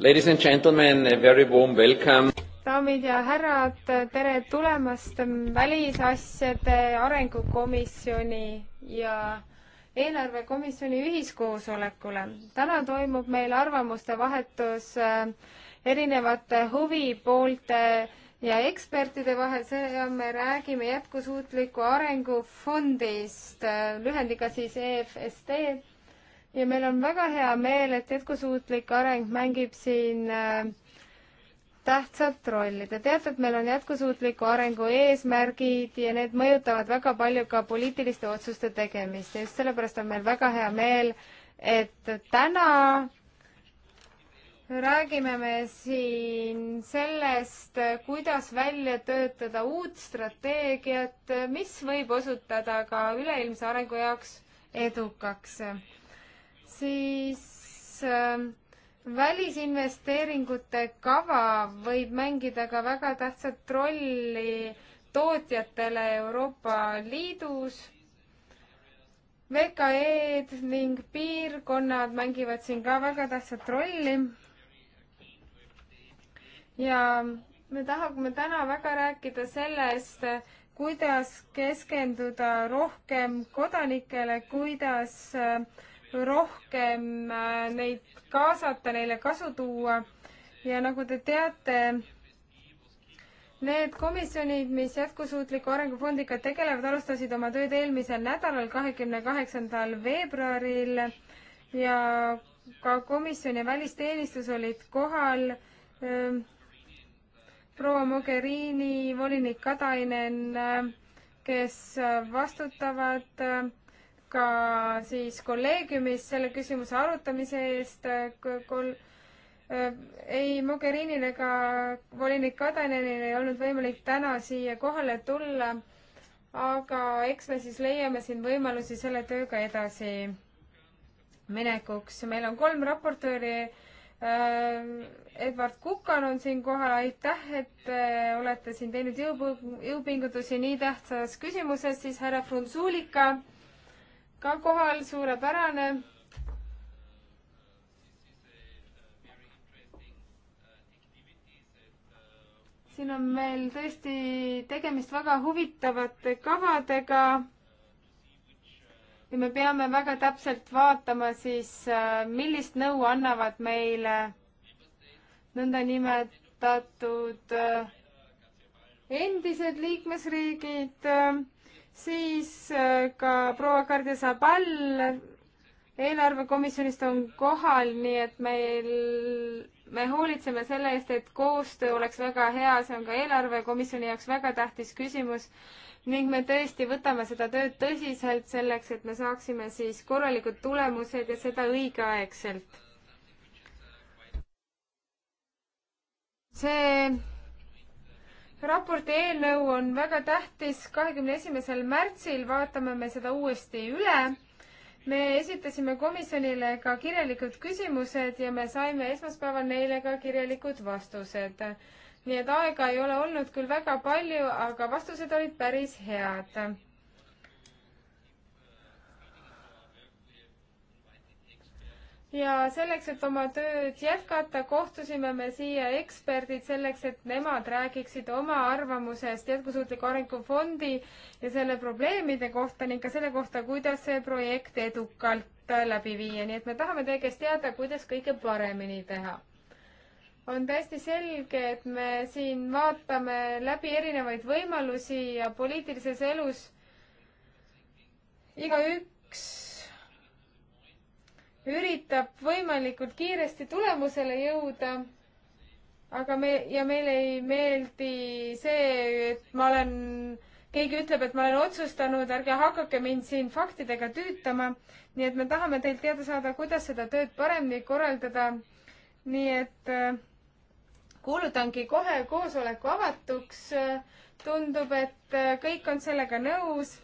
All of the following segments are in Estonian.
Ladies and gentlemen, a very warm welcome. daamid ja härrad, tere tulemast Välisasjade Arengukomisjoni ja eelarvekomisjoni ühiskoosolekule. täna toimub meil arvamuste vahetus äh, erinevate huvipoolte ja ekspertide vahel, see on, me räägime jätkusuutliku arengu fondist, äh, lühendiga siis EFSD ja meil on väga hea meel, et jätkusuutlik areng mängib siin äh, tähtsat rolli. Te teate, et meil on jätkusuutliku arengu eesmärgid ja need mõjutavad väga palju ka poliitiliste otsuste tegemist ja just sellepärast on meil väga hea meel, et täna räägime me siin sellest, kuidas välja töötada uut strateegiat, mis võib osutada ka üleilmse arengu jaoks edukaks siis äh, välisinvesteeringute kava võib mängida ka väga tähtsat rolli tootjatele Euroopa Liidus. VKE-d ning piirkonnad mängivad siin ka väga tähtsat rolli. ja me tahame täna väga rääkida sellest, kuidas keskenduda rohkem kodanikele, kuidas äh, rohkem äh, neid kaasata, neile kasu tuua ja nagu te teate, Need komisjonid, mis jätkusuutliku arengufondiga tegelevad, alustasid oma tööd eelmisel nädalal, kahekümne kaheksandal veebruaril ja ka komisjon ja välisteenistus olid kohal. Ähm, proua Mogherini, volinik Katainen, äh, kes äh, vastutavad ka siis kolleegiumis selle küsimuse arutamise eest kol-, äh, ei Mogherinil ega volinik Kadanenil ei olnud võimalik täna siia kohale tulla, aga eks me siis leiame siin võimalusi selle tööga edasi minekuks. meil on kolm raportööri. Äh, Edward Kukan on siin kohal, aitäh, et äh, olete siin teinud jõupu-, jõupingutusi nii tähtsas küsimuses, siis härra Frunzulika ka kohal, suurepärane. siin on meil tõesti tegemist väga huvitavate kavadega ja me peame väga täpselt vaatama siis, äh, millist nõu annavad meile nõndanimetatud äh, endised liikmesriigid siis äh, ka proua Kardia Sabal eelarvekomisjonist on kohal, nii et meil, me hoolitseme selle eest, et koostöö oleks väga hea, see on ka eelarvekomisjoni jaoks väga tähtis küsimus ning me tõesti võtame seda tööd tõsiselt selleks, et me saaksime siis korralikud tulemused ja seda õigeaegselt. see raporti eelnõu on väga tähtis, kahekümne esimesel märtsil vaatame me seda uuesti üle. me esitasime komisjonile ka kirjalikud küsimused ja me saime esmaspäeval neile ka kirjalikud vastused. nii et aega ei ole olnud küll väga palju, aga vastused olid päris head ja selleks, et oma tööd jätkata, kohtusime me siia eksperdid selleks, et nemad räägiksid oma arvamusest Jätkusuutliku Arengu Fondi ja selle probleemide kohta ning ka selle kohta, kuidas see projekt edukalt läbi viia, nii et me tahame teie käest teada, kuidas kõige paremini teha. on täiesti selge, et me siin vaatame läbi erinevaid võimalusi ja poliitilises elus igaüks üritab võimalikult kiiresti tulemusele jõuda, aga me, ja meile ei meeldi see, et ma olen, keegi ütleb, et ma olen otsustanud, ärge hakake mind siin faktidega tüütama. nii et me tahame teilt teada saada, kuidas seda tööd paremini korraldada. nii et äh, kuulutangi kohe koosoleku avatuks. tundub, et äh, kõik on sellega nõus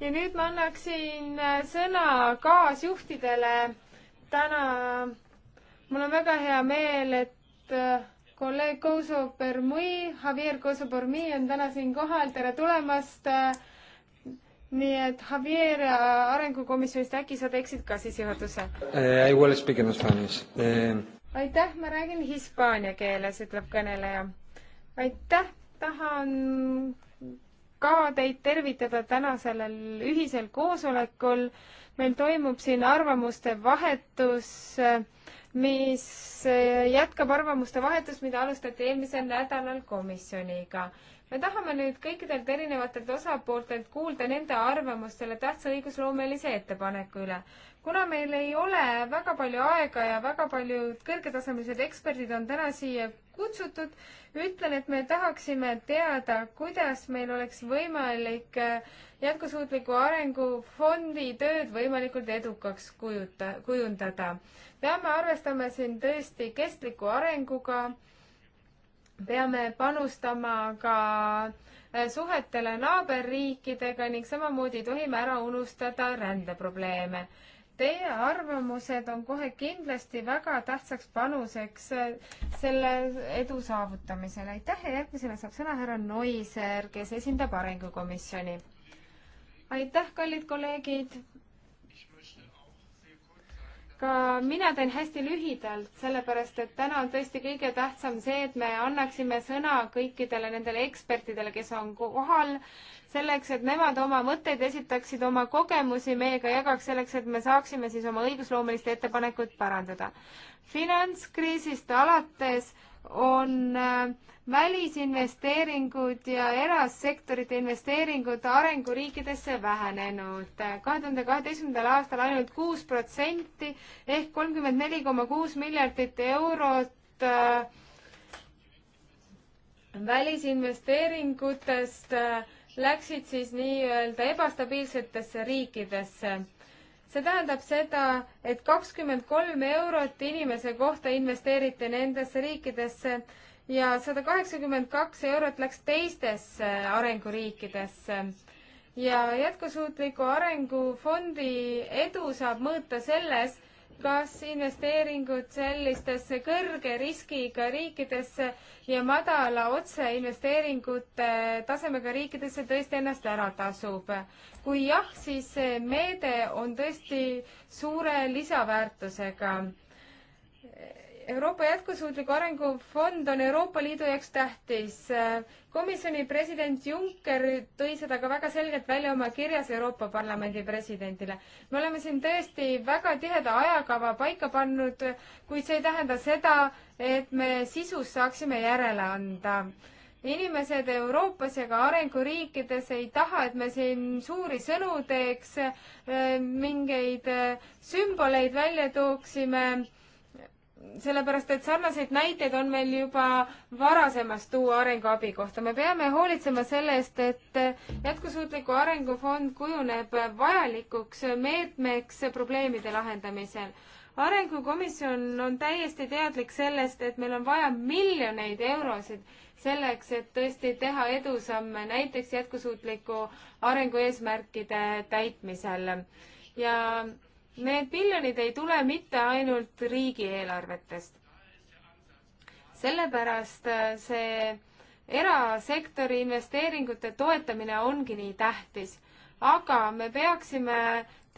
ja nüüd ma annaksin äh, sõna kaasjuhtidele. täna mul on väga hea meel, et äh, kolleeg Kouso Permui, Javier Kouso Permui on täna siin kohal, tere tulemast. Äh, nii et Javier arengukomisjonist, äkki sa teeksid ka sissejuhatuse uh,? Eh, I will speak in spanish uh.... aitäh, ma räägin hispaania keeles, ütleb kõneleja. aitäh, tahan ka teid tervitada tänasel ühisel koosolekul. meil toimub siin arvamuste vahetus, mis jätkab arvamuste vahetust, mida alustati eelmisel nädalal komisjoniga. me tahame nüüd kõikidelt erinevatelt osapooltelt kuulda nende arvamust selle tähtsa õigusloomelise ettepaneku üle kuna meil ei ole väga palju aega ja väga paljud kõrgetasemelised eksperdid on täna siia kutsutud, ütlen, et me tahaksime teada, kuidas meil oleks võimalik äh, jätkusuutliku arengufondi tööd võimalikult edukaks kujuta, kujundada. peame arvestama siin tõesti kestliku arenguga, peame panustama ka äh, suhetele naaberriikidega ning samamoodi tohime ära unustada rändeprobleeme Teie arvamused on kohe kindlasti väga tähtsaks panuseks äh, selle edu saavutamisel. aitäh ja järgmisena saab sõna härra Noiser, kes esindab Arengukomisjoni. aitäh, kallid kolleegid. ka mina teen hästi lühidalt, sellepärast et täna on tõesti kõige tähtsam see, et me annaksime sõna kõikidele nendele ekspertidele, kes on kohal selleks, et nemad oma mõtteid esitaksid, oma kogemusi meiega jagaks, selleks et me saaksime siis oma õigusloomelist ettepanekut parandada. finantskriisist alates on äh, välisinvesteeringud ja erasektorite investeeringud arenguriikidesse vähenenud. kahe tuhande kaheteistkümnendal aastal ainult kuus protsenti ehk kolmkümmend neli koma kuus miljardit eurot äh, välisinvesteeringutest äh, läksid siis nii-öelda ebastabiilsetesse riikidesse. see tähendab seda, et kakskümmend kolm eurot inimese kohta investeeriti nendesse riikidesse ja sada kaheksakümmend kaks eurot läks teistesse arenguriikidesse ja jätkusuutliku arengufondi edu saab mõõta selles, kas investeeringud sellistesse kõrge riskiga riikidesse ja madala otseinvesteeringute tasemega riikidesse tõesti ennast ära tasub? kui jah, siis see meede on tõesti suure lisaväärtusega Euroopa Jätkusuutliku Arengu Fond on Euroopa Liidu jaoks tähtis. komisjoni president Juncker tõi seda ka väga selgelt välja oma kirjas Euroopa Parlamendi presidendile. me oleme siin tõesti väga tiheda ajakava paika pannud, kuid see ei tähenda seda, et me sisus saaksime järele anda inimesed Euroopas ja ka arenguriikides ei taha, et me siin suuri sõnu teeks, mingeid sümboleid välja tooksime sellepärast, et sarnaseid näiteid on meil juba varasemast tuua arenguabi kohta. me peame hoolitsema selle eest, et jätkusuutliku arengufond kujuneb vajalikuks meetmeks probleemide lahendamisel. arengukomisjon on täiesti teadlik sellest, et meil on vaja miljoneid eurosid selleks, et tõesti teha edusamme näiteks jätkusuutliku arengu eesmärkide täitmisel ja Need miljonid ei tule mitte ainult riigieelarvetest. sellepärast äh, see erasektori investeeringute toetamine ongi nii tähtis, aga me peaksime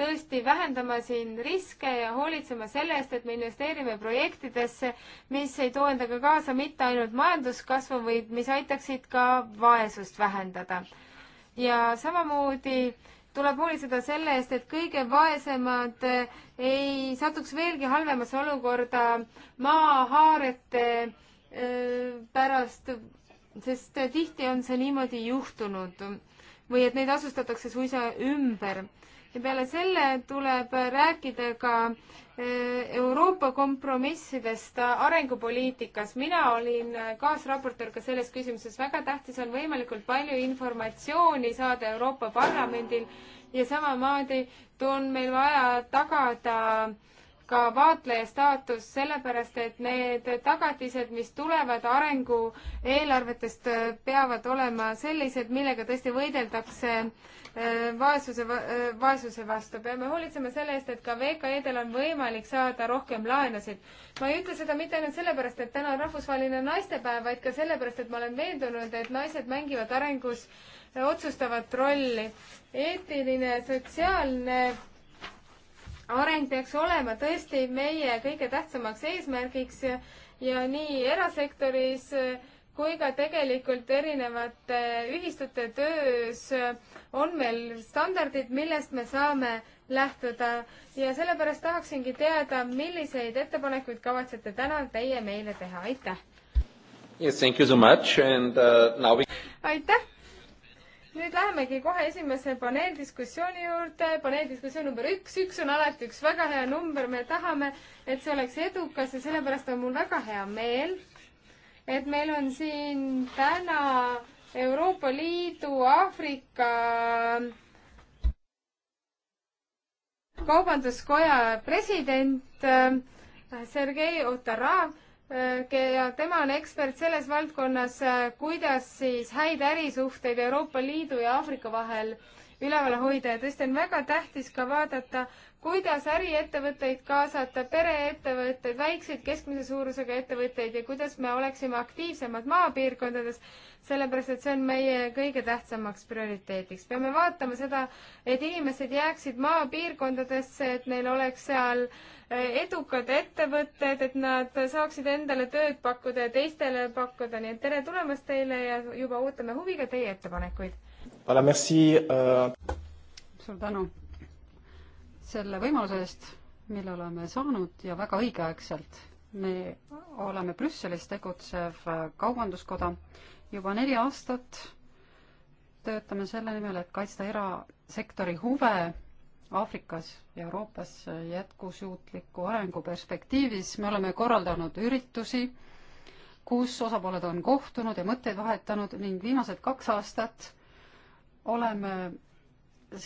tõesti vähendama siin riske ja hoolitsema selle eest, et me investeerime projektidesse, mis ei too endaga kaasa mitte ainult majanduskasvu, vaid mis aitaksid ka vaesust vähendada. ja samamoodi tuleb hoolitseda selle eest, et kõige vaesemad eh, ei satuks veelgi halvemasse olukorda maahaarete eh, pärast, sest tihti on see niimoodi juhtunud või et neid asustatakse suisa ümber ja peale selle tuleb rääkida ka eh, Euroopa kompromissidest arengupoliitikas. mina olin eh, kaasraportöör ka selles küsimuses. väga tähtis on võimalikult palju informatsiooni saada Euroopa Parlamendil ja samamoodi on meil vaja tagada äh, ka vaatleja staatus, sellepärast et need tagatised, mis tulevad arengueelarvetest, peavad olema sellised, millega tõesti võideldakse äh, vaesuse, äh, vaesuse vastu. peame hoolitsema selle eest, et ka VKE-del on võimalik saada rohkem laenusid. ma ei ütle seda mitte ainult sellepärast, et täna on rahvusvaheline naistepäev, vaid ka sellepärast, et ma olen veendunud, et naised mängivad arengus otsustavat rolli. eetiline, sotsiaalne areng peaks olema tõesti meie kõige tähtsamaks eesmärgiks ja nii erasektoris äh, kui ka tegelikult erinevate äh, ühistute töös äh, on meil standardid, millest me saame lähtuda ja sellepärast tahaksingi teada, milliseid ettepanekuid kavatsete täna teie meile teha, aitäh! Yes, thank you so much and uh, now we... aitäh! nüüd lähemegi kohe esimese paneeldiskussiooni juurde. paneeldiskussioon number üks, üks on alati üks väga hea number, me tahame, et see oleks edukas ja sellepärast on mul väga hea meel, et meil on siin täna Euroopa Liidu, Aafrika kaubanduskoja president äh, Sergei Otarav Äh, ja tema on ekspert selles valdkonnas, äh, kuidas siis häid ärisuhteid Euroopa Liidu ja Aafrika vahel üleval hoida ja tõesti on väga tähtis ka vaadata, kuidas äriettevõtteid kaasata, pereettevõtteid, väikseid keskmise suurusega ettevõtteid ja kuidas me oleksime aktiivsemad maapiirkondades, sellepärast et see on meie kõige tähtsamaks prioriteediks. peame vaatama seda, et inimesed jääksid maapiirkondadesse, et neil oleks seal äh, edukad ettevõtted, et nad saaksid endale tööd pakkuda ja teistele pakkuda, nii et tere tulemast teile ja juba ootame huviga teie ettepanekuid. Voilà, merci uh.... suur tänu selle võimaluse eest, mille oleme saanud ja väga õigeaegselt. me oleme Brüsselis tegutsev kaubanduskoda juba neli aastat töötame selle nimel, et kaitsta erasektori huve Aafrikas ja Euroopas jätkusuutliku arengu perspektiivis me oleme korraldanud üritusi, kus osapooled on kohtunud ja mõtteid vahetanud ning viimased kaks aastat oleme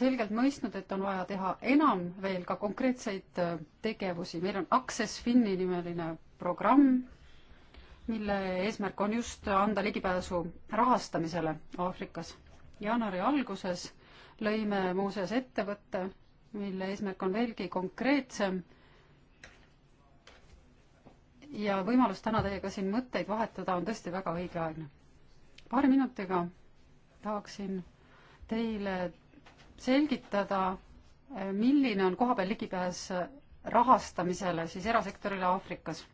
selgelt mõistnud, et on vaja teha enam veel ka konkreetseid tegevusi. meil on Access Finni nimeline programm, mille eesmärk on just anda ligipääsu rahastamisele Aafrikas. jaanuari alguses lõime muuseas ettevõtte, mille eesmärk on veelgi konkreetsem ja võimalus täna teiega siin mõtteid vahetada on tõesti väga õigeaegne. paari minutiga tahaksin teile selgitada, milline on kohapeal ligipääs rahastamisele siis erasektorile Aafrikas.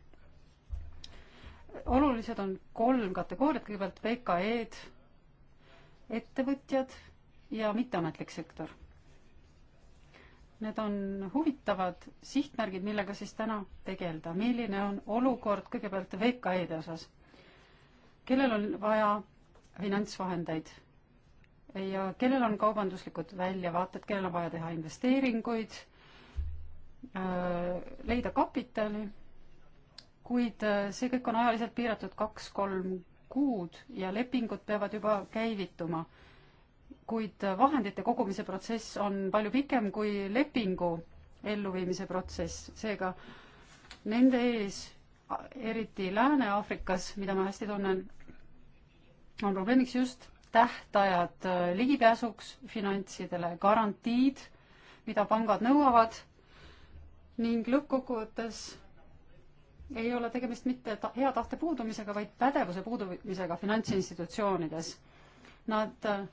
olulised on kolm kategooriat, kõigepealt VKE-d, ettevõtjad ja mitteametlik sektor Need on huvitavad sihtmärgid, millega siis täna tegeleda. milline on olukord kõigepealt VKE-de osas? kellel on vaja finantsvahendeid ja kellel on kaubanduslikud väljavaated, kellel on vaja teha investeeringuid, äh, leida kapitali, kuid äh, see kõik on ajaliselt piiratud kaks-kolm kuud ja lepingud peavad juba käivituma kuid vahendite kogumise protsess on palju pikem kui lepingu elluviimise protsess, seega nende ees, eriti Lääne-Aafrikas, mida ma hästi tunnen, on probleemiks just tähtajad äh, ligipääsuks finantsidele, garantiid, mida pangad nõuavad ning lõppkokkuvõttes ei ole tegemist mitte ta hea tahte puudumisega, vaid pädevuse puudumisega finantsinstitutsioonides. Nad äh,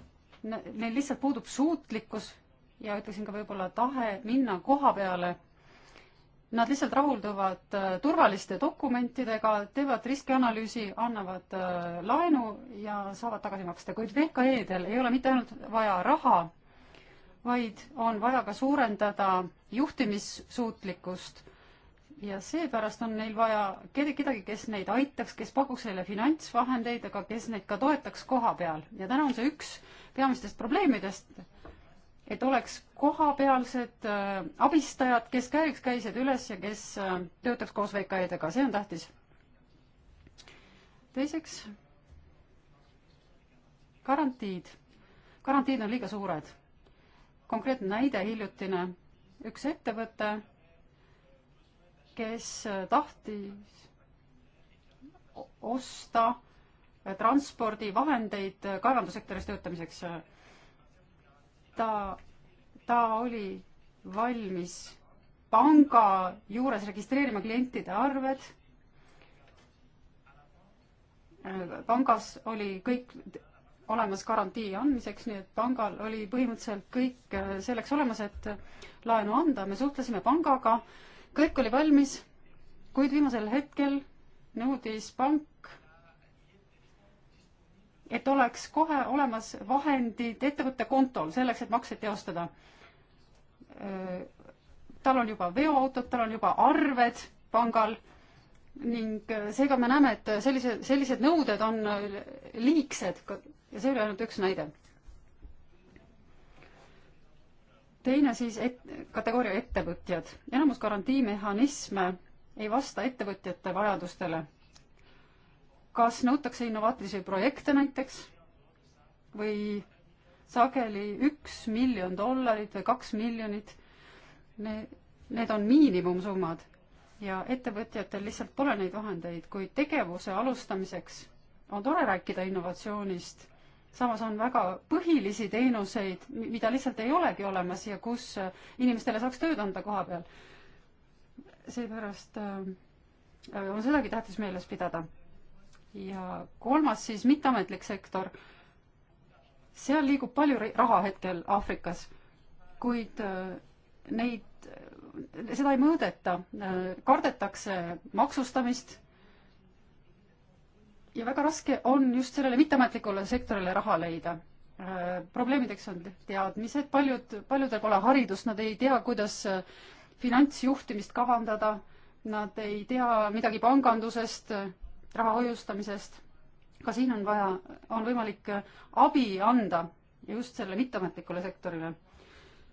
neil lihtsalt puudub suutlikkus ja ütleksin ka võib-olla tahe minna koha peale. Nad lihtsalt rahulduvad äh, turvaliste dokumentidega, teevad riskianalüüsi, annavad äh, laenu ja saavad tagasi maksta, kuid VKE-del ei ole mitte ainult vaja raha, vaid on vaja ka suurendada juhtimissuutlikkust ja seepärast on neil vaja kedagi, kes neid aitaks, kes pakuks neile finantsvahendeid, aga kes neid ka toetaks koha peal ja täna on see üks peamistest probleemidest, et oleks kohapealsed äh, abistajad, kes käiks, käisid üles ja kes äh, töötaks koos VKE-dega, see on tähtis. teiseks, garantiid. garantiid on liiga suured. konkreetne näide, hiljutine üks ettevõte kes tahtis osta transpordivahendeid kaevandussektoris töötamiseks. ta, ta oli valmis panga juures registreerima klientide arved. pangas oli kõik olemas garantii andmiseks, nii et pangal oli põhimõtteliselt kõik selleks olemas, et laenu anda, me suhtlesime pangaga äh, kõik oli valmis, kuid viimasel hetkel nõudis pank, et oleks kohe olemas vahendid ettevõtte kontol selleks, et makseid teostada. tal on juba veoautod, tal on juba arved pangal ning seega me näeme, et sellise, sellised nõuded on liigsed ja see oli ainult üks näide teine siis et, kategooria ettevõtjad. enamus garantiimehhanisme ei vasta ettevõtjate vajadustele. kas nõutakse innovaatilisi projekte näiteks või sageli üks miljon dollarit või kaks miljonit. Need on miinimumsummad ja ettevõtjatel lihtsalt pole neid vahendeid, kuid tegevuse alustamiseks on tore rääkida innovatsioonist samas on väga põhilisi teenuseid, mida lihtsalt ei olegi olemas ja kus äh, inimestele saaks tööd anda koha peal. seepärast äh, on sedagi tähtis meeles pidada. ja kolmas siis mitteametlik sektor. seal liigub palju raha hetkel Aafrikas, kuid äh, neid, seda ei mõõdeta, kardetakse maksustamist ja väga raske on just sellele mitteametlikule sektorile raha leida. Äh, probleemideks on teadmised, paljud, paljudel pole haridust, nad ei tea, kuidas äh, finantsjuhtimist kavandada, nad ei tea midagi pangandusest, äh, raha hoiustamisest. ka siin on vaja, on võimalik abi anda just sellele mitteametlikule sektorile.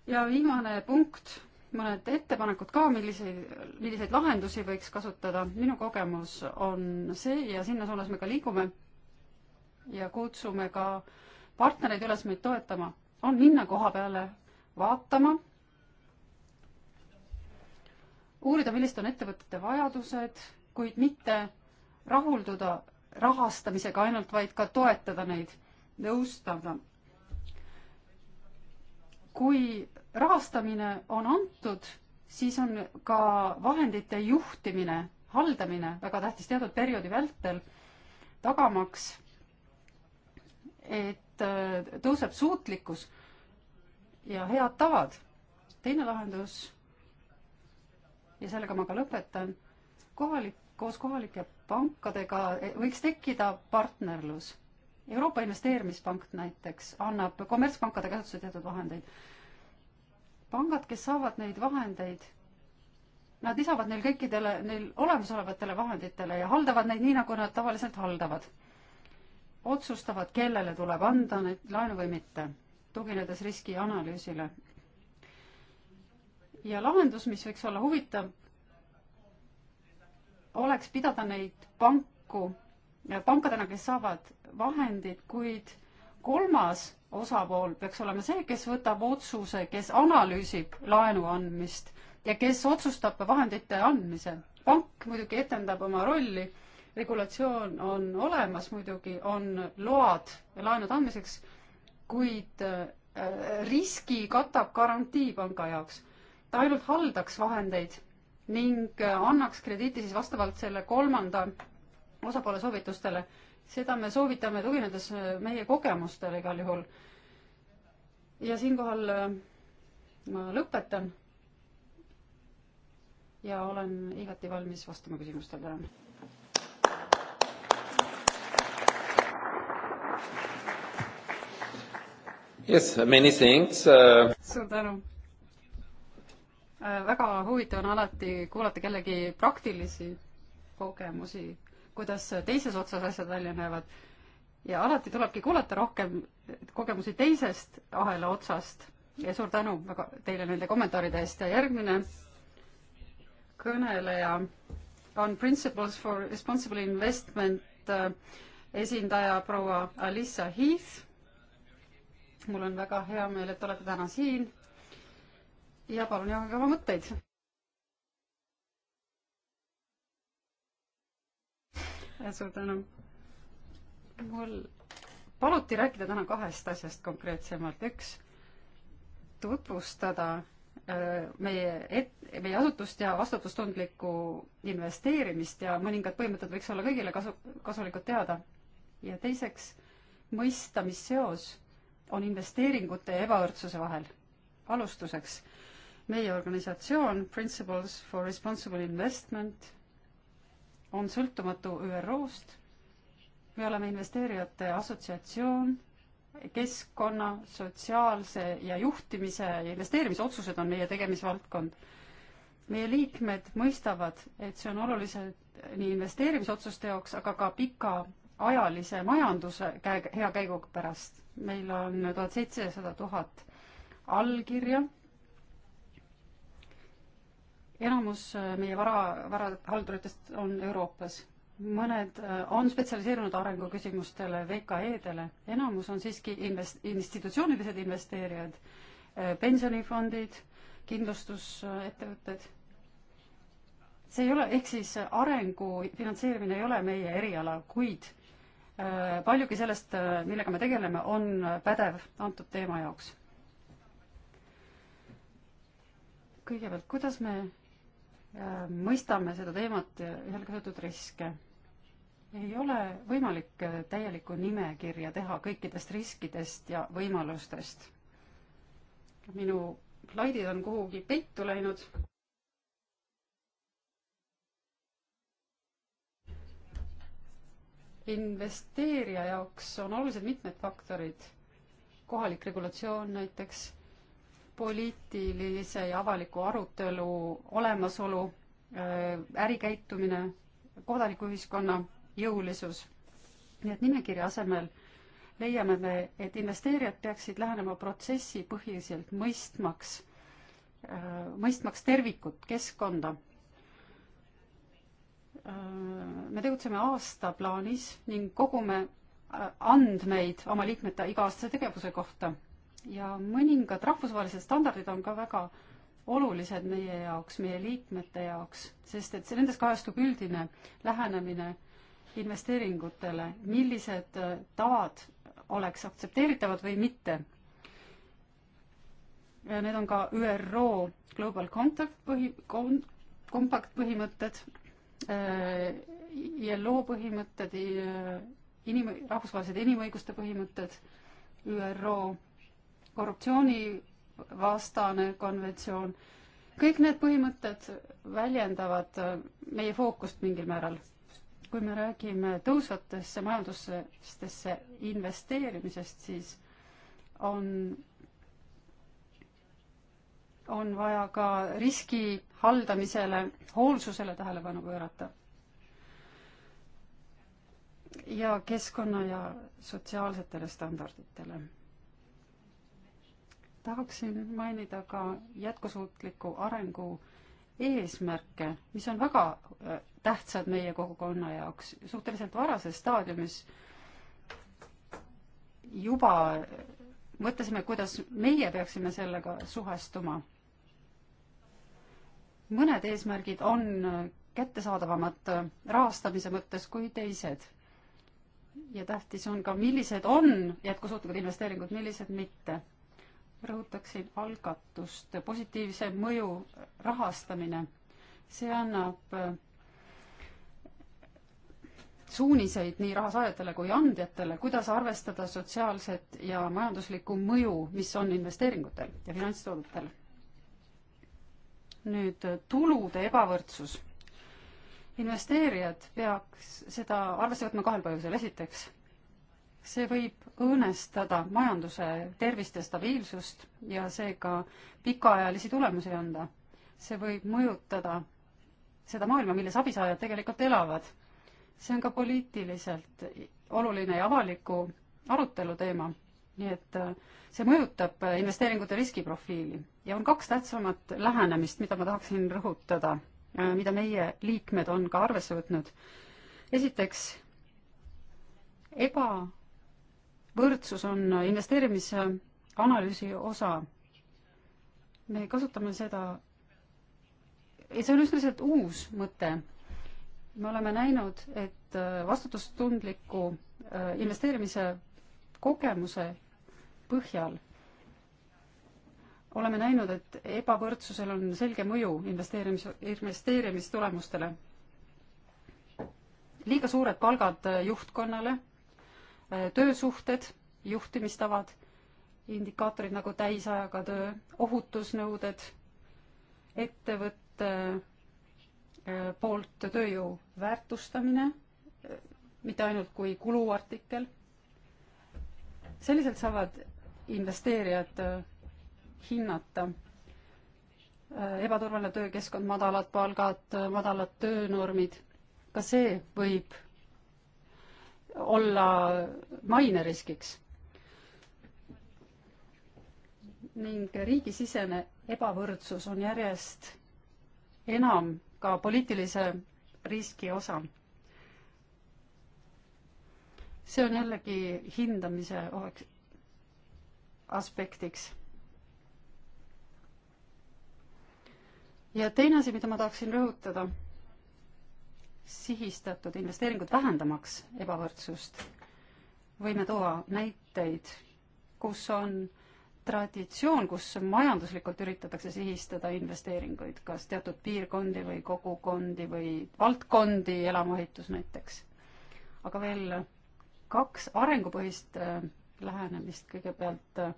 ja viimane punkt mõned ettepanekud ka, milliseid, milliseid lahendusi võiks kasutada. minu kogemus on see ja sinna suunas me ka liigume ja kutsume ka partnereid üles meid toetama, on minna koha peale vaatama, uurida, millised on ettevõtete vajadused, kuid mitte rahulduda rahastamisega ainult, vaid ka toetada neid, nõustada. kui rahastamine on antud, siis on ka vahendite juhtimine, haldamine väga tähtis teatud perioodi vältel, tagamaks, et äh, tõuseb suutlikkus ja head tavad. teine lahendus, ja sellega ma ka lõpetan, kohalik, koos kohalike pankadega eh, võiks tekkida partnerlus. Euroopa Investeerimispank näiteks annab kommertspankade käsutusse teatud vahendeid pangad, kes saavad neid vahendeid, nad lisavad neil kõikidele neil olemasolevatele vahenditele ja haldavad neid nii, nagu nad tavaliselt haldavad. otsustavad, kellele tuleb anda neid laenu või mitte, tuginedes riskianalüüsile. ja lahendus, mis võiks olla huvitav, oleks pidada neid panku pankadena, kes saavad vahendid, kuid kolmas osapool peaks olema see, kes võtab otsuse, kes analüüsib laenu andmist ja kes otsustab vahendite andmise. pank muidugi etendab oma rolli, regulatsioon on olemas muidugi, on load laenude andmiseks, kuid äh, riski katab garantii panga jaoks. ta ainult haldaks vahendeid ning äh, annaks krediiti siis vastavalt selle kolmanda osapoole soovitustele seda me soovitame, tuginedes äh, meie kogemustele igal juhul. ja siinkohal äh, ma lõpetan. ja olen igati valmis vastama küsimustele, tänan. Yes, many thanks uh.... suur tänu äh, väga huvitav on alati kuulata kellegi praktilisi kogemusi kuidas teises otsas asjad välja näevad. ja alati tulebki kuulata rohkem kogemusi teisest ahela otsast ja suur tänu väga teile nende kommentaaride eest ja järgmine kõneleja on Principles for Responsible Investment äh, esindaja proua Alissa Heath. mul on väga hea meel, et olete täna siin ja palun jagage oma mõtteid. suur tänu. mul paluti rääkida täna kahest asjast konkreetsemalt. üks, tutvustada äh, meie et-, meie asutust ja vastutustundlikku investeerimist ja mõningad põhimõtted võiks olla kõigile kasu, kasulikud teada. ja teiseks, mõista, mis seos on investeeringute ja ebavõrdsuse vahel. alustuseks, meie organisatsioon Principles for Responsible Investment on sõltumatu ÜRO-st. me oleme investeerijate assotsiatsioon, keskkonna, sotsiaalse ja juhtimise ja investeerimisotsused on meie tegemisvaldkond. meie liikmed mõistavad, et see on oluliselt nii investeerimisotsuste jaoks, aga ka pikaajalise majanduse käe, hea käigu pärast. meil on tuhat seitsesada tuhat allkirja enamus äh, meie vara, varahalduritest on Euroopas. mõned äh, on spetsialiseerunud arenguküsimustele, VKE-dele, enamus on siiski invest-, institutsioonilised investeerijad, äh, pensionifondid, kindlustusettevõtted. see ei ole, ehk siis arengu finantseerimine ei ole meie eriala, kuid paljugi sellest, millega me tegeleme, on pädev antud teema jaoks kõigepealt, kuidas me Äh, mõistame seda teemat ja sellega seotud riske. ei ole võimalik äh, täielikku nimekirja teha kõikidest riskidest ja võimalustest. minu slaidid on kuhugi peitu läinud. investeerija jaoks on olulised mitmed faktorid, kohalik regulatsioon näiteks poliitilise ja avaliku arutelu olemasolu, äh, ärikäitumine, kodanikuühiskonna jõulisus. nii et nimekirja asemel leiame me, et investeerijad peaksid lähenema protsessipõhiselt, mõistmaks, äh, mõistmaks tervikut, keskkonda. Äh, me tegutseme aastaplaanis ning kogume andmeid oma liikmete iga-aastase tegevuse kohta ja mõningad rahvusvahelised standardid on ka väga olulised meie jaoks, meie liikmete jaoks, sest et nendes kajastub üldine lähenemine investeeringutele, millised äh, tavad oleks aktsepteeritavad või mitte. Need on ka ÜRO Global Contact põhi, kompakt põhimõtted, äh, ILO põhimõtted, äh, inim-, rahvusvahelised inimõiguste põhimõtted, ÜRO korruptsioonivastane konventsioon, kõik need põhimõtted väljendavad äh, meie fookust mingil määral. kui me räägime tõusvatesse majandustesse investeerimisest, siis on, on vaja ka riski haldamisele, hoolsusele tähelepanu pöörata ja keskkonna ja sotsiaalsetele standarditele tahaksin mainida ka jätkusuutliku arengu eesmärke, mis on väga äh, tähtsad meie kogukonna jaoks suhteliselt varases staadiumis. juba äh, mõtlesime, kuidas meie peaksime sellega suhestuma. mõned eesmärgid on äh, kättesaadavamad rahastamise mõttes kui teised. ja tähtis on ka, millised on jätkusuutlikud investeeringud, millised mitte rõhutaksin algatust, positiivse mõju rahastamine. see annab äh, suuniseid nii rahasaajatele kui andjatele, kuidas arvestada sotsiaalset ja majanduslikku mõju, mis on investeeringutel ja finantstoodetel. nüüd äh, tulude ebavõrdsus. investeerijad peaks seda arvesse võtma kahel põhjusel, esiteks see võib õõnestada majanduse tervist ja stabiilsust ja seega pikaajalisi tulemusi anda. see võib mõjutada seda maailma, milles abisaajad tegelikult elavad. see on ka poliitiliselt oluline ja avaliku arutelu teema, nii et äh, see mõjutab investeeringute riskiprofiili ja on kaks tähtsamat lähenemist, mida ma tahaksin rõhutada, äh, mida meie liikmed on ka arvesse võtnud. esiteks, eba võrdsus on investeerimisanalüüsi osa. me kasutame seda, see on üsnaselt uus mõte. me oleme näinud, et äh, vastutustundliku äh, investeerimise kogemuse põhjal oleme näinud, et ebavõrdsusel on selge mõju investeerimis, investeerimistulemustele. liiga suured palgad äh, juhtkonnale Äh, töösuhted, juhtimistavad, indikaatorid nagu täisajaga töö, ohutusnõuded, ettevõtte äh, poolt tööjõu väärtustamine, äh, mitte ainult kui kuluartikkel. selliselt saavad investeerijad hinnata ebaturvaline töökeskkond, madalad palgad, madalad töönormid, ka see võib olla maineriskiks. ning riigisisene ebavõrdsus on järjest enam ka poliitilise riski osa. see on jällegi hindamise aspektiks ja teine asi, mida ma tahaksin rõhutada sihistatud investeeringud vähendamaks ebavõrdsust. võime tuua näiteid, kus on traditsioon, kus majanduslikult üritatakse sihistada investeeringuid, kas teatud piirkondi või kogukondi või valdkondi, elamuehitus näiteks. aga veel kaks arengupõhist äh, lähenemist, kõigepealt äh,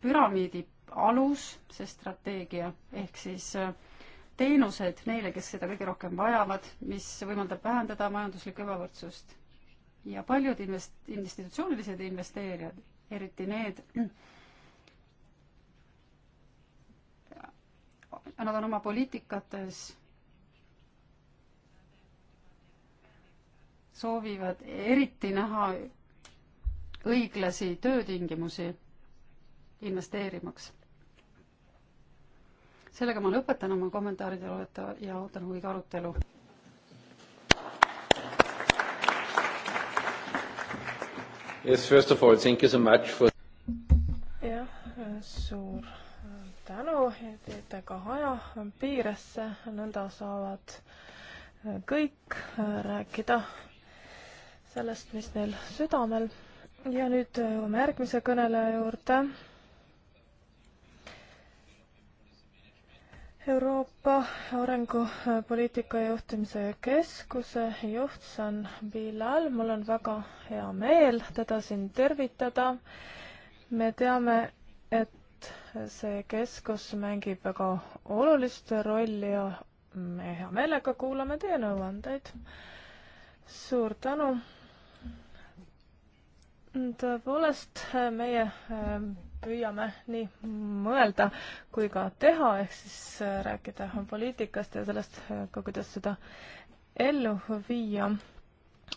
püramiidi alus, see strateegia, ehk siis äh, teenused neile, kes seda kõige rohkem vajavad, mis võimaldab vähendada majanduslikku ebavõrdsust. ja paljud invest-, institutsioonilised investeerijad, eriti need, nad on oma poliitikates, soovivad eriti näha õiglasi töötingimusi investeerimaks sellega ma lõpetan oma kommentaarid ja loeta- ja ootan huviga arutelu. Yes, first of all, thank you so much for jah, suur tänu, et teete ka aja piiresse, nõnda saavad kõik rääkida sellest, mis neil südamel. ja nüüd jõuame järgmise kõneleja juurde Euroopa Arengupoliitika Juhtimise Keskuse juht San Bilal, mul on väga hea meel teda siin tervitada. me teame, et see keskus mängib väga olulist rolli ja me hea meelega kuulame teie nõuandeid. suur tänu. tõepoolest, meie püüame nii mõelda kui ka teha, ehk siis äh, rääkida poliitikast ja sellest äh, ka, kuidas seda ellu viia.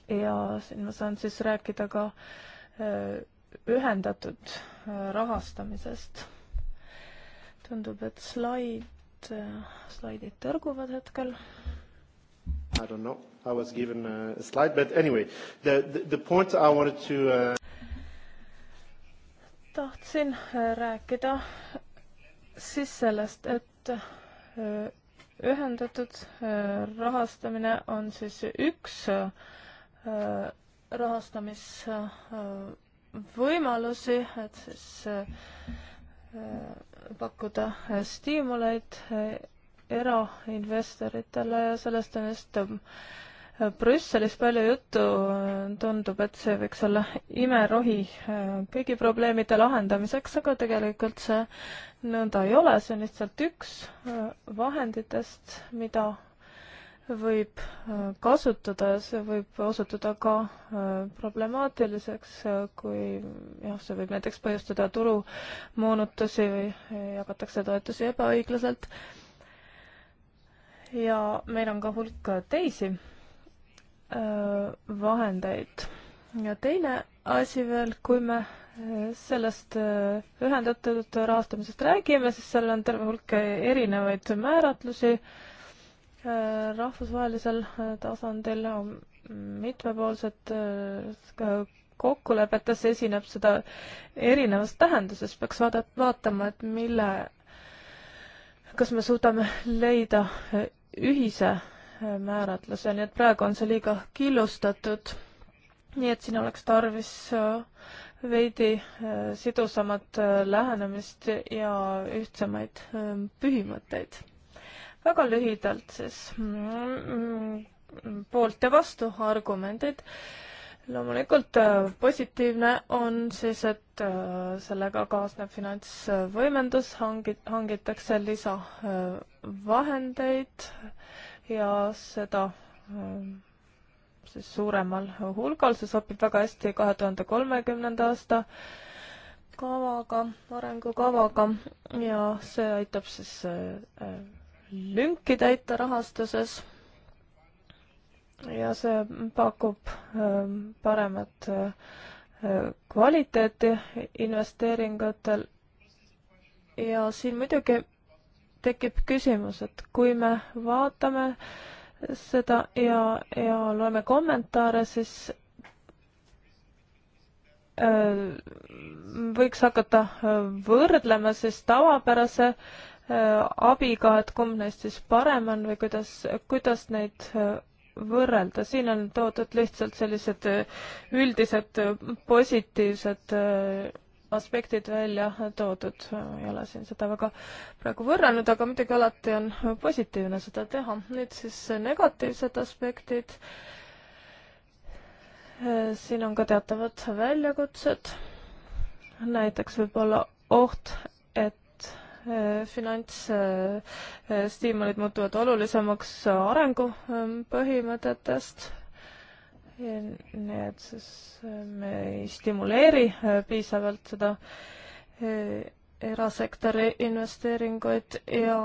ja siin ma saan siis rääkida ka äh, ühendatud rahastamisest. tundub, et slaid, slaidid tõrguvad hetkel. I don't know, I was given uh, a slide, but anyway, the, the, the point I wanted to uh... Tahtsin äh, rääkida siis sellest, et äh, ühendatud äh, rahastamine on siis üks rahastamisvõimalusi, et siis pakkuda stiimuleid erainvestoritele ja sellest on just Brüsselis palju juttu, tundub, et see võiks olla imerohi äh, kõigi probleemide lahendamiseks, aga tegelikult see nõnda ei ole, see on lihtsalt üks äh, vahenditest, mida võib äh, kasutada ja see võib osutuda ka problemaatiliseks, kui jah, see võib näiteks põhjustada turumoonutusi või jagatakse toetusi ebaõiglaselt. ja meil on ka hulk teisi Äh, vahendeid. ja teine asi veel, kui me äh, sellest äh, ühendatud rahastamisest räägime, siis seal on terve hulk erinevaid määratlusi rahvusvahelisel tasandil, mitmepoolsed kokkulepetes esineb seda erinevas tähenduses, peaks vaadat-, vaatama, et mille, kas me suudame leida ühise määratluse, nii et praegu on see liiga killustatud. nii et siin oleks tarvis äh, veidi äh, sidusamat äh, lähenemist ja ühtsemaid ähm, põhimõtteid. väga lühidalt siis mm, mm, poolt ja vastu argumendid loomulikult positiivne on siis, et sellega kaasneb finantsvõimendus, hangid, hangitakse lisavahendeid äh, ja seda ähm, siis suuremal hulgal, see sobib väga hästi kahe tuhande kolmekümnenda aasta kavaga, arengukavaga ja see aitab siis äh, lünki täita rahastuses. ja see pakub ähm, paremat äh, kvaliteeti investeeringutel. ja siin muidugi tekib küsimus, et kui me vaatame seda ja, ja loeme kommentaare, siis äh, võiks hakata äh, võrdlema siis tavapärase äh, abiga, et kumb neist siis parem on või kuidas, kuidas neid võrrelda, siin on toodud lihtsalt sellised üldised positiivsed aspektid välja toodud, ei ole siin seda väga praegu võrrelnud, aga muidugi alati on positiivne seda teha. nüüd siis negatiivsed aspektid. siin on ka teatavad väljakutsed, näiteks võib-olla oht, et e, finantsstiimulid e, muutuvad olulisemaks arengu e, põhimõtetest nii et siis äh, me ei stimuleeri äh, piisavalt seda äh, erasektori investeeringuid ja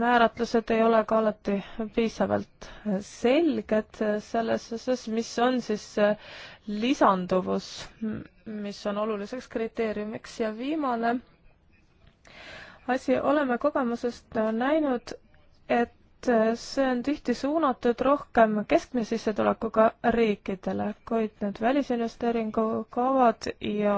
määratlused ei ole ka alati piisavalt selged selles osas, mis on siis lisanduvus, mis on oluliseks kriteeriumiks ja viimane asi, oleme kogemusest näinud, et Äh, see on tihti suunatud rohkem keskmise sissetulekuga riikidele, kuid need välisinvesteeringukavad ja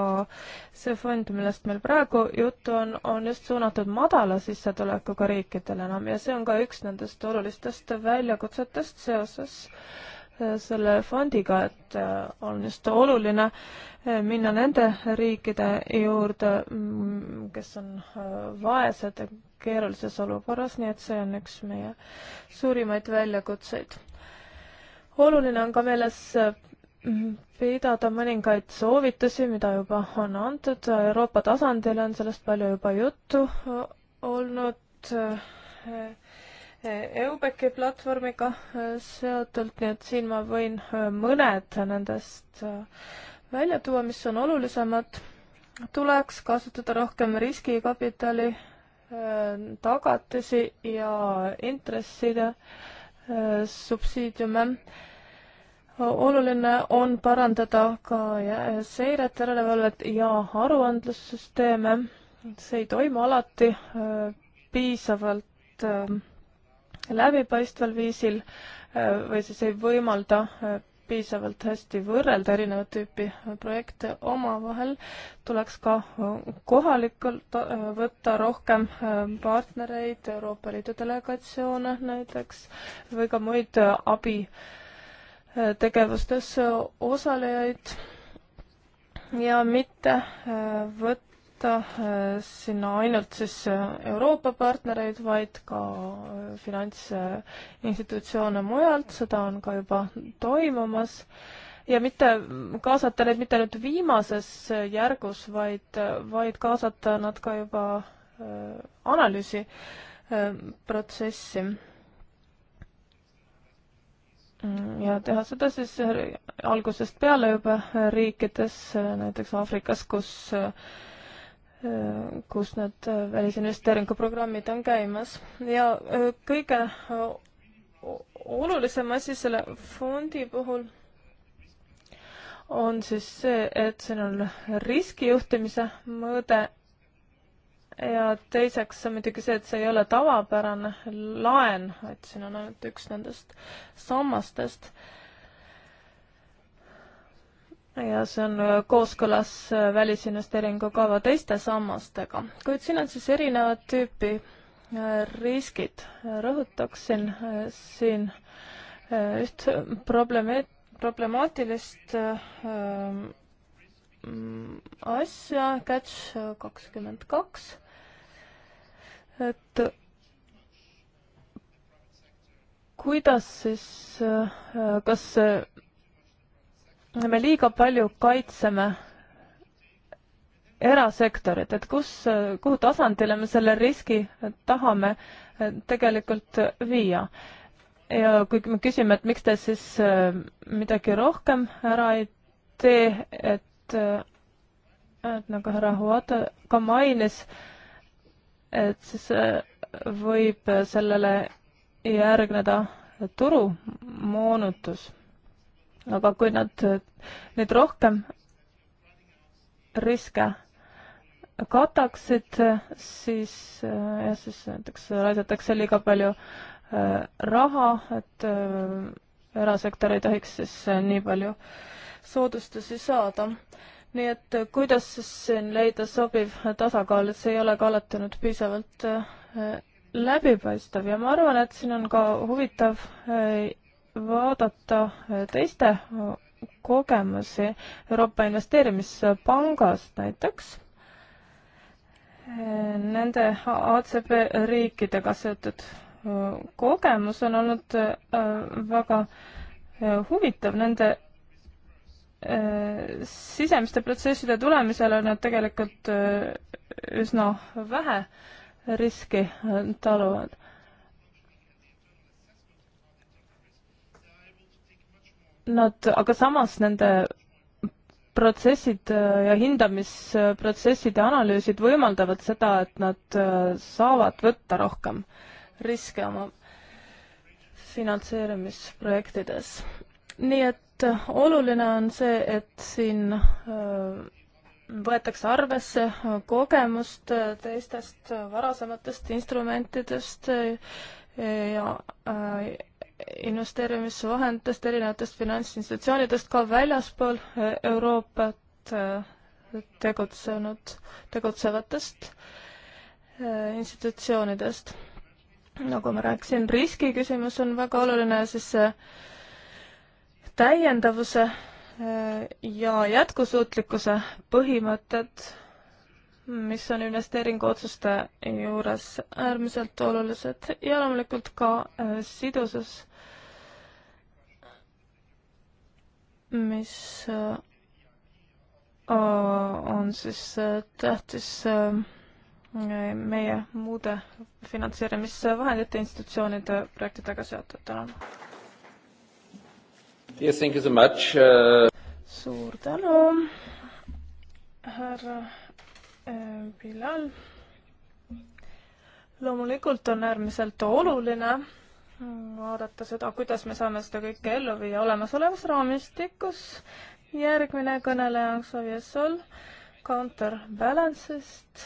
see fond, millest meil praegu juttu on, on just suunatud madala sissetulekuga riikidele enam ja see on ka üks nendest olulistest väljakutsetest seoses äh, selle fondiga, et äh, on just oluline minna nende riikide juurde, mm, kes on vaesed, keerulises olukorras, nii et see on üks meie suurimaid väljakutseid. oluline on ka meeles äh, pidada mõningaid soovitusi, mida juba on antud, Euroopa tasandil on sellest palju juba juttu äh, olnud äh, EUBEC-i platvormiga seotult, nii et siin ma võin mõned nendest välja tuua, mis on olulisemad. tuleks kasutada rohkem riskikapitali tagatisi ja intresside äh, subsiidiume. oluline on parandada ka seiret, järelevalvet ja aruandlussüsteeme. see ei toimu alati äh, piisavalt äh, läbipaistval viisil või siis ei võimalda piisavalt hästi võrrelda erinevat tüüpi projekte omavahel, tuleks ka äh, kohalikult äh, võtta rohkem äh, partnereid, Euroopa Liidu delegatsioone näiteks või ka muid abitegevustes osalejaid ja mitte võtta võtta äh, sinna ainult siis äh, Euroopa partnereid, vaid ka äh, finantsinstitutsioone mujalt, seda on ka juba toimumas ja mitte kaasata neid mitte nüüd viimases järgus, vaid, vaid kaasata nad ka juba äh, analüüsi äh, protsessi. Mm, ja teha seda siis algusest peale juba riikides, näiteks Aafrikas, kus äh, kus need äh, välisinvesteeringuprogrammid on käimas ja äh, kõige äh, olulisem asi selle fondi puhul on siis see, et siin on riskijuhtimise mõõde ja teiseks muidugi see, et see ei ole tavapärane laen, et siin on ainult üks nendest sammastest äh, ja see on äh, kooskõlas äh, välisinvesteeringu kava teiste sammastega, kuid siin on siis erinevat tüüpi äh, riskid. rõhutaksin siin üht probleemi, problemaatilist mm, asja, catch kakskümmend kaks, et kuidas siis, kas me liiga palju kaitseme erasektorit, et kus, kuhu tasandile me selle riski tahame eh, tegelikult viia. ja kui me küsime, et miks te siis eh, midagi rohkem ära ei tee, et, eh, et nagu härra Huata ka mainis, et siis võib sellele järgneda turumoonutus aga kui nad nüüd rohkem riske kataksid, siis jah, siis näiteks raisatakse liiga palju äh, raha, et äh, erasektor ei tohiks siis äh, nii palju soodustusi saada. nii et kuidas siis siin leida sobiv tasakaal, et see ei ole ka alati olnud piisavalt läbipaistev ja ma arvan, et siin on ka huvitav vaadata teiste kogemusi Euroopa Investeerimispangast näiteks, nende ACP riikidega seotud kogemus on olnud äh, väga äh, huvitav, nende äh, sisemiste protsesside tulemisel on nad tegelikult üsna vähe riski taluvad. Nad, aga samas nende protsessid äh, ja hindamisprotsessid ja analüüsid võimaldavad seda, et nad äh, saavad võtta rohkem riske oma finantseerimisprojektides. nii et äh, oluline on see, et siin võetakse arvesse kogemust teistest varasematest instrumentidest ja investeerimisvahenditest, erinevatest finantsinstitutsioonidest ka väljaspool e, Euroopat e, tegutsenud, tegutsevatest e, institutsioonidest. nagu ma rääkisin, riskiküsimus on väga oluline, siis see täiendavuse ja jätkusuutlikkuse põhimõtted mis on investeeringuotsuste juures äärmiselt olulised ja loomulikult ka äh, sidusus, mis äh, on siis äh, tähtis meie muude finantseerimisvahendite institutsioonide projektidega seotud. tänan. Yes, thank you so much uh.... suur tänu, härra Äh, Bilal. loomulikult on äärmiselt oluline vaadata seda, kuidas me saame seda kõike ellu viia olemasolevas raamistikus. järgmine kõneleja on Xavier Sol Counterbalance'ist.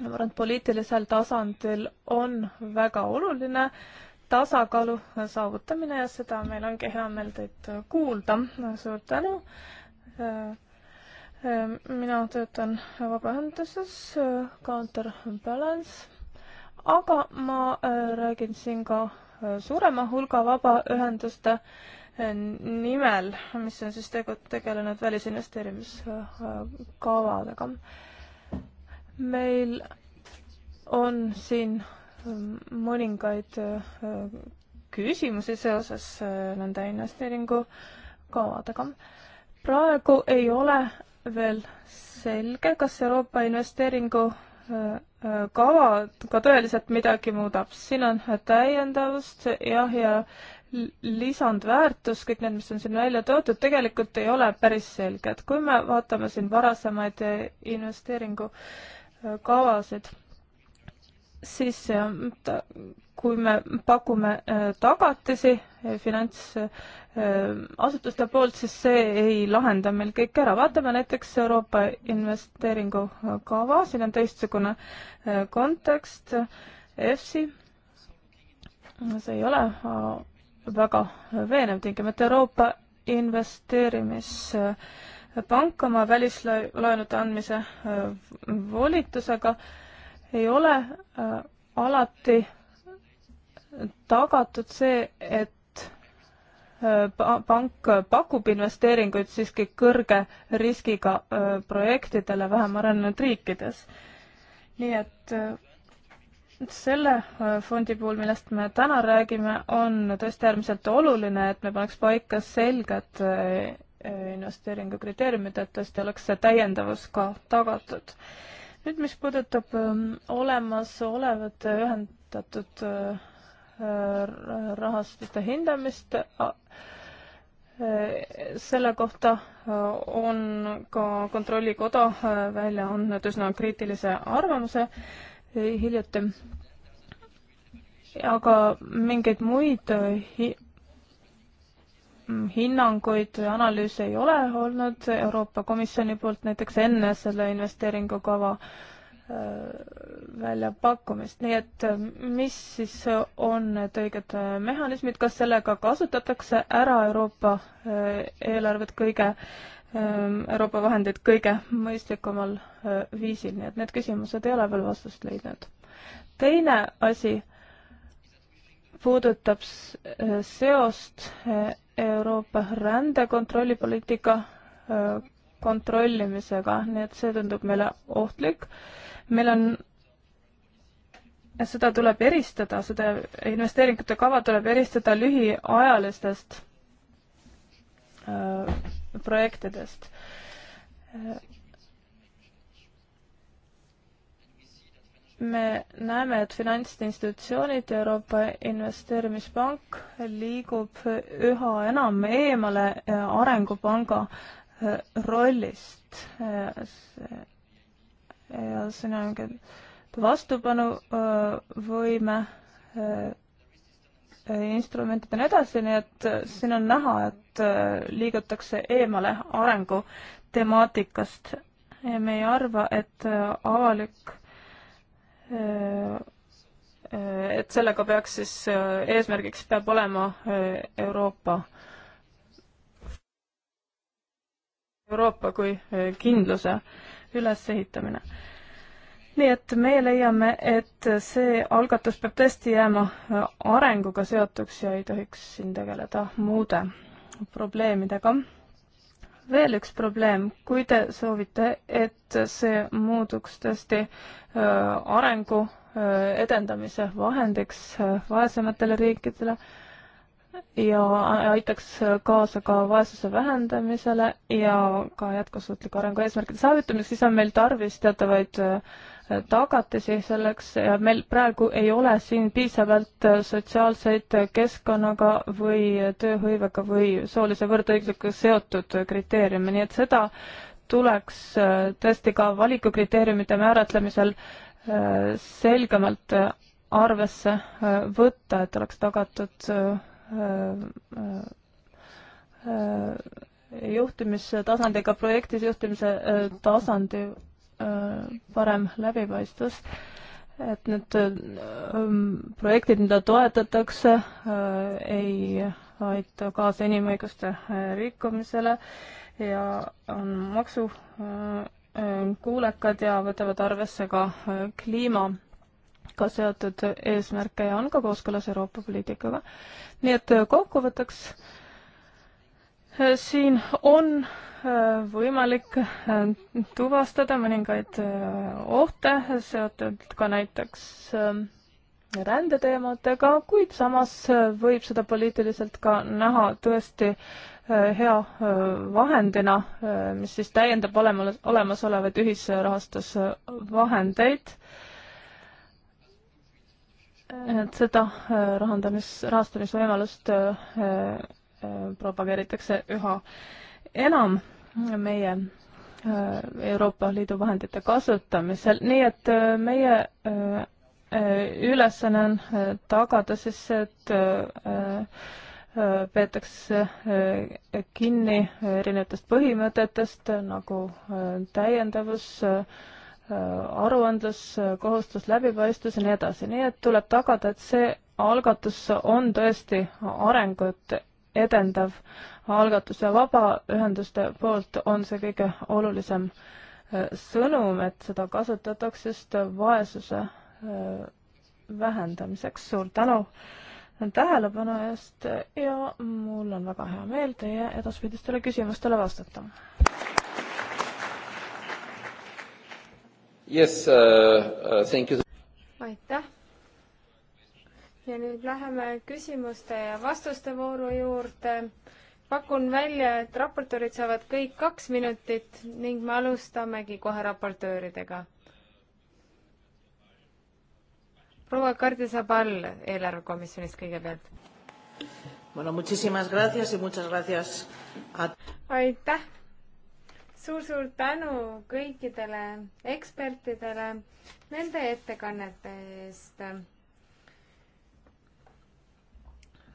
ma arvan, et poliitilisel tasandil on väga oluline tasakaalu saavutamine ja seda meil ongi hea meel teid kuulda. suur tänu äh, mina töötan vabaühenduses Counterbalance, aga ma äh, räägin siin ka äh, suurema hulga vabaühenduste äh, nimel, mis on siis tegu-, tegelenud välisinvesteerimiskavadega. meil on siin mõningaid küsimusi seoses nende investeeringukavadega. praegu ei ole veel selge, kas Euroopa investeeringu äh, äh, kava ka tõeliselt midagi muudab, siin on täiendavust jah, ja lisandväärtus, kõik need, mis on siin välja toodud, tegelikult ei ole päris selged. kui me vaatame siin varasemaid äh, investeeringukavasid siis kui me pakume äh, tagatisi äh, finantsasutuste poolt, siis see ei lahenda meil kõik ära. vaatame näiteks Euroopa investeeringukava, äh, siin on teistsugune kontekst, EFSI, see ei ole väga veenev tingimata Euroopa investeerimispank oma välislaenude andmise volitusega äh, ei ole äh, alati tagatud see, et äh, pank pakub investeeringuid siiski kõrge riskiga äh, projektidele vähem arenenud riikides. nii et selle fondi puhul, millest me täna räägime, on tõesti äärmiselt oluline, et me paneks paika selged investeeringukriteeriumid, et tõesti oleks see täiendavus ka tagatud nüüd, mis puudutab ähm, olemasolevat ühendatud äh, äh, rahastute hindamist, äh, selle kohta on ka Kontrollikoda välja andnud üsna kriitilise arvamuse hiljuti aga mingeid muid Mm, hinnanguid, analüüse ei ole olnud Euroopa Komisjoni poolt näiteks enne selle investeeringukava äh, väljapakkumist, nii et äh, mis siis on need õiged äh, mehhanismid, kas sellega kasutatakse ära Euroopa eelarvet kõige, ähm, Euroopa vahendeid kõige mõistlikumal viisil, nii et need küsimused ei ole veel vastust leidnud. teine asi puudutab seost Euroopa rändekontrollipoliitika kontrollimisega, nii et see tundub meile ohtlik. meil on, seda tuleb eristada, seda investeeringute kava tuleb eristada lühiajalistest projektidest me näeme, et finantsinstitutsioonid, Euroopa Investeerimispank liigub üha enam eemale äh, Arengupanga äh, rollist. Äh, ja siin on ka vastupanuvõime instrumentid ja nii edasi, nii et siin on näha, et liigutakse eemale arengutemaatikast ja me ei arva, et avalik Äh, äh, et sellega peaks siis, äh, eesmärgiks peab olema Euroopa, Euroopa kui kindluse ülesehitamine. nii et meie leiame, et see algatus peab tõesti jääma arenguga seotuks ja ei tohiks siin tegeleda muude probleemidega veel üks probleem, kui te soovite, et see muutuks tõesti äh, arengu äh, edendamise vahendiks äh, vaesematele riikidele ja aitaks kaasa ka vaesuse vähendamisele ja ka jätkusuutliku arengu eesmärkide saavutamiseks, siis on meil tarvis teatavaid äh, tagatisi selleks ja meil praegu ei ole siin piisavalt äh, sotsiaalseid äh, keskkonnaga või äh, tööhõivega või soolise võrdõiguslikkusega seotud kriteeriume, nii et seda tuleks tõesti ka valikukriteeriumite määratlemisel selgemalt arvesse võtta, et oleks tagatud juhtimistasandiga projektis juhtimise tasandi Äh, parem läbipaistvus, et need ähm, projektid, mida toetatakse, äh, ei aita kaasa inimõiguste äh, rikkumisele ja on maksukuulekad ja võtavad arvesse ka kliima ka seatud eesmärke ja on ka kooskõlas Euroopa poliitikaga. nii et kokkuvõtteks äh, siin on äh, võimalik äh, tuvastada mõningaid äh, ohte seotud ka näiteks rändeteemadega, kuid samas võib seda poliitiliselt ka näha tõesti hea vahendina, mis siis täiendab olema, olemasolevaid ühisrahastusvahendeid. et seda rahandamis, rahastamisvõimalust Äh, propageeritakse üha enam meie äh, Euroopa Liidu vahendite kasutamisel, nii et äh, meie ülesanne on tagada siis, et peetakse kinni erinevatest põhimõtetest nagu täiendavus, aruandlus, kohustus, läbipaistvus ja nii edasi, nii et tuleb tagada, et see algatus on tõesti arengut edendav algatus ja vabaühenduste poolt on see kõige olulisem äh, sõnum, et seda kasutatakse just vaesuse äh, vähendamiseks. suur tänu tähelepanu eest ja mul on väga hea meel teie edaspidistele küsimustele vastata. Yes uh,, uh, thank you. aitäh ja nüüd läheme küsimuste ja vastuste vooru juurde. pakun välja, et raportöörid saavad kõik kaks minutit ning me alustamegi kohe raportööridega. proua Kardi Sabal eelarvekomisjonist kõigepealt. Bueno, muchísimas gracias y muchas gracias a... aitäh suur-suur tänu kõikidele ekspertidele nende ettekannete eest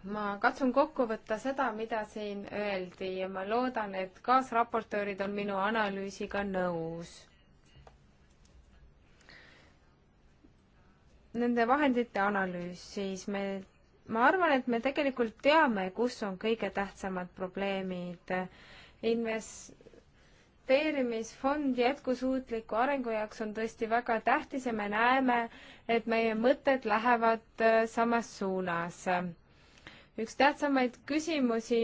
ma katsun kokku võtta seda, mida siin öeldi ja ma loodan, et kaasraportöörid on minu analüüsiga nõus. Nende vahendite analüüs, siis me, ma arvan, et me tegelikult teame, kus on kõige tähtsamad probleemid. investeerimisfond jätkusuutliku arengu jaoks on tõesti väga tähtis ja me näeme, et meie mõtted lähevad äh, samas suunas üks tähtsamaid küsimusi,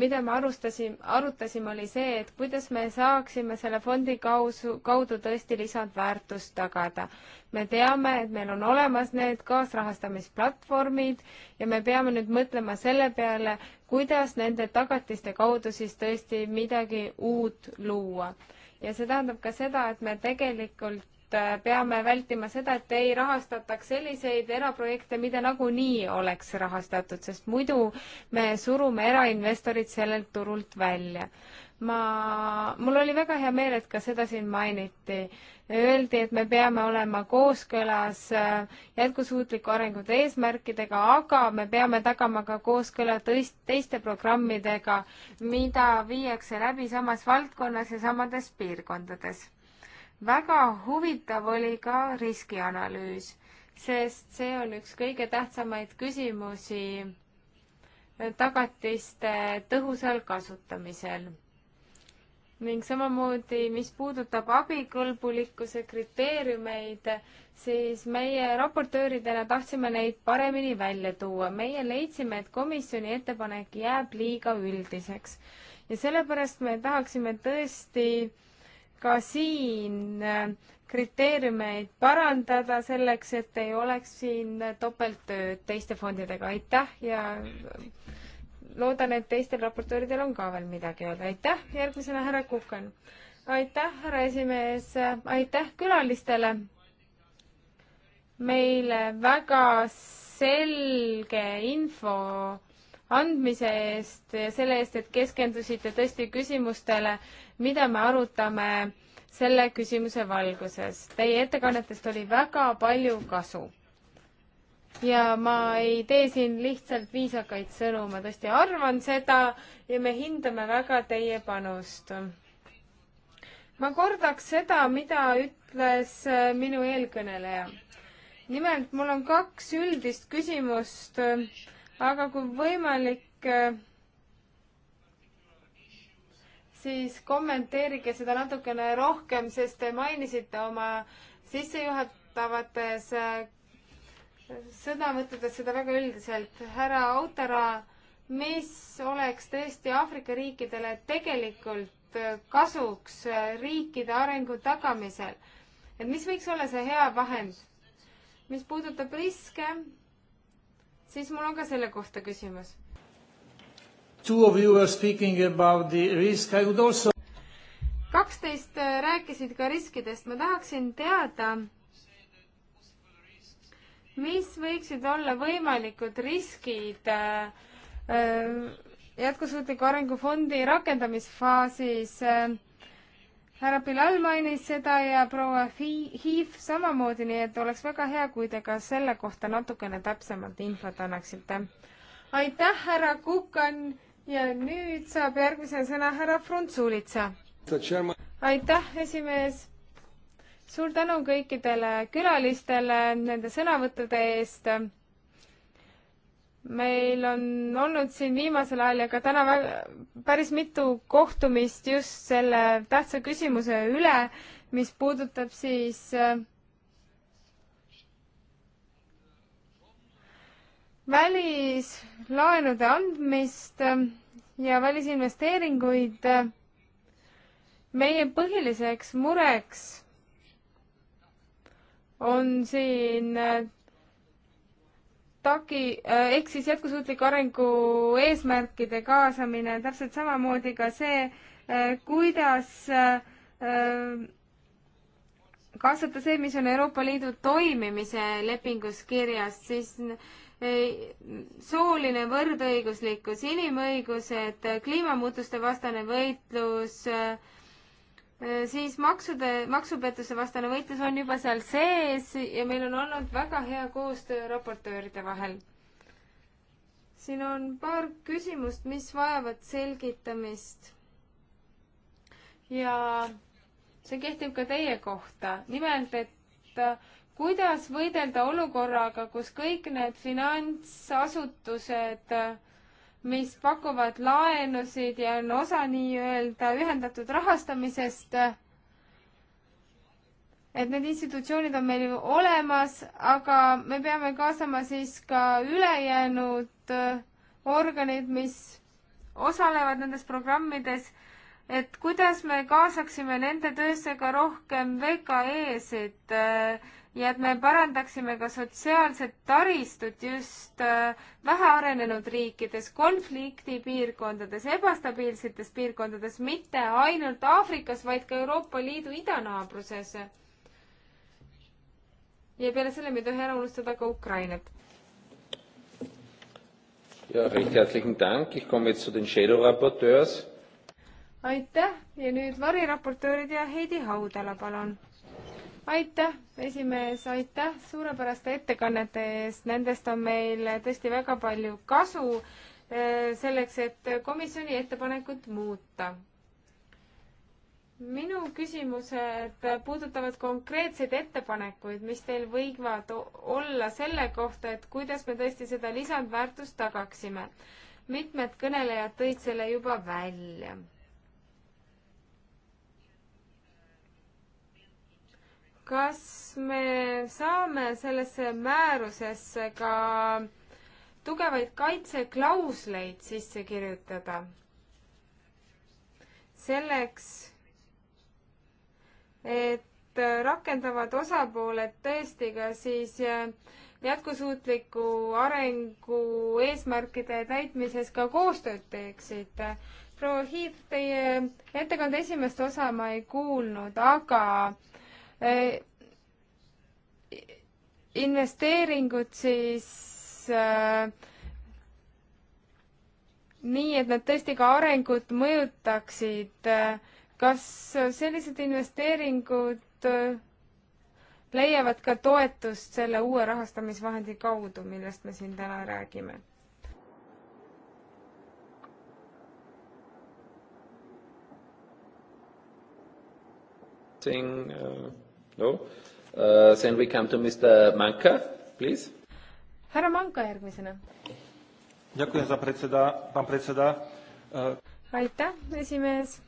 mida me arustasin, arutasime, oli see, et kuidas me saaksime selle fondi kausu, kaudu tõesti lisandväärtust tagada. me teame, et meil on olemas need kaasrahastamisplatvormid ja me peame nüüd mõtlema selle peale, kuidas nende tagatiste kaudu siis tõesti midagi uut luua. ja see tähendab ka seda, et me tegelikult Äh, peame vältima seda, et ei rahastataks selliseid eraprojekte, mida nagunii oleks rahastatud, sest muidu me surume erainvestorid sellelt turult välja. ma, mul oli väga hea meel, et ka seda siin mainiti. Öeldi, et me peame olema kooskõlas äh, jätkusuutliku arengu eesmärkidega, aga me peame tagama ka kooskõla tõist, teiste programmidega, mida viiakse läbi samas valdkonnas ja samades piirkondades väga huvitav oli ka riskianalüüs, sest see on üks kõige tähtsamaid küsimusi eh, tagatiste tõhusal kasutamisel. ning samamoodi, mis puudutab abikõlbulikkuse kriteeriumeid, siis meie raportööridena tahtsime neid paremini välja tuua. meie leidsime, et komisjoni ettepanek jääb liiga üldiseks ja sellepärast me tahaksime tõesti äh, ka siin äh, kriteeriumeid parandada selleks, et ei oleks siin topelttööd teiste fondidega, aitäh ja äh, loodan, et teistel raportööridel on ka veel midagi öelda, aitäh, järgmisena härra Kukan. aitäh, härra esimees, aitäh külalistele. meile väga selge info andmise eest ja selle eest, et keskendusite tõesti küsimustele mida me arutame selle küsimuse valguses. Teie ettekannetest oli väga palju kasu. ja ma ei tee siin lihtsalt viisakaid sõnu, ma tõesti arvan seda ja me hindame väga teie panust. ma kordaks seda, mida ütles minu eelkõneleja. nimelt mul on kaks üldist küsimust, aga kui võimalik, siis kommenteerige seda natukene rohkem, sest te mainisite oma sissejuhatavates äh, sõnavõttudes seda väga üldiselt. härra Autara, mis oleks tõesti Aafrika riikidele tegelikult äh, kasuks äh, riikide arengu tagamisel? et mis võiks olla see hea vahend? mis puudutab riske, siis mul on ka selle kohta küsimus Two of you were speaking about the risk, I would also kaksteist äh, rääkisid ka riskidest, ma tahaksin teada, mis võiksid olla võimalikud riskid äh, äh, jätkusuutliku arengufondi rakendamisfaasis. härra Bilal mainis seda ja proua Hiiv samamoodi, nii et oleks väga hea, kui te ka selle kohta natukene täpsemalt infot annaksite. aitäh, härra Kukan ja nüüd saab järgmisena sõna härra Frunzulitsa. aitäh, esimees! suur tänu kõikidele külalistele nende sõnavõttude eest. meil on olnud siin viimasel ajal ja ka täna väga, päris mitu kohtumist just selle tähtsa küsimuse üle, mis puudutab siis äh, välislaenude andmist ähm, ja välisinvesteeringuid äh, meie põhiliseks mureks on siin äh, tagi, äh, ehk siis jätkusuutliku arengu eesmärkide kaasamine, täpselt samamoodi ka see, kuidas kaasata see, mis on Euroopa Liidu toimimise lepingus kirjas, siis sooline võrdõiguslikkus, inimõigused, kliimamuutuste vastane võitlus, eh, siis maksude, maksupettuse vastane võitlus on juba seal sees ja meil on olnud väga hea koostöö raportööride vahel. siin on paar küsimust, mis vajavad selgitamist. ja see kehtib ka teie kohta, nimelt et kuidas võidelda olukorraga, kus kõik need finantsasutused, mis pakuvad laenusid ja on osa nii-öelda ühendatud rahastamisest, et need institutsioonid on meil ju olemas, aga me peame kaasama siis ka ülejäänud äh, organid, mis osalevad nendes programmides, et kuidas me kaasaksime nende töösse ka rohkem VKE-sid äh, ja et me parandaksime ka sotsiaalset taristut just äh, vähearenenud riikides, konfliktipiirkondades, ebastabiilsetes piirkondades, mitte ainult Aafrikas, vaid ka Euroopa Liidu idanaabruses. ja peale selle me ei tohi ära unustada ka Ukrainat. ja, recht herzlichen Dank, ich komme jetzt zu den Shadow Raporteurs aitäh ja nüüd variraportöörid ja Heidi Haudala, palun aitäh, esimees, aitäh suurepäraste ettekannete eest, nendest on meil tõesti väga palju kasu eh, selleks, et komisjoni ettepanekut muuta. minu küsimused puudutavad konkreetseid ettepanekuid, mis teil võivad olla selle kohta, et kuidas me tõesti seda lisandväärtust tagaksime. mitmed kõnelejad tõid selle juba välja kas me saame sellesse määrusesse ka tugevaid kaitseklausleid sisse kirjutada? selleks, et rakendavad osapooled tõesti ka siis eh, jätkusuutliku arengu eesmärkide täitmises ka koostööd teeksid. proua Hiiv, teie ettekande esimest osa ma ei kuulnud, aga äh, Äh, investeeringud siis äh, nii, et nad tõesti ka arengut mõjutaksid. kas sellised investeeringud äh, leiavad ka toetust selle uue rahastamisvahendi kaudu, millest me siin täna räägime? Thing, uh no? Uh, then we come to Mr Manka, please. härra Manka järgmisena. Uh, aitäh, esimees.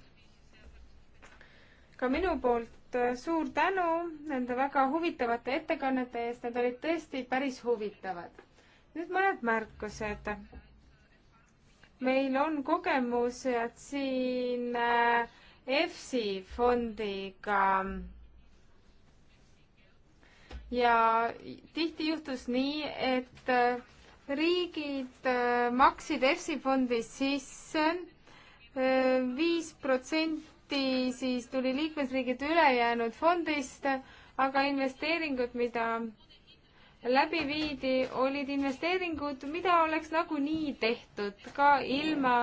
ka minu poolt uh, suur tänu nende väga huvitavate ettekannete eest, need olid tõesti päris huvitavad. nüüd mõned märkused. meil on kogemused siin uh, EFSI fondiga äh, ja tihti juhtus nii, et äh, riigid äh, maksid EFSI fondi sisse äh, viis protsenti, siis tuli liikmesriigid ülejäänud fondist, aga investeeringud, mida läbi viidi, olid investeeringud, mida oleks nagunii tehtud ka ilma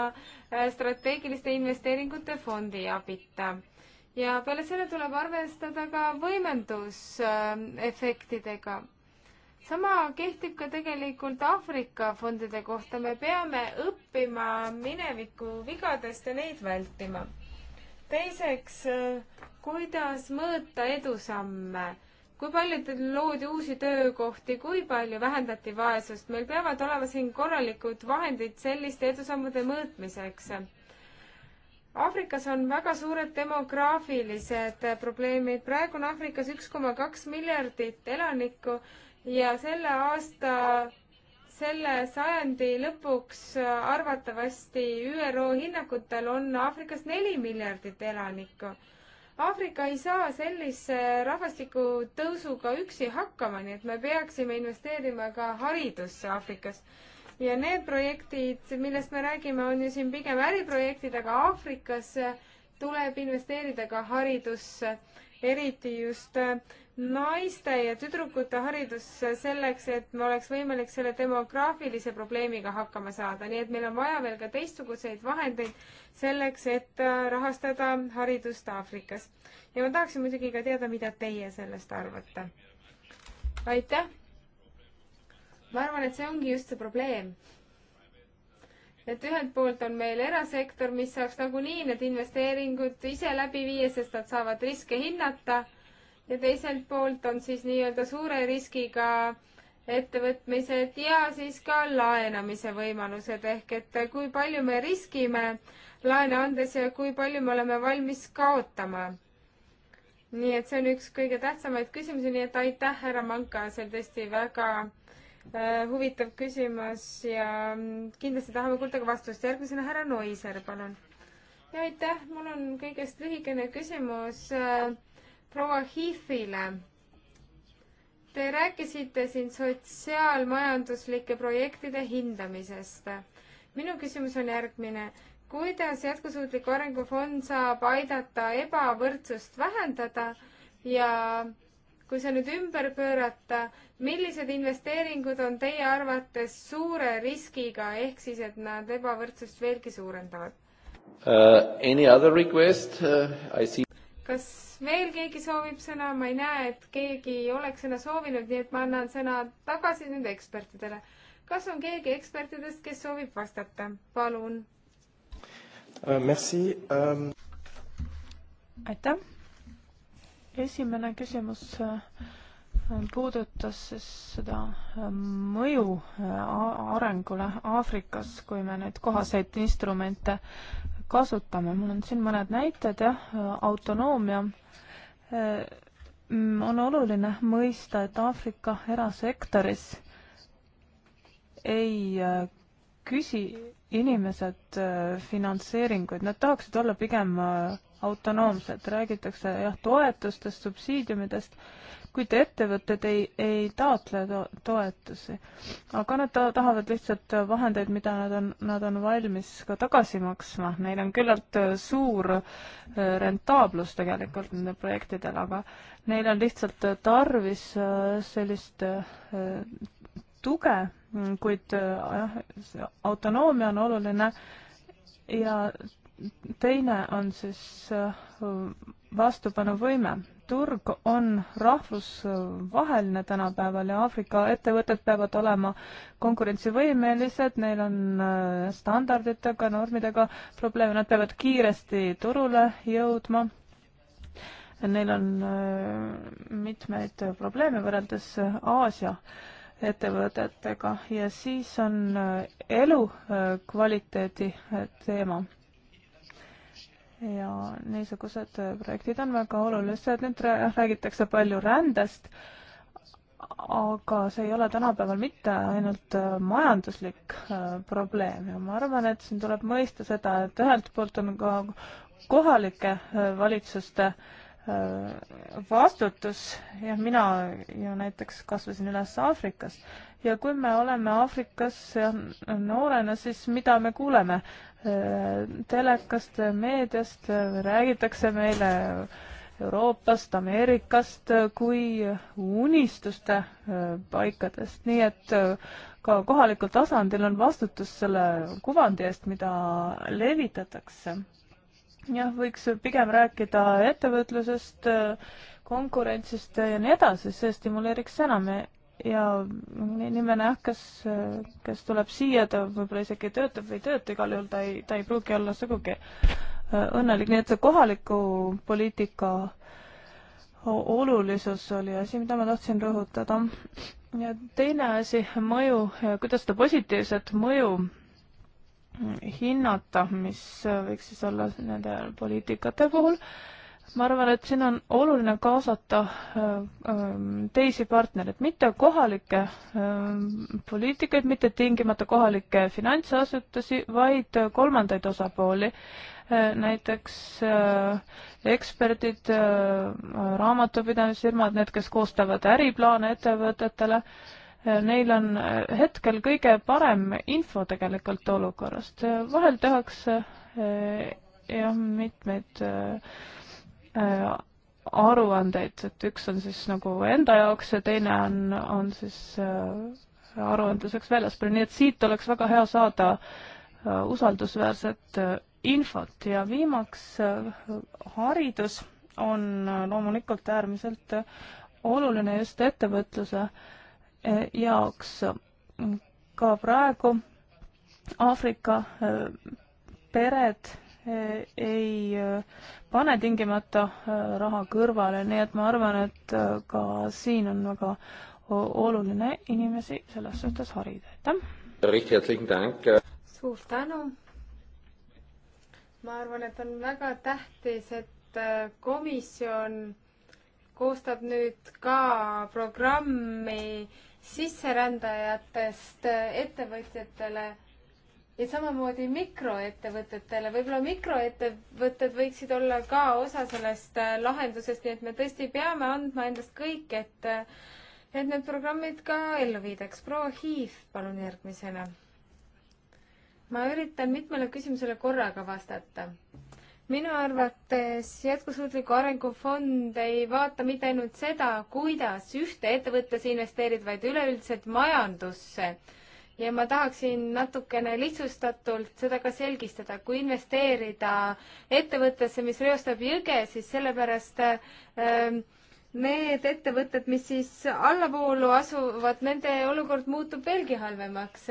strateegiliste investeeringute fondi abita ja peale selle tuleb arvestada ka võimendusefektidega. sama kehtib ka tegelikult Aafrika fondide kohta, me peame õppima mineviku vigadest ja neid vältima. teiseks, kuidas mõõta edusamme kui palju loodi uusi töökohti, kui palju vähendati vaesust, meil peavad olema siin korralikud vahendid selliste edusammude mõõtmiseks. Aafrikas on väga suured demograafilised probleemid, praegu on Aafrikas üks koma kaks miljardit elanikku ja selle aasta, selle sajandi lõpuks arvatavasti ÜRO hinnangutel on Aafrikas neli miljardit elanikku. Aafrika ei saa sellise rahvastiku tõusuga üksi hakkama, nii et me peaksime investeerima ka haridusse Aafrikas ja need projektid, millest me räägime, on ju siin pigem äriprojektid, aga Aafrikas tuleb investeerida ka haridusse, eriti just äh, naiste ja tüdrukute haridusse selleks, et me oleks võimalik selle demograafilise probleemiga hakkama saada, nii et meil on vaja veel ka teistsuguseid vahendeid selleks, et äh, rahastada haridust Aafrikas. ja ma tahaksin muidugi ka teada, mida teie sellest arvate. aitäh! ma arvan, et see ongi just see probleem. et ühelt poolt on meil erasektor, mis saaks nagunii need investeeringud ise läbi viia, sest nad saavad riske hinnata ja teiselt poolt on siis nii-öelda suure riskiga ettevõtmised ja siis ka laenamise võimalused ehk et kui palju me riskime laene andes ja kui palju me oleme valmis kaotama. nii et see on üks kõige tähtsamaid küsimusi, nii et aitäh, härra Manka, see on tõesti väga Äh, huvitav küsimus ja kindlasti tahame kuulda ka vastust. järgmisena härra Noiser, palun. ja aitäh, mul on kõigest lühikene küsimus äh, proua Hiifile. Te rääkisite siin sotsiaalmajanduslike projektide hindamisest. minu küsimus on järgmine. kuidas Jätkusuutliku Arengu Fond saab aidata ebavõrdsust vähendada ja kui see nüüd ümber pöörata, millised investeeringud on teie arvates suure riskiga, ehk siis, et nad ebavõrdsust veelgi suurendavad uh,? Any other request uh,? I see. kas veel keegi soovib sõna, ma ei näe, et keegi oleks sõna soovinud, nii et ma annan sõna tagasi nüüd ekspertidele. kas on keegi ekspertidest, kes soovib vastata? palun uh,. Merci um.... aitäh esimene küsimus äh, puudutas siis seda äh, mõju äh, arengule Aafrikas, kui me neid kohaseid instrumente kasutame. mul on siin mõned näited, jah, autonoomia. on oluline mõista, et Aafrika erasektoris ei küsi inimesed finantseeringuid, nad tahaksid olla pigem autonoomsed, räägitakse jah, toetustest, subsiidiumidest, kuid ettevõtted ei, ei taotle to toetusi. aga nad ta tahavad lihtsalt vahendeid, mida nad on, nad on valmis ka tagasi maksma, neil on küllalt äh, suur äh, rentaablus tegelikult nende projektidel, aga neil on lihtsalt äh, tarvis sellist tuge, kuid jah, see autonoomia on oluline ja teine on siis äh, vastupanuvõime. turg on rahvusvaheline tänapäeval ja Aafrika ettevõtted peavad olema konkurentsivõimelised, neil on äh, standarditega, normidega probleeme, nad peavad kiiresti turule jõudma. Neil on äh, mitmeid probleeme võrreldes Aasia ettevõtetega ja siis on elukvaliteedi teema ja niisugused projektid on väga olulised, nüüd räägitakse palju rändest, aga see ei ole tänapäeval mitte ainult äh, majanduslik äh, probleem ja ma arvan, et siin tuleb mõista seda, et ühelt poolt on ka kohalike äh, valitsuste vastutus ja mina ju näiteks kasvasin üles Aafrikas ja kui me oleme Aafrikas noorena, siis mida me kuuleme? Äh, telekast, meediast äh, räägitakse meile Euroopast, Ameerikast äh, kui unistuste paikadest, nii et ka kohalikul tasandil on vastutus selle kuvandi eest, mida levitatakse. jah, võiks pigem rääkida ettevõtlusest, konkurentsist ja nii edasi, see stimuleeriks enam ja inimene jah, kes, kes tuleb siia, ta võib-olla isegi töötab või ei tööta, igal juhul ta ei, ta ei pruugi olla sugugi äh, õnnelik, nii et see kohaliku poliitika olulisus oli asi, mida ma tahtsin rõhutada. ja teine asi, mõju, kuidas seda positiivset mõju hinnata, mis võiks siis olla nende poliitikate puhul ma arvan, et siin on oluline kaasata äh, äh, teisi partnereid, mitte kohalikke äh, poliitikaid, mitte tingimata kohalikke finantsasutusi, vaid kolmandaid osapooli, näiteks eksperdid, raamatupidamisfirmad, need, kes koostavad äriplaane ettevõtetele, neil on hetkel kõige parem info tegelikult olukorrast. vahel tehakse jah, mitmeid äh, Äh, aruandeid, et üks on siis nagu enda jaoks ja teine on, on siis äh, aruandluseks väljaspool, nii et siit oleks väga hea saada äh, usaldusväärset infot ja viimaks haridus on loomulikult äärmiselt oluline just ettevõtluse jaoks. ka praegu Aafrika pered ei äh, pane tingimata äh, raha kõrvale, nii et ma arvan, et äh, ka siin on väga oluline inimesi selles suhtes harida, aitäh! suur tänu! ma arvan, et on väga tähtis, et komisjon koostab nüüd ka programmi sisserändajatest ettevõtjatele ja samamoodi mikroettevõtetele, võib-olla mikroettevõtted võiksid olla ka osa sellest äh, lahendusest, nii et me tõesti peame andma endast kõik, et äh, et need programmid ka ellu viidaks. proua Hiiv, palun järgmisena. ma üritan mitmele küsimusele korraga vastata minu arvates jätkusuutliku arengu fond ei vaata mitte ainult seda, kuidas ühte ettevõttesse investeerida, vaid üleüldiselt majandusse ja ma tahaksin natukene lihtsustatult seda ka selgistada, kui investeerida ettevõttesse, mis reostab jõge, siis sellepärast ähm, need ettevõtted, mis siis allavoolu asuvad, nende olukord muutub veelgi halvemaks.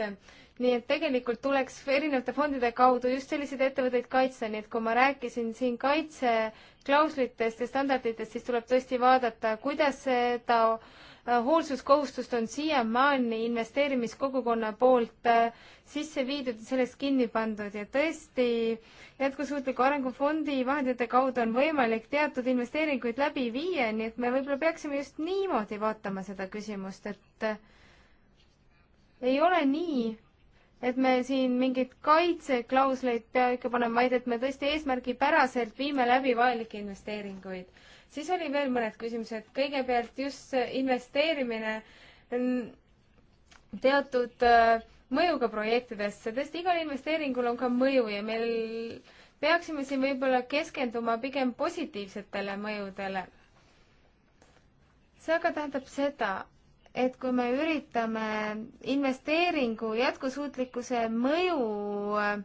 nii et tegelikult tuleks erinevate fondide kaudu just selliseid ettevõtteid kaitsta, nii et kui ma rääkisin siin kaitseklauslitest ja standarditest, siis tuleb tõesti vaadata, kuidas seda äh, Äh, hoolsuskohustust on siiamaani investeerimiskogukonna poolt äh, sisse viidud ja sellest kinni pandud ja tõesti jätkusuutliku arengufondi vahendite kaudu on võimalik teatud investeeringuid läbi viia, nii et me võib-olla peaksime just niimoodi vaatama seda küsimust, et äh, ei ole nii, et me siin mingeid kaitseklausleid pea ikka panema, vaid et me tõesti eesmärgipäraselt viime läbi vajalikke investeeringuid siis oli veel mõned küsimused, kõigepealt just see investeerimine teatud äh, mõjuga projektidesse, tõesti igal investeeringul on ka mõju ja meil peaksime siin võib-olla keskenduma pigem positiivsetele mõjudele. see aga tähendab seda, et kui me üritame investeeringu jätkusuutlikkuse mõju äh,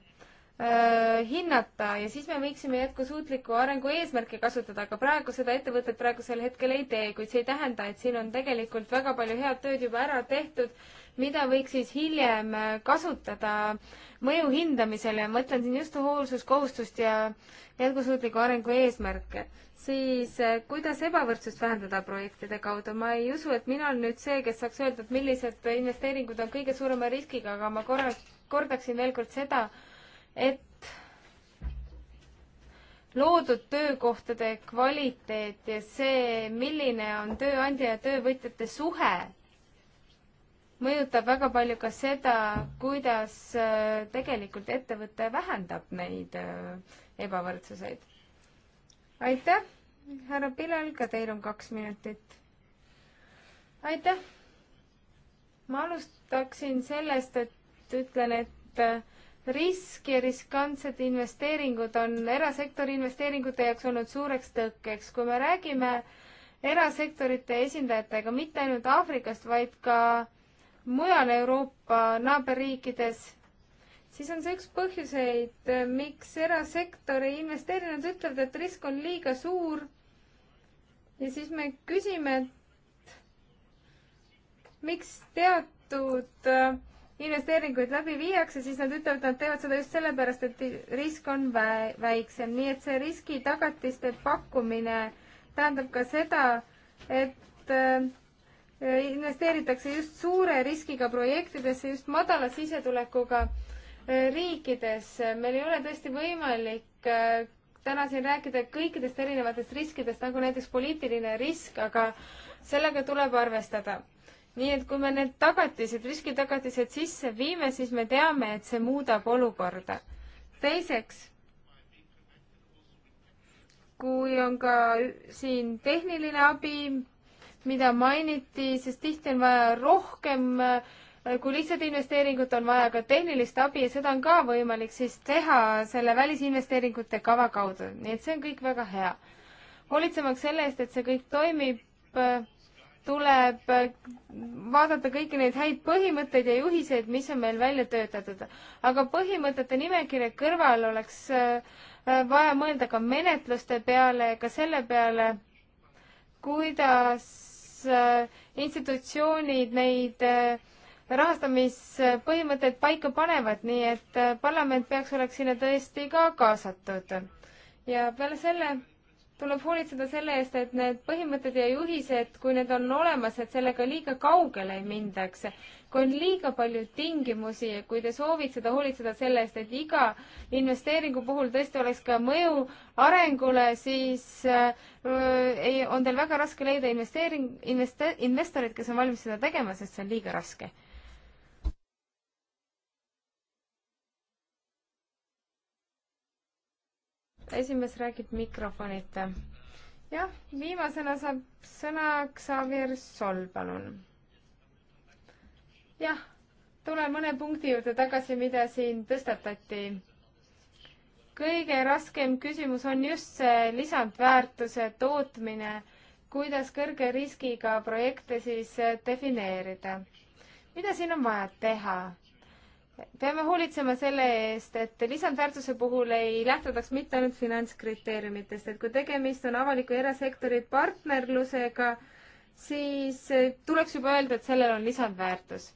Äh, hinnata ja siis me võiksime jätkusuutliku arengu eesmärke kasutada, aga praegu seda ettevõtet praegusel hetkel ei tee, kuid see ei tähenda, et siin on tegelikult väga palju head tööd juba ära tehtud, mida võiks siis hiljem äh, kasutada mõju hindamisel ja mõtlen siin just hoolsuskohustust ja jätkusuutliku arengu eesmärke. siis äh, kuidas ebavõrdsust vähendada projektide kaudu, ma ei usu, et mina olen nüüd see, kes saaks öelda, et millised investeeringud on kõige suurema riskiga, aga ma korra, kordaksin veel kord seda, et loodud töökohtade kvaliteet ja see, milline on tööandja ja töövõtjate suhe, mõjutab väga palju ka seda, kuidas äh, tegelikult ettevõte vähendab neid äh, ebavõrdsuseid. aitäh, härra Pilel, ka teil on kaks minutit. aitäh. ma alustaksin sellest, et ütlen, et äh, risk ja riskantsed investeeringud on erasektori investeeringute jaoks olnud suureks tõkkeks. kui me räägime erasektorite esindajatega mitte ainult Aafrikast, vaid ka mujal Euroopa naaberriikides, siis on see üks põhjuseid, miks erasektori investeeringud ütlevad, et risk on liiga suur. ja siis me küsime, et miks teatud äh, investeeringuid läbi viiakse, siis nad ütlevad, et nad teevad seda just sellepärast, et risk on vä-, väiksem, nii et see riskitagatiste pakkumine tähendab ka seda, et äh, investeeritakse just suure riskiga projektidesse just madala sissetulekuga äh, riikides. meil ei ole tõesti võimalik äh, täna siin rääkida kõikidest erinevatest riskidest, nagu näiteks poliitiline risk, aga sellega tuleb arvestada nii et kui me need tagatised, riskitagatised sisse viime, siis me teame, et see muudab olukorda. teiseks, kui on ka siin tehniline abi, mida mainiti, sest tihti on vaja rohkem kui lihtsalt investeeringut, on vaja ka tehnilist abi ja seda on ka võimalik siis teha selle välisinvesteeringute kava kaudu, nii et see on kõik väga hea. hoolitsemaks selle eest, et see kõik toimib, tuleb vaadata kõiki neid häid põhimõtteid ja juhiseid, mis on meil välja töötatud. aga põhimõtete nimekirja kõrval oleks äh, vaja mõelda ka menetluste peale ja ka selle peale, kuidas äh, institutsioonid neid äh, rahastamispõhimõtteid paika panevad, nii et parlament peaks, oleks sinna tõesti ka kaasatud. ja peale selle tuleb hoolitseda selle eest, et need põhimõtted ja juhised, kui need on olemas, et sellega liiga kaugele ei mindaks. kui on liiga palju tingimusi ja kui te soovitseda hoolitseda selle eest, et iga investeeringu puhul tõesti oleks ka mõju arengule, siis äh, on teil väga raske leida investeering, investe-, investorid, kes on valmis seda tegema, sest see on liiga raske esimees räägib mikrofonita. jah, viimasena saab sõna Xavier Sol, palun. jah, tulen mõne punkti juurde tagasi, mida siin tõstatati. kõige raskem küsimus on just see lisandväärtuse tootmine, kuidas kõrge riskiga projekte siis eh, defineerida. mida siin on vaja teha? peame hoolitsema selle eest, et lisandväärtuse puhul ei lähtutaks mitte ainult finantskriteeriumitest, et kui tegemist on avaliku ja erasektori partnerlusega, siis tuleks juba öelda, et sellel on lisandväärtus.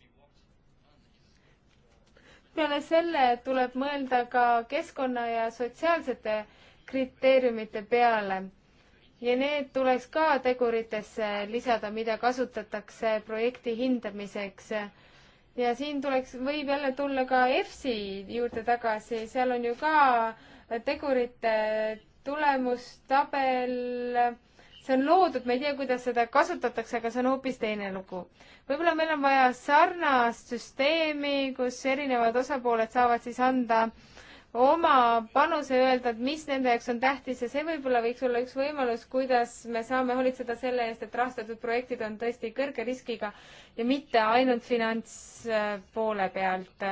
peale selle tuleb mõelda ka keskkonna ja sotsiaalsete kriteeriumite peale ja need tuleks ka teguritesse lisada, mida kasutatakse projekti hindamiseks ja siin tuleks, võib jälle tulla ka EFSI juurde tagasi, seal on ju ka tegurite tulemustabel see on loodud, ma ei tea, kuidas seda kasutatakse, aga see on hoopis teine lugu. võib-olla meil on vaja sarnast süsteemi, kus erinevad osapooled saavad siis anda äh, oma panuse öelda, et mis nende jaoks on tähtis ja see võib-olla võiks olla üks võimalus, kuidas me saame hoolitseda selle eest, et rahastatud projektid on tõesti kõrge riskiga ja mitte ainult finantspoole pealt.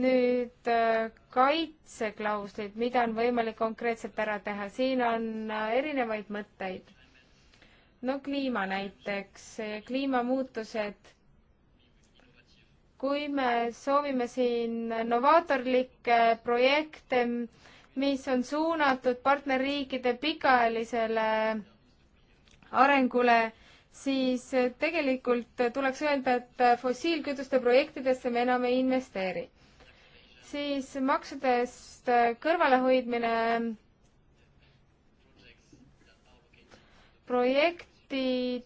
nüüd äh, kaitseklauslid, mida on võimalik konkreetselt ära teha, siin on äh, erinevaid mõtteid. no kliima näiteks, äh, kliimamuutused kui me soovime siin novaatorlikke projekte, mis on suunatud partnerriikide pikaajalisele arengule, siis tegelikult tuleks öelda, et fossiilkütuste projektidesse me enam ei investeeri. siis maksudest kõrvalehoidmine, projektid,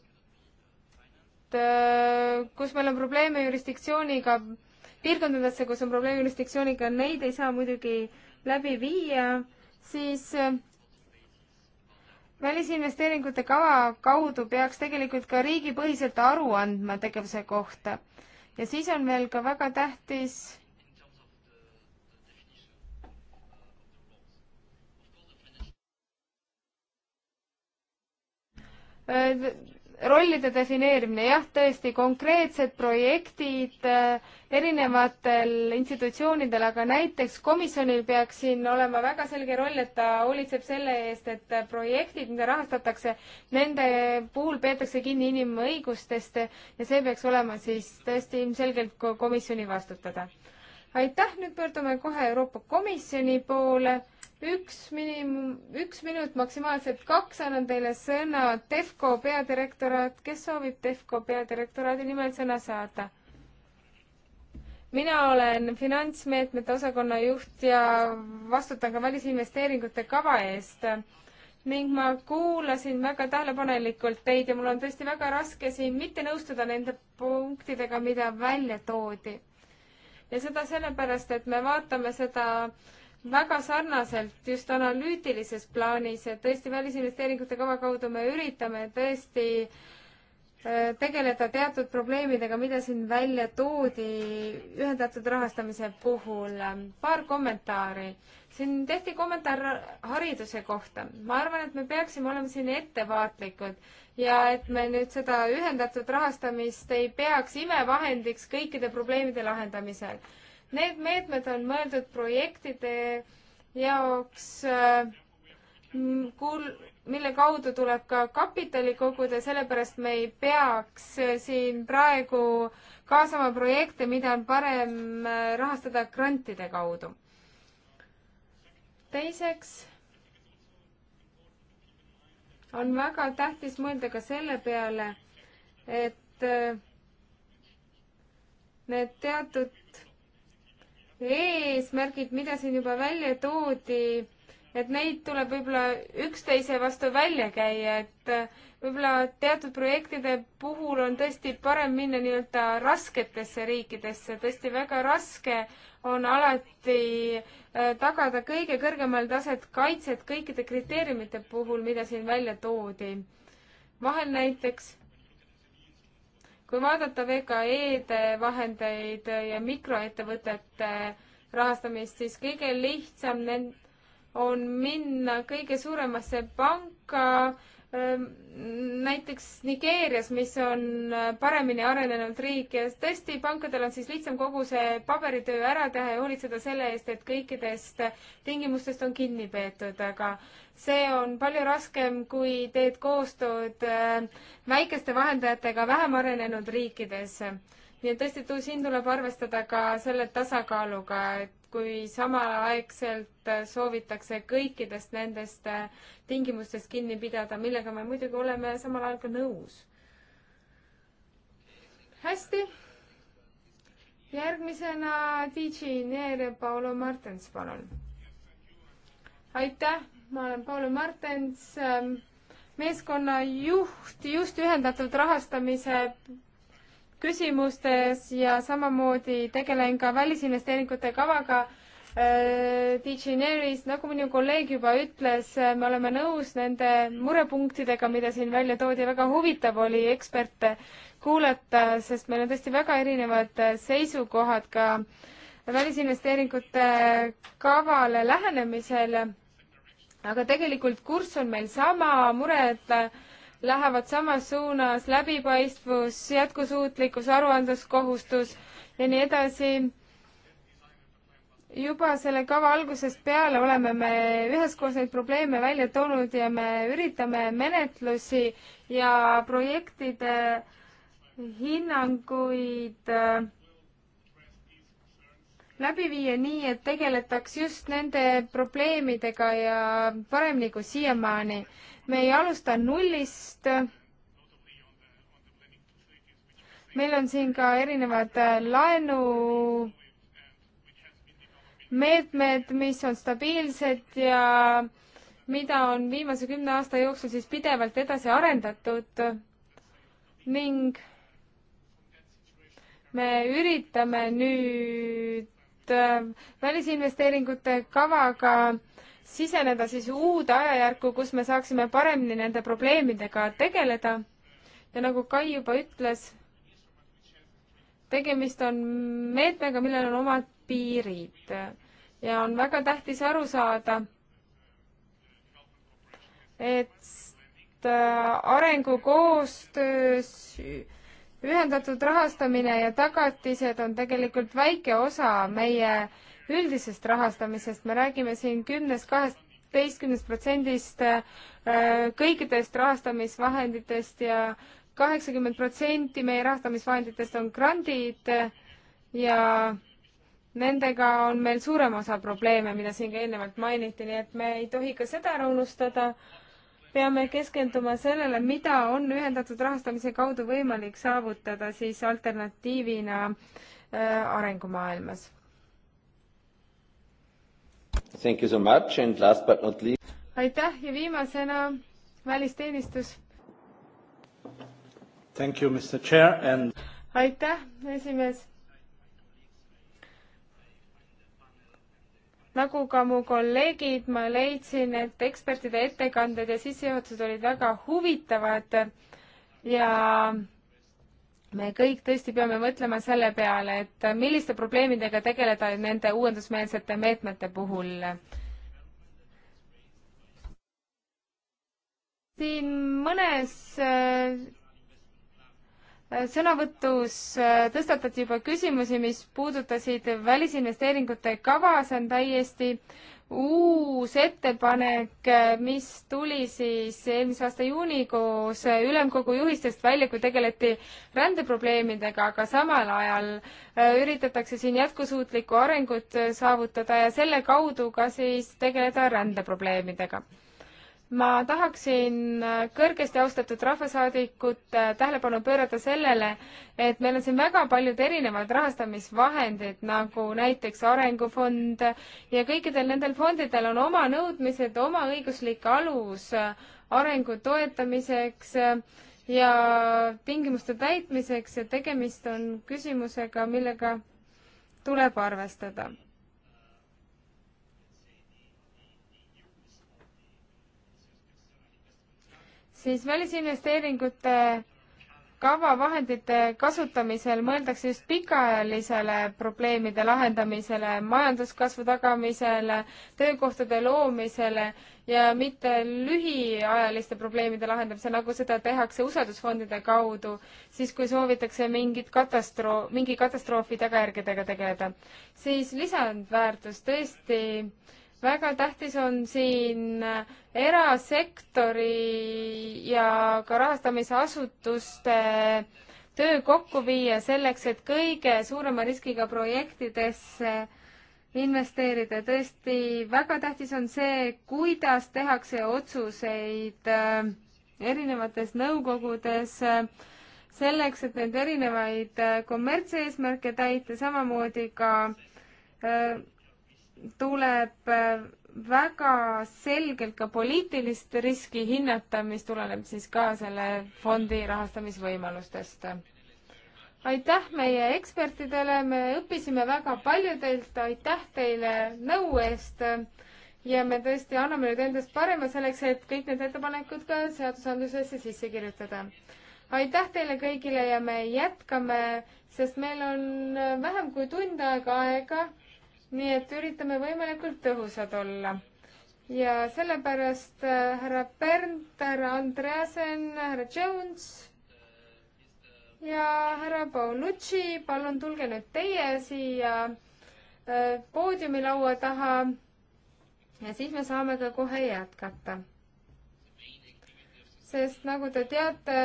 Äh, kus meil on probleeme jurisdiktsiooniga, piirkondadesse, kus on probleem jurisdiktsiooniga, neid ei saa muidugi läbi viia, siis äh, välisinvesteeringute kava kaudu peaks tegelikult ka riigipõhiselt aru andma tegevuse kohta. ja siis on veel ka väga tähtis öö, äh, rollide defineerimine, jah, tõesti, konkreetsed projektid äh, erinevatel institutsioonidel, aga näiteks komisjonil peaks siin olema väga selge roll, et ta hoolitseb selle eest, et projektid, mida rahastatakse, nende puhul peetakse kinni inimõigustest ja see peaks olema siis tõesti ilmselgelt komisjoni vastutada aitäh, nüüd pöördume kohe Euroopa Komisjoni poole. üks miinimum, üks minut, maksimaalselt kaks, annan teile sõna Defco peadirektoraat, kes soovib Defco peadirektoraadi nimel sõna saada? mina olen finantsmeetmete osakonna juht ja vastutan ka välisinvesteeringute kava eest ning ma kuulasin väga tähelepanelikult teid ja mul on tõesti väga raske siin mitte nõustuda nende punktidega, mida välja toodi ja seda sellepärast, et me vaatame seda väga sarnaselt just analüütilises plaanis, et tõesti välisinvesteeringute kava kaudu me üritame tõesti äh, tegeleda teatud probleemidega, mida siin välja toodi ühendatud rahastamise puhul. paar kommentaari. siin tehti kommentaar hariduse kohta. ma arvan, et me peaksime olema siin ettevaatlikud ja et me nüüd seda ühendatud rahastamist ei peaks imevahendiks kõikide probleemide lahendamisel. Need meetmed on mõeldud projektide jaoks, äh, mille kaudu tuleb ka kapitali koguda, sellepärast me ei peaks äh, siin praegu kaasama projekte, mida on parem äh, rahastada grantide kaudu. teiseks on väga tähtis mõelda ka selle peale, et äh, need teatud eesmärgid, mida siin juba välja toodi, et neid tuleb võib-olla üksteise vastu välja käia, et äh, võib-olla teatud projektide puhul on tõesti parem minna nii-öelda rasketesse riikidesse, tõesti väga raske on alati äh, tagada kõige kõrgemal taset kaitset kõikide kriteeriumite puhul, mida siin välja toodi. vahel näiteks kui vaadata VKE-de vahendeid ja mikroettevõtete rahastamist, siis kõige lihtsam on minna kõige suuremasse panka, Ehm, näiteks Nigeerias, mis on äh, paremini arenenud riik ja tõesti, pankadel on siis lihtsam kogu see paberitöö ära teha ja hoolitseda selle eest, et kõikidest äh, tingimustest on kinni peetud, aga see on palju raskem, kui teed koostööd äh, väikeste vahendajatega vähem arenenud riikides nii et tõesti, siin tuleb arvestada ka selle tasakaaluga, et kui samaaegselt soovitakse kõikidest nendest tingimustest kinni pidada, millega me muidugi oleme samal ajal ka nõus. hästi. järgmisena DJ Neere Paolo Martens, palun. aitäh, ma olen Paolo Martens ähm, meeskonna juht just ühendatud rahastamise küsimustes ja samamoodi tegelen ka välisinvesteeringute kavaga äh, DigiNeris, nagu minu kolleeg juba ütles, äh, me oleme nõus nende murepunktidega, mida siin välja toodi, väga huvitav oli eksperte kuulata, sest meil on tõesti väga erinevad äh, seisukohad ka välisinvesteeringute kavale lähenemisel. aga tegelikult kurss on meil sama, mured äh, lähevad samas suunas läbipaistvus, jätkusuutlikkus, aruandluskohustus ja nii edasi. juba selle kava algusest peale oleme me üheskoos neid probleeme välja toonud ja me üritame menetlusi ja projektide hinnanguid äh, läbi viia nii, et tegeletaks just nende probleemidega ja paremini kui siiamaani me ei alusta nullist. meil on siin ka erinevad äh, laenu meetmed, mis on stabiilsed ja mida on viimase kümne aasta jooksul siis pidevalt edasi arendatud ning me üritame nüüd äh, välisinvesteeringute kavaga ka siseneda siis uude ajajärku, kus me saaksime paremini nende probleemidega tegeleda. ja nagu Kai juba ütles, tegemist on meetmega, millel on omad piirid ja on väga tähtis aru saada, et äh, arengukoostöös ühendatud rahastamine ja tagatised on tegelikult väike osa meie üldisest rahastamisest, me räägime siin kümnest, kaheteistkümnest protsendist äh, kõikidest rahastamisvahenditest ja kaheksakümmend protsenti meie rahastamisvahenditest on grandid ja nendega on meil suurem osa probleeme, mida siin ka eelnevalt mainiti, nii et me ei tohi ka seda ära unustada. peame keskenduma sellele, mida on ühendatud rahastamise kaudu võimalik saavutada siis alternatiivina äh, arengumaailmas. Thank you so much and last but not least. aitäh ja viimasena välisteenistus. Thank you, Mr Chair and. aitäh, esimees. nagu ka mu kolleegid, ma leidsin, et ekspertide ettekanded ja sissejuhatused olid väga huvitavad ja me kõik tõesti peame mõtlema selle peale, et milliste probleemidega tegeleda nende uuendusmeelsete meetmete puhul. siin mõnes äh, sõnavõtus äh, tõstatati juba küsimusi, mis puudutasid välisinvesteeringute kava, see on täiesti uus ettepanek, mis tuli siis eelmise aasta juunikuus ülemkogu juhistest välja, kui tegeleti rändeprobleemidega, aga samal ajal äh, üritatakse siin jätkusuutlikku arengut äh, saavutada ja selle kaudu ka siis tegeleda rändeprobleemidega ma tahaksin äh, kõrgesti austatud rahvasaadikute äh, tähelepanu pöörata sellele, et meil on siin väga paljud erinevad rahastamisvahendid, nagu näiteks Arengufond ja kõikidel nendel fondidel on oma nõudmised, oma õiguslik alus äh, arengu toetamiseks ja tingimuste täitmiseks ja tegemist on küsimusega, millega tuleb arvestada siis välisinvesteeringute kava vahendite kasutamisel mõeldakse just pikaajalisele probleemide lahendamisele, majanduskasvu tagamisele, töökohtade loomisele ja mitte lühiajaliste probleemide lahendamisele, nagu seda tehakse usaldusfondide kaudu, siis kui soovitakse mingit katastroo-, mingi katastroofi tagajärgedega tegeleda. siis lisandväärtus tõesti äh, väga tähtis on siin äh, erasektori ja ka rahastamisasutuste töö kokku viia selleks, et kõige suurema riskiga projektidesse investeerida. tõesti, väga tähtis on see, kuidas tehakse otsuseid äh, erinevates nõukogudes äh, selleks, et neid erinevaid kommertseesmärke täita, samamoodi ka tuleb äh, väga selgelt ka poliitilist riski hinnata, mis tuleneb siis ka selle fondi rahastamisvõimalustest. aitäh meie ekspertidele, me õppisime väga palju teilt, aitäh teile nõu eest ja me tõesti anname nüüd endast parima selleks, et kõik need ettepanekud ka seadusandlusesse sisse kirjutada. aitäh teile kõigile ja me jätkame, sest meil on vähem kui tund aega aega nii et üritame võimalikult tõhusad olla. ja sellepärast äh, härra Bernd, härra Andreasen, härra Jones ja härra Paulucci, palun tulge nüüd teie siia äh, poodiumilaua taha ja siis me saame ka kohe jätkata. sest nagu te teate,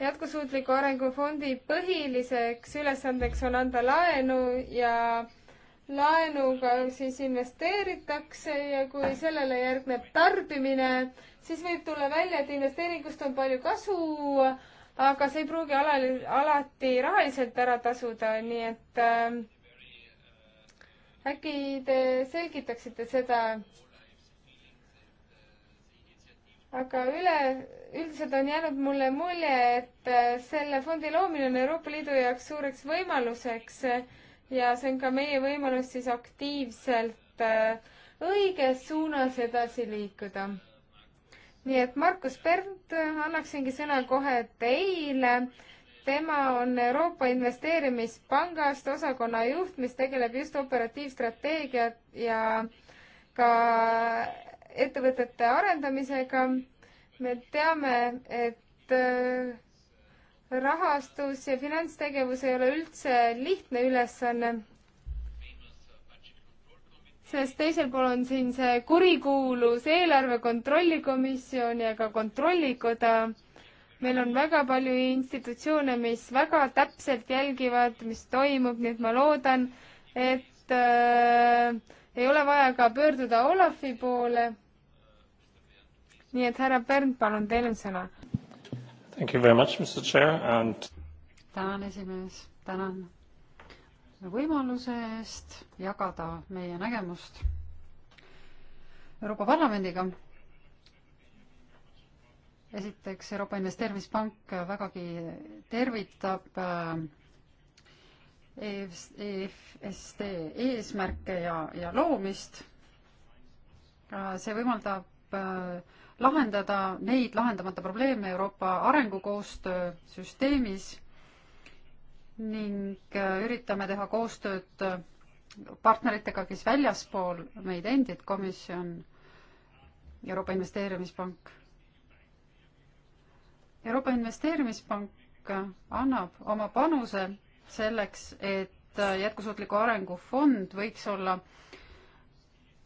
jätkusuutliku arengufondi põhiliseks ülesandeks on anda laenu ja laenuga siis investeeritakse ja kui sellele järgneb tarbimine, siis võib tulla välja, et investeeringust on palju kasu, aga see ei pruugi alal, alati rahaliselt ära tasuda, nii et äh, äkki te selgitaksite seda. aga üle, üldiselt on jäänud mulle mulje, et äh, selle fondi loomine on Euroopa Liidu jaoks suureks võimaluseks äh, ja see on ka meie võimalus siis aktiivselt äh, õiges suunas edasi liikuda. nii et Markus Pärnt, äh, annaksingi sõna kohe teile. tema on Euroopa Investeerimispangast osakonna juht, mis tegeleb just operatiivstrateegiat ja ka ettevõtete arendamisega. me teame, et äh, rahastus ja finantstegevus ei ole üldse lihtne ülesanne, sest teisel pool on siin see kurikuulus eelarve kontrollikomisjon ja ka kontrollikoda. meil on väga palju institutsioone, mis väga täpselt jälgivad, mis toimub, nii et ma loodan, et äh, ei ole vaja ka pöörduda Olafi poole. nii et härra Pärn, palun, teil on sõna Thank you very much, Mr Chair and tänan, esimees, tänan võimaluse eest jagada meie nägemust Euroopa Parlamendiga. esiteks, Euroopa Investeerimispank vägagi tervitab äh, EFSD e eesmärke ja, ja loomist. Äh, see võimaldab äh, lahendada neid lahendamata probleeme Euroopa arengukoostöö süsteemis ning äh, üritame teha koostööd äh, partneritega, kes väljaspool meid endid, komisjon, Euroopa Investeerimispank. Euroopa Investeerimispank äh, annab oma panuse selleks, et jätkusuutliku arengu fond võiks olla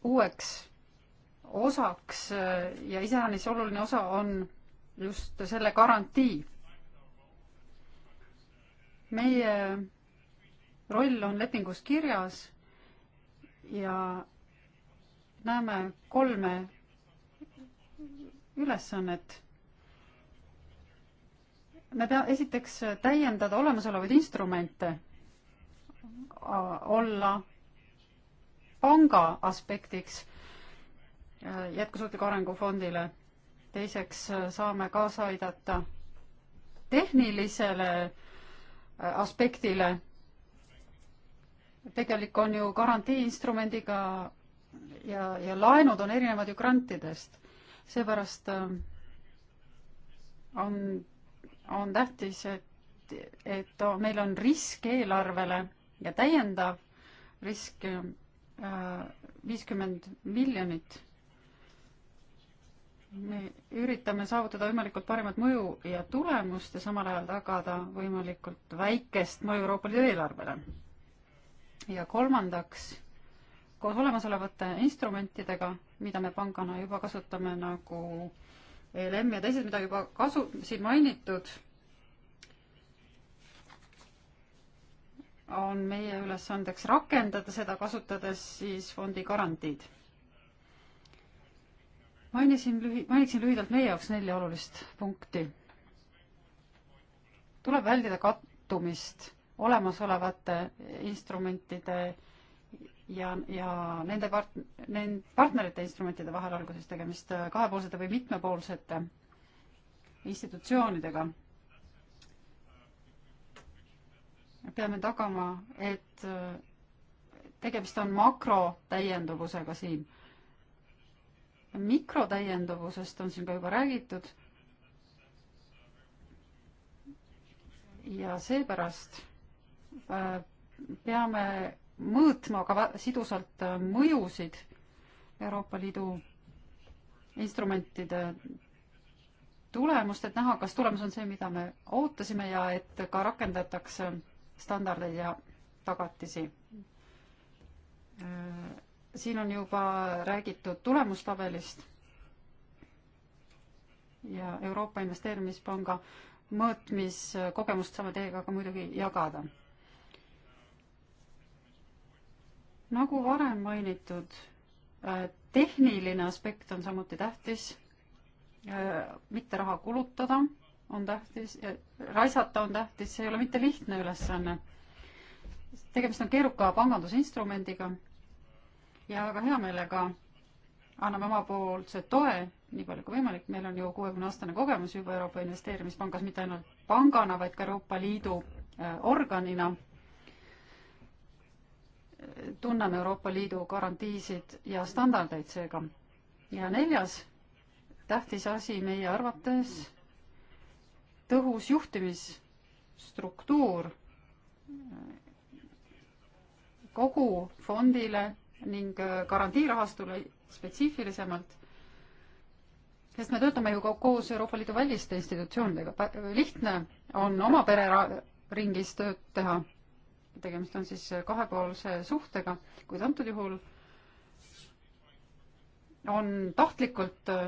uueks osaks äh, ja iseenesest oluline osa on just selle garantii. meie roll on lepingus kirjas ja näeme kolme ülesannet. me pea-, esiteks täiendada olemasolevaid instrumente, olla panga aspektiks jätkusuutliku arengu fondile. teiseks äh, saame kaasa aidata tehnilisele äh, aspektile. tegelik on ju garantii instrumendiga ja, ja laenud on erinevad ju grantidest. seepärast äh, on, on tähtis, et, et meil on risk eelarvele ja täiendav risk viiskümmend miljonit me üritame saavutada võimalikult parimat mõju ja tulemust ja samal ajal tagada võimalikult väikest mõju Euroopa Liidu eelarvele. ja kolmandaks, koos olemasolevate instrumentidega, mida me pangana juba kasutame, nagu ELM ja teised, mida juba kasu-, siin mainitud, on meie ülesandeks rakendada seda, kasutades siis fondi garantiid mainisin lühi-, mainiksin lühidalt meie jaoks nelja olulist punkti. tuleb väldida kattumist olemasolevate instrumentide ja, ja nende part-, nend-, partnerite instrumentide vahel, olgu siis tegemist kahepoolsete või mitmepoolsete institutsioonidega. peame tagama, et tegemist on makrotäienduvusega siin mikrotäiendavusest on siin ka juba räägitud. ja seepärast äh, peame mõõtma ka sidusalt äh, mõjusid Euroopa Liidu instrumentide tulemust, et näha, kas tulemus on see, mida me ootasime ja et ka rakendatakse standardeid ja tagatisi äh, siin on juba räägitud tulemustabelist ja Euroopa Investeerimispanga mõõtmiskogemust saame teiega ka muidugi jagada. nagu varem mainitud, äh, tehniline aspekt on samuti tähtis, äh, mitte raha kulutada on tähtis, raisata on tähtis, see ei ole mitte lihtne ülesanne. tegemist on keeruka pangandusinstrumendiga ja väga hea meelega anname omapoolse toe, nii palju kui võimalik, meil on ju kuuekümne aastane kogemus juba Euroopa Investeerimispangas, mitte ainult pangana, vaid ka Euroopa Liidu äh, organina. tunneme Euroopa Liidu garantiisid ja standardeid seega. ja neljas tähtis asi meie arvates, tõhus juhtimisstruktuur kogu fondile ning äh, garantiirahastule spetsiifilisemalt, sest me töötame ju koos Euroopa Liidu väliste institutsioonidega, lihtne on oma pereringis tööd teha, tegemist on siis kahepoolse suhtega, kuid antud juhul on tahtlikult äh,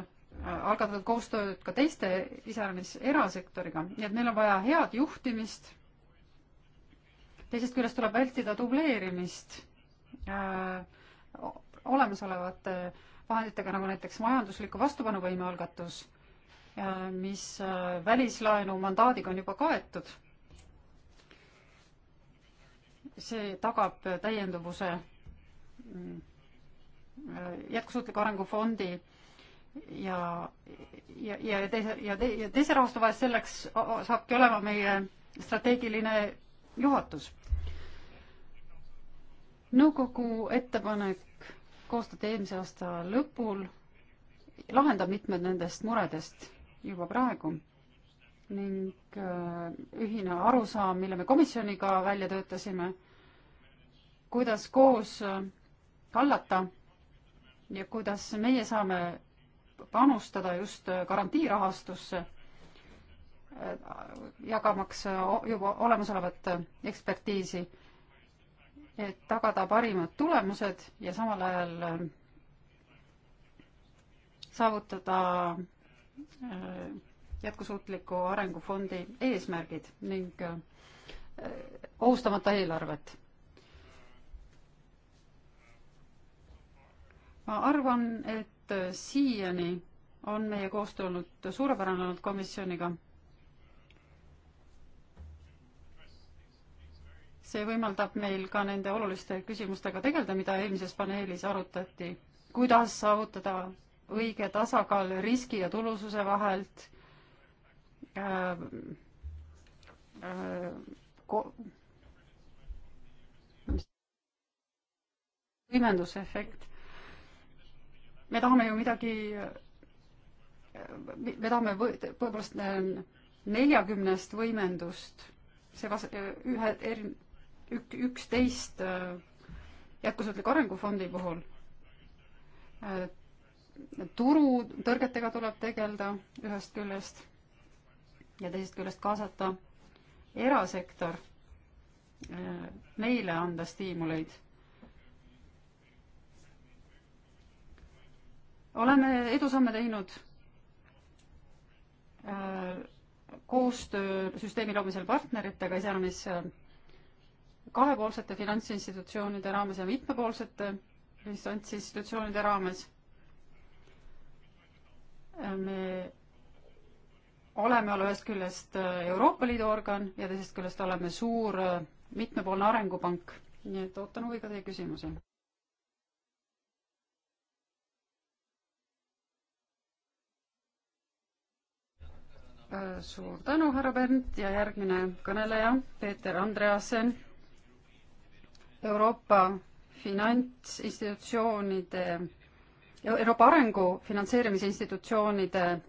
algatatud koostööd ka teiste iseäranis erasektoriga, nii et meil on vaja head juhtimist. teisest küljest tuleb vältida dubleerimist äh, olemasolevate vahenditega, nagu näiteks majandusliku vastupanuvõime algatus, mis äh, välislaenu mandaadiga on juba kaetud. see tagab täienduvuse mm, äh, jätkusuutliku arengu fondi ja, ja, ja teise ja, te, ja teise rahastu vahel selleks saabki olema meie strateegiline juhatus nõukogu ettepanek koostati eelmise aasta lõpul, lahendab mitmed nendest muredest juba praegu ning äh, ühine arusaam, mille me komisjoniga välja töötasime, kuidas koos äh, hallata ja kuidas meie saame panustada just äh, garantiirahastusse, jagamaks juba olemasolevat ekspertiisi et tagada parimad tulemused ja samal ajal äh, saavutada äh, jätkusuutliku arengufondi eesmärgid ning äh, ohustamata eelarvet. ma arvan, et siiani on meie koostöö olnud suurepärane olnud komisjoniga see võimaldab meil ka nende oluliste küsimustega tegeleda, mida eelmises paneelis arutati. kuidas saavutada õige tasakaal riski ja tulususe vahelt ähm, äh,, äh, võimendusefekt. me tahame ju midagi, äh, me tahame võib-olla ähm, neljakümnest võimendust, see vas-, ühe eri-, ük-, üksteist äh, jätkusuutliku arengufondi puhul. Äh, turutõrgetega tuleb tegeleda ühest küljest ja teisest küljest kaasata erasektor, neile äh, anda stiimuleid. oleme edusamme teinud koostöösüsteemi loomisel partneritega, iseäranis kahepoolsete finantsinstitutsioonide raames ja mitmepoolsete finantsinstitutsioonide raames. me oleme olla ühest küljest Euroopa Liidu organ ja teisest küljest oleme suur mitmepoolne arengupank, nii et ootan huviga teie küsimusi. suur tänu, härra Bernt ja järgmine kõneleja, Peeter Andreasen Euroopa finantsinstitutsioonide, Euroopa Arengu finantseerimise institutsioonide eh,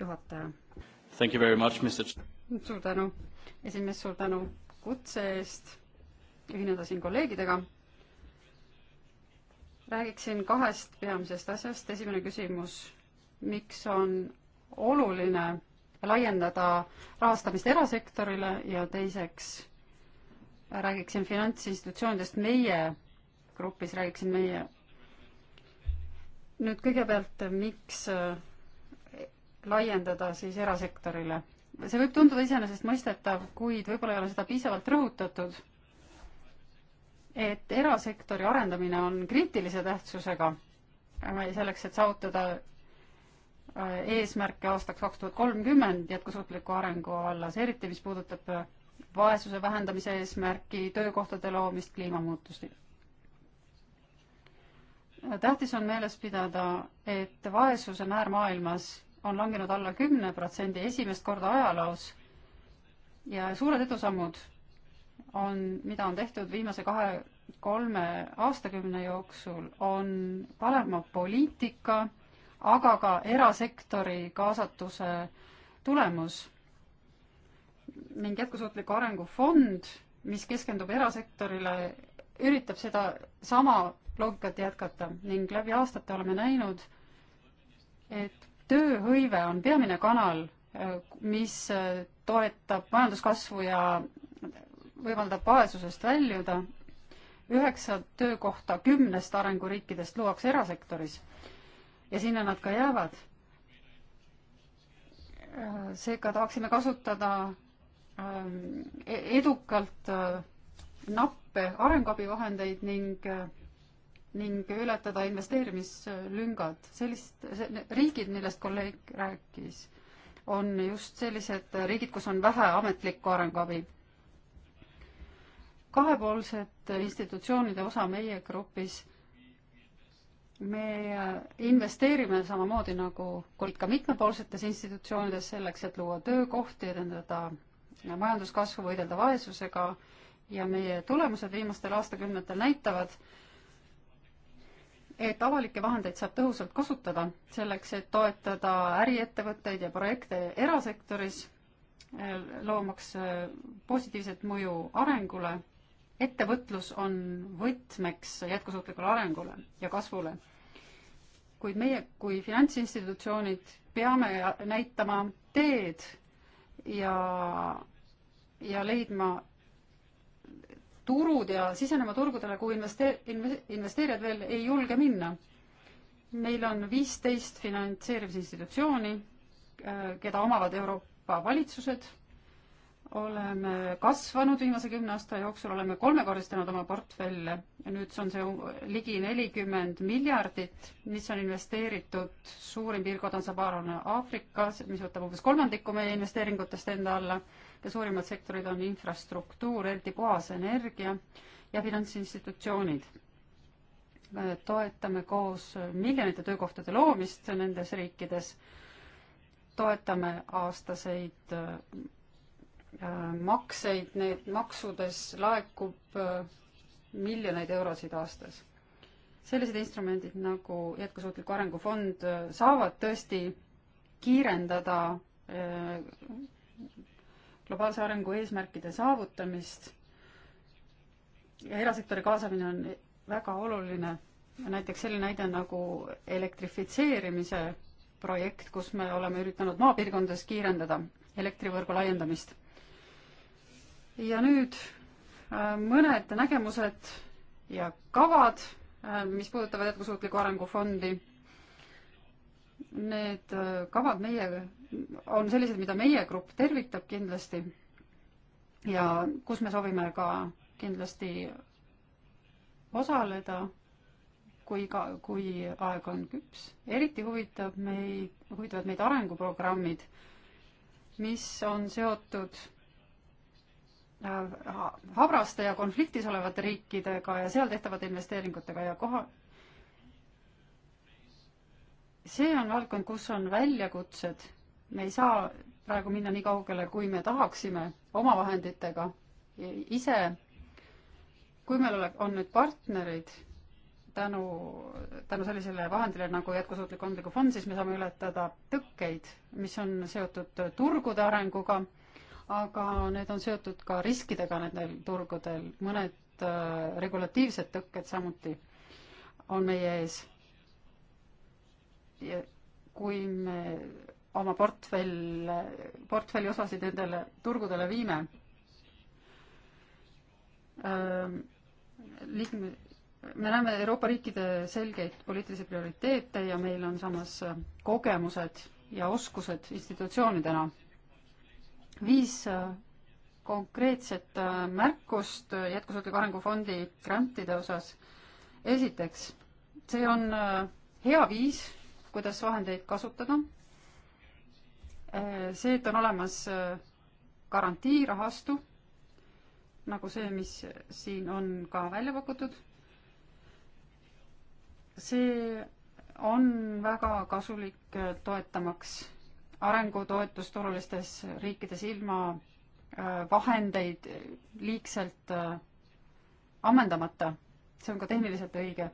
juhataja. Thank you very much, Mr. suur tänu, esimees, suur tänu kutse eest ühineda siin kolleegidega. räägiksin kahest peamisest asjast. esimene küsimus, miks on oluline laiendada rahastamist erasektorile ja teiseks räägiksin finantsinstitutsioonidest meie grupis, räägiksin meie. nüüd kõigepealt, miks äh, laiendada siis erasektorile? see võib tunduda iseenesestmõistetav, kuid võib-olla ei ole seda piisavalt rõhutatud, et erasektori arendamine on kriitilise tähtsusega äh, selleks, et saavutada äh, eesmärke aastaks kaks tuhat kolmkümmend jätkusuutliku arengu vallas, eriti mis puudutab vaesuse vähendamise eesmärki, töökohtade loomist, kliimamuutusi. tähtis on meeles pidada, et vaesuse määr maailmas on langenud alla kümne protsendi esimest korda ajaloos ja suured edusammud on, mida on tehtud viimase kahe-kolme aastakümne jooksul, on parema poliitika, aga ka erasektori kaasatuse tulemus ning jätkusuutliku arengu fond, mis keskendub erasektorile, üritab seda sama loogikat jätkata ning läbi aastate oleme näinud, et tööhõive on peamine kanal, mis toetab majanduskasvu ja võimaldab vaesusest väljuda. üheksa töökohta kümnest arenguriikidest luuakse erasektoris ja sinna nad ka jäävad. seega tahaksime kasutada Ähm, e-, edukalt äh, nappe arenguabivahendeid ning, äh, ning ületada investeerimislüngad. sellist, riigid, millest kolleeg rääkis, on just sellised riigid, kus on vähe ametlikku arenguabi. kahepoolsed institutsioonide osa meie grupis me äh, investeerime samamoodi nagu ka mitmepoolsetes institutsioonides selleks, et luua töökohti, edendada majanduskasvu, võidelda vaesusega ja meie tulemused viimastel aastakümnetel näitavad, et avalikke vahendeid saab tõhusalt kasutada selleks, et toetada äriettevõtteid ja projekte erasektoris, eh, loomaks eh, positiivset mõju arengule. ettevõtlus on võtmeks jätkusuutlikule arengule ja kasvule. kuid meie kui finantsinstitutsioonid peame näitama teed ja, ja leidma turud ja sisenema turgudele, kuhu investeer-, investeerijad veel ei julge minna. meil on viisteist finantseerimisinstitutsiooni, äh, keda omavad Euroopa valitsused oleme äh, kasvanud viimase kümne aasta jooksul, oleme kolmekordistanud oma portfelle ja nüüd on see ligi nelikümmend miljardit, mis on investeeritud, suurim piirkond on Saharana Aafrikas, mis võtab umbes kolmandiku meie investeeringutest enda alla ja suurimad sektorid on infrastruktuur, eriti puhas energia ja finantsinstitutsioonid. toetame koos miljonite töökohtade loomist nendes riikides, toetame aastaseid äh, Äh, makseid, need maksudes laekub äh, miljoneid eurosid aastas. sellised instrumendid nagu Jätkusuutliku Arengu Fond äh, saavad tõesti kiirendada globaalse arengu eesmärkide saavutamist ja erasektori kaasamine on väga oluline. näiteks selline näide nagu elektrifitseerimise projekt, kus me oleme üritanud maapiirkondades kiirendada elektrivõrgu laiendamist ja nüüd äh, mõned nägemused ja kavad, äh, mis puudutavad jätkusuutliku arengu fondi. Need äh, kavad meie, on sellised, mida meie grupp tervitab kindlasti ja kus me soovime ka kindlasti osaleda, kui ka, kui aeg on küps. eriti huvitab meid, huvitavad meid arenguprogrammid, mis on seotud habraste äh, ja konfliktis olevate riikidega ja seal tehtavate investeeringutega ja koha, see on valdkond, kus on väljakutsed. me ei saa praegu minna nii kaugele, kui me tahaksime oma vahenditega ise. kui meil ole, on nüüd partnerid tänu, tänu sellisele vahendile nagu jätkusuutliku andliku fond, siis me saame ületada tõkkeid, mis on seotud turgude arenguga aga need on seotud ka riskidega nendel turgudel, mõned äh, regulatiivsed tõkked samuti on meie ees. kui me oma portfell, portfelli osasid nendele turgudele viime ähm,, liikme, me näeme Euroopa riikide selgeid poliitilisi prioriteete ja meil on samas kogemused ja oskused institutsioonidena viis äh, konkreetset äh, märkust jätkusuutliku arengufondi grantide osas. esiteks, see on äh, hea viis, kuidas vahendeid kasutada. see, et on olemas garantiirahastu, nagu see, mis siin on ka välja pakutud. see on väga kasulik toetamaks arengutoetust olulistes riikides ilma äh, vahendeid liigselt äh, ammendamata. see on ka tehniliselt õige.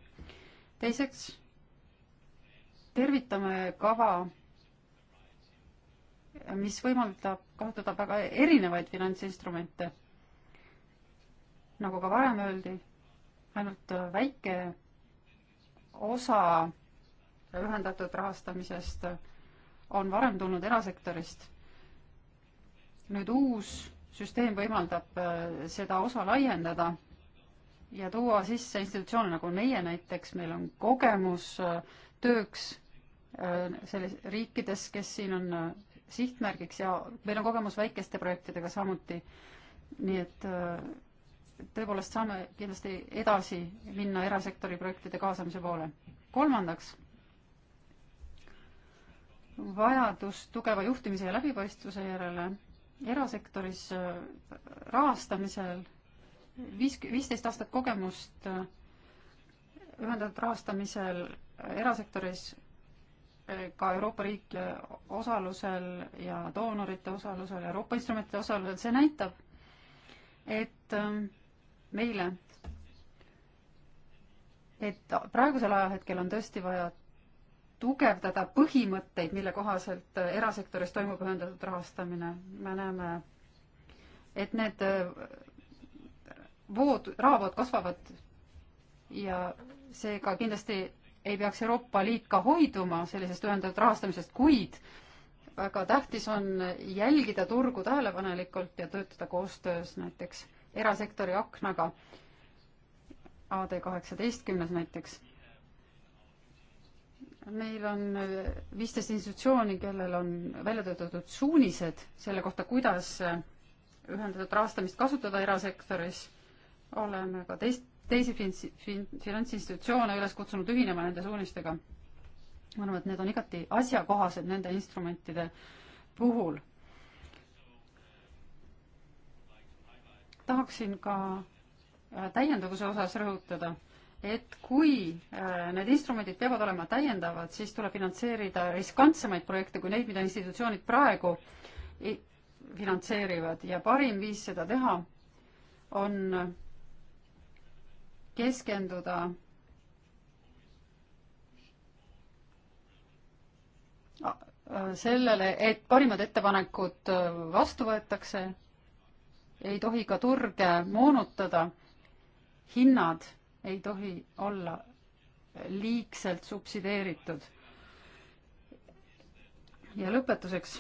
teiseks, tervitame kava, mis võimaldab kasutada väga erinevaid finantsinstrumente. nagu ka varem öeldi, ainult väike osa ühendatud rahastamisest on varem tulnud erasektorist. nüüd uus süsteem võimaldab äh, seda osa laiendada ja tuua sisse institutsioone nagu meie näiteks, meil on kogemus äh, tööks äh, selles riikides, kes siin on sihtmärgiks ja meil on kogemus väikeste projektidega samuti. nii et tõepoolest saame kindlasti edasi minna erasektori projektide kaasamise poole. kolmandaks vajadus tugeva juhtimise ja läbipaistvuse järele erasektoris äh, rahastamisel, viis, viisteist aastat kogemust äh, ühendatud rahastamisel erasektoris äh, ka Euroopa riikide osalusel ja doonorite osalusel, Euroopa instrumentide osalusel, see näitab, et ähm, meile, et praegusel ajahetkel on tõesti vaja tugevdada põhimõtteid, mille kohaselt äh, erasektoris toimub ühendatud rahastamine. me näeme, et need äh, vood, rahavood kasvavad ja seega kindlasti ei peaks Euroopa Liit ka hoiduma sellisest ühendatud rahastamisest, kuid väga tähtis on jälgida turgu tähelepanelikult ja töötada koostöös näiteks erasektori aknaga, AD kaheksateistkümnes näiteks meil on äh, viisteist institutsiooni, kellel on välja töötatud suunised selle kohta, kuidas äh, ühendatud rahastamist kasutada erasektoris. oleme ka teist, teisi finantsinstitutsioone üles kutsunud ühinema nende suunistega. ma arvan, et need on igati asjakohased nende instrumentide puhul. tahaksin ka äh, täiendavuse osas rõhutada et kui äh, need instrumendid peavad olema täiendavad, siis tuleb finantseerida riskantsemaid projekte kui neid, mida institutsioonid praegu finantseerivad ja parim viis seda teha on keskenduda sellele, et parimad ettepanekud äh, vastu võetakse, ei tohi ka turge moonutada, hinnad ei tohi olla liigselt subsideeritud. ja lõpetuseks.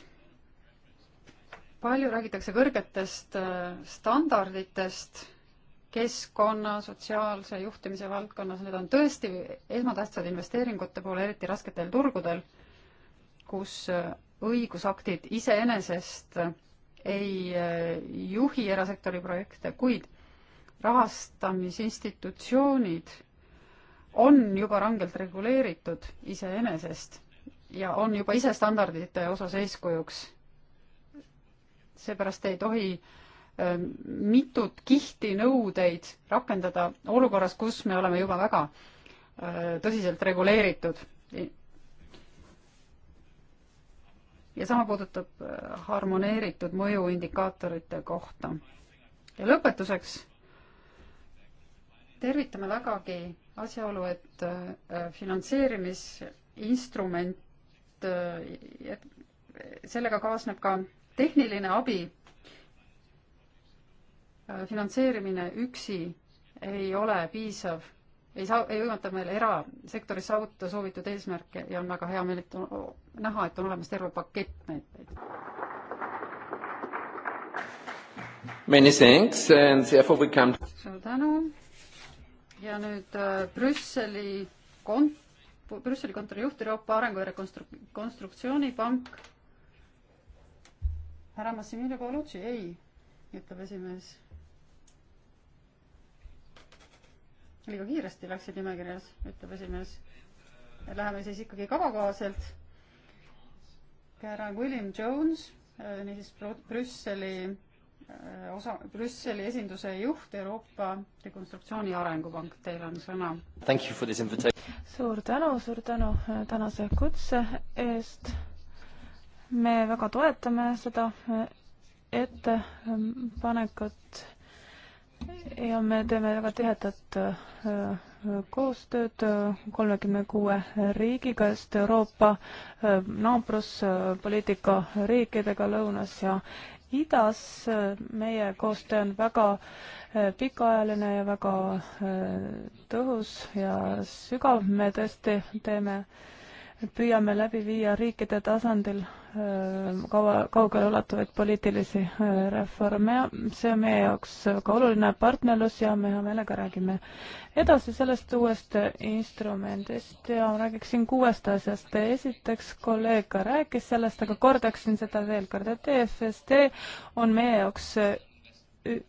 palju räägitakse kõrgetest äh, standarditest keskkonna, sotsiaalse juhtimise valdkonnas, need on tõesti esmatähtsad investeeringute poole, eriti rasketel turgudel, kus äh, õigusaktid iseenesest äh, ei juhi erasektori projekte, kuid rahastamisinstitutsioonid on juba rangelt reguleeritud iseenesest ja on juba ise standardite osas eeskujuks. seepärast ei tohi mitut kihti nõudeid rakendada olukorras, kus me oleme juba väga tõsiselt reguleeritud. ja sama puudutab harmoneeritud mõju indikaatorite kohta. ja lõpetuseks tervitame vägagi asjaolu, et äh, finantseerimisinstrument, äh, sellega kaasneb ka tehniline abi. Äh, finantseerimine üksi ei ole piisav, ei saa, ei võimalda meil erasektoris saavutada soovitud eesmärke ja on väga hea meel, et on, näha, et on olemas terve pakett meetmeid. Many thanks and therefore we come suur tänu ja nüüd äh, Brüsseli kont-, Brüsseli kontori juht, Euroopa Arengu ja Rekonstruktsioonipank. härra Massimilio Colucci, ei, ütleb esimees. liiga kiiresti läksid nimekirjas, ütleb esimees. Läheme siis ikkagi kava kohaselt. härra William Jones, äh, niisiis Brüsseli Äh, osa, Brüsseli esinduse juht, Euroopa Rekonstruktsiooni ja Arengupank, teil on sõna. suur tänu, suur tänu äh, tänase kutse eest. me väga toetame seda äh, ettepanekut ja me teeme väga tihedat koostööd kolmekümne kuue riigiga, sest Euroopa naabruspoliitika riikidega lõunas ja idas. meie koostöö on väga äh, pikaajaline ja väga äh, tõhus ja sügav, me tõesti teeme äh, püüame läbi viia riikide tasandil äh, kaua, kaugele ulatuvaid poliitilisi äh, reforme ja see on meie jaoks ka oluline partnerlus ja me hea meelega räägime edasi sellest uuest instrumendist ja räägiksin kuuest asjast. esiteks kolleeg ka rääkis sellest, aga kordaksin seda veel kord, et EFSD on meie jaoks äh,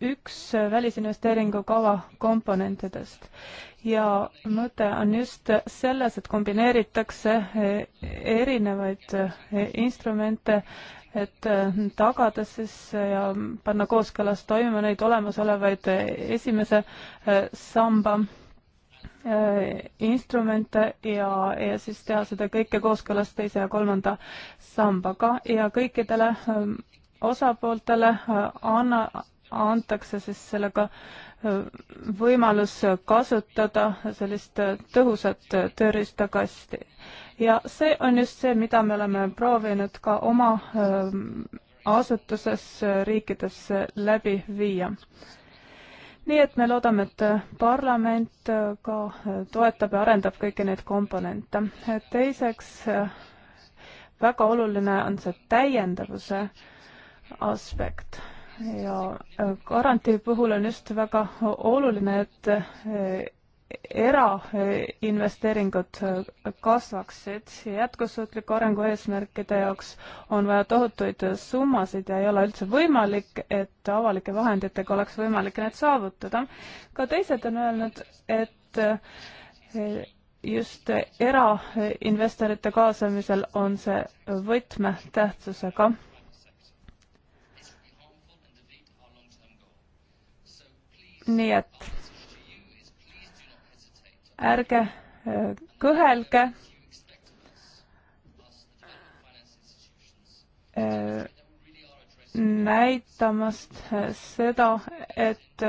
üks välisinvesteeringu kava komponentidest ja mõte on just selles, et kombineeritakse eh, erinevaid eh, instrumente, et eh, tagada siis ja panna kooskõlas toime neid olemasolevaid esimese samba instrumente ja, ja siis teha seda kõike kooskõlas teise ja kolmanda sambaga ja kõikidele osapooltele anna, antakse siis sellega võimalus kasutada sellist tõhusat tööriistakasti. ja see on just see, mida me oleme proovinud ka oma ähm, asutuses äh, riikides äh, läbi viia. nii et me loodame, et äh, parlament ka toetab ja arendab kõiki neid komponente. teiseks, väga oluline on see täiendavuse aspekt ja äh, garantii puhul on just väga oluline, et äh, erainvesteeringud äh, kasvaksid. jätkusuutliku arengu eesmärkide jaoks on vaja tohutuid summasid ja ei ole üldse võimalik, et avalike vahenditega oleks võimalik need saavutada. ka teised on öelnud, et just erainvestorite kaasamisel on see võtmetähtsusega nii et ärge äh, kõhelge. Äh, näitamast äh, seda, et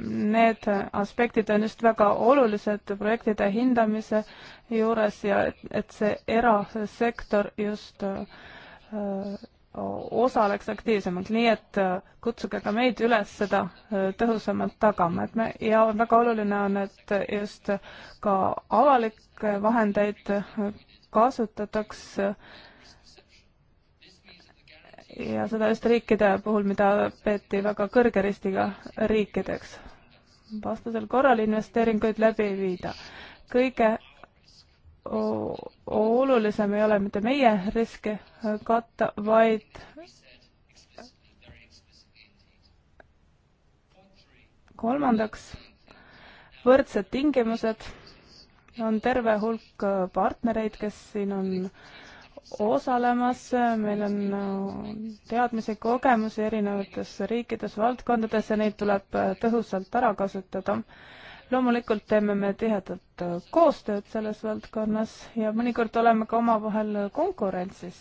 need aspektid on just väga olulised projektide hindamise juures ja et, et see erasektor just osaleks aktiivsemalt, nii et äh, kutsuge ka meid üles seda äh, tõhusamalt tagama, et me ja väga oluline on, et just ka avalikke vahendeid äh, kasutataks ja seda just riikide puhul, mida peeti väga kõrge ristiga riikideks. vastasel korral investeeringuid läbi ei viida. kõige olulisem ei ole mitte meie riske katta, vaid kolmandaks, võrdsed tingimused. on terve hulk partnereid, kes siin on osalemas, meil on teadmisi, kogemusi erinevates riikides, valdkondades ja neid tuleb tõhusalt ära kasutada loomulikult teeme me tihedat äh, koostööd selles valdkonnas ja mõnikord oleme ka omavahel äh, konkurentsis,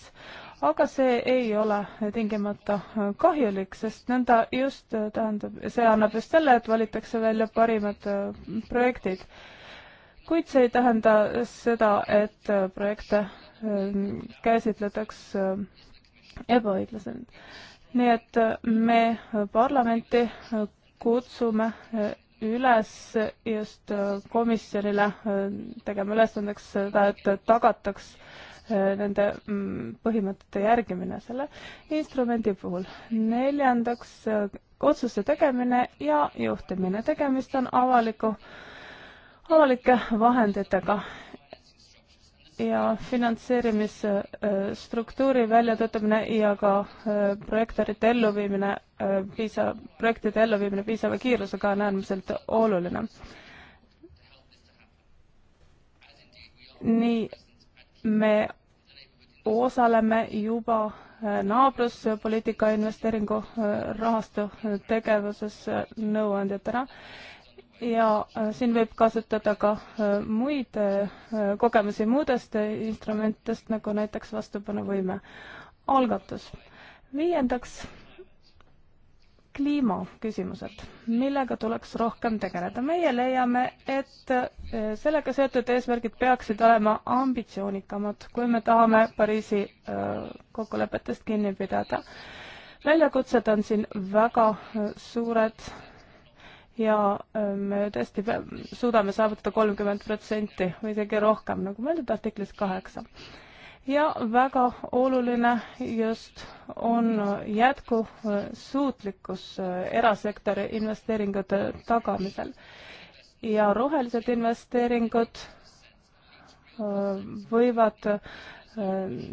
aga see ei ole tingimata äh, kahjulik, sest nõnda just tähendab, see annab just selle, et valitakse välja parimad projektid. kuid see ei tähenda seda, et projekte ähm, käsitletaks ebaõiglaselt. nii et me parlamenti kutsume üles just äh, komisjonile äh, tegema ülesandeks seda, et tagataks äh, nende mm, põhimõtete järgimine selle instrumendi puhul. neljandaks, otsuste tegemine ja juhtimine. tegemist on avaliku, avalike vahenditega ja finantseerimisstruktuuri väljatöötamine ja ka äh, projektorite elluviimine, äh, piisav, projektide elluviimine piisava kiirusega on äärmiselt oluline. nii me osaleme juba äh, naabruspoliitika investeeringu rahastu tegevuses nõuandjatena ja äh, siin võib kasutada ka äh, muid äh, kogemusi muudest instrumentidest, nagu näiteks vastupanuvõime algatus. viiendaks, kliimaküsimused, millega tuleks rohkem tegeleda. meie leiame, et sellega seotud eesmärgid peaksid olema ambitsioonikamad, kui me tahame Pariisi kokkulepetest kinni pidada. väljakutsed on siin väga suured ja ähm, me tõesti suudame saavutada kolmkümmend protsenti või isegi rohkem, nagu mõeldud artiklis kaheksa. ja väga oluline just on jätkusuutlikkus äh, äh, erasektori investeeringute tagamisel. ja rohelised investeeringud äh, võivad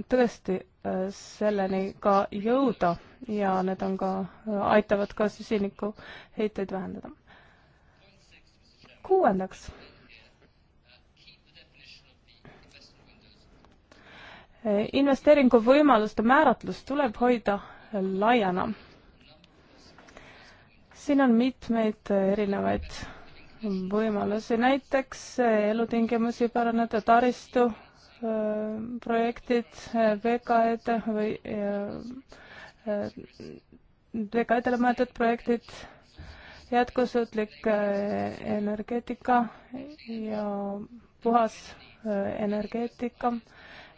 tõesti selleni ka jõuda ja need on ka, aitavad ka süsinikuheiteid vähendada kuuendaks investeeringuvõimaluste määratlus tuleb hoida laiana. siin on mitmeid erinevaid võimalusi, näiteks elutingimusi paraneda, taristu projektid, VKE-d või VKE-dele mõeldud projektid jätkusuutlik äh, energeetika ja puhas äh, energeetika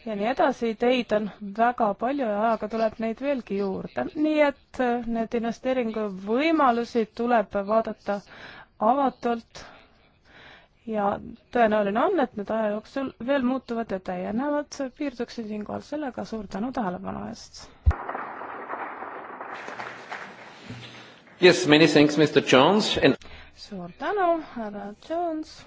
ja nii edasi, ideid on väga palju ja ajaga tuleb neid veelgi juurde, nii et äh, need investeeringuvõimalusi tuleb vaadata avatult ja tõenäoline on, et need aja jooksul veel muutuvad ja täienevad. piirduksin siinkohal sellega, suur tänu tähelepanu eest! Yes, many thanks, Mr Jones and.... suur tänu, härra Jones.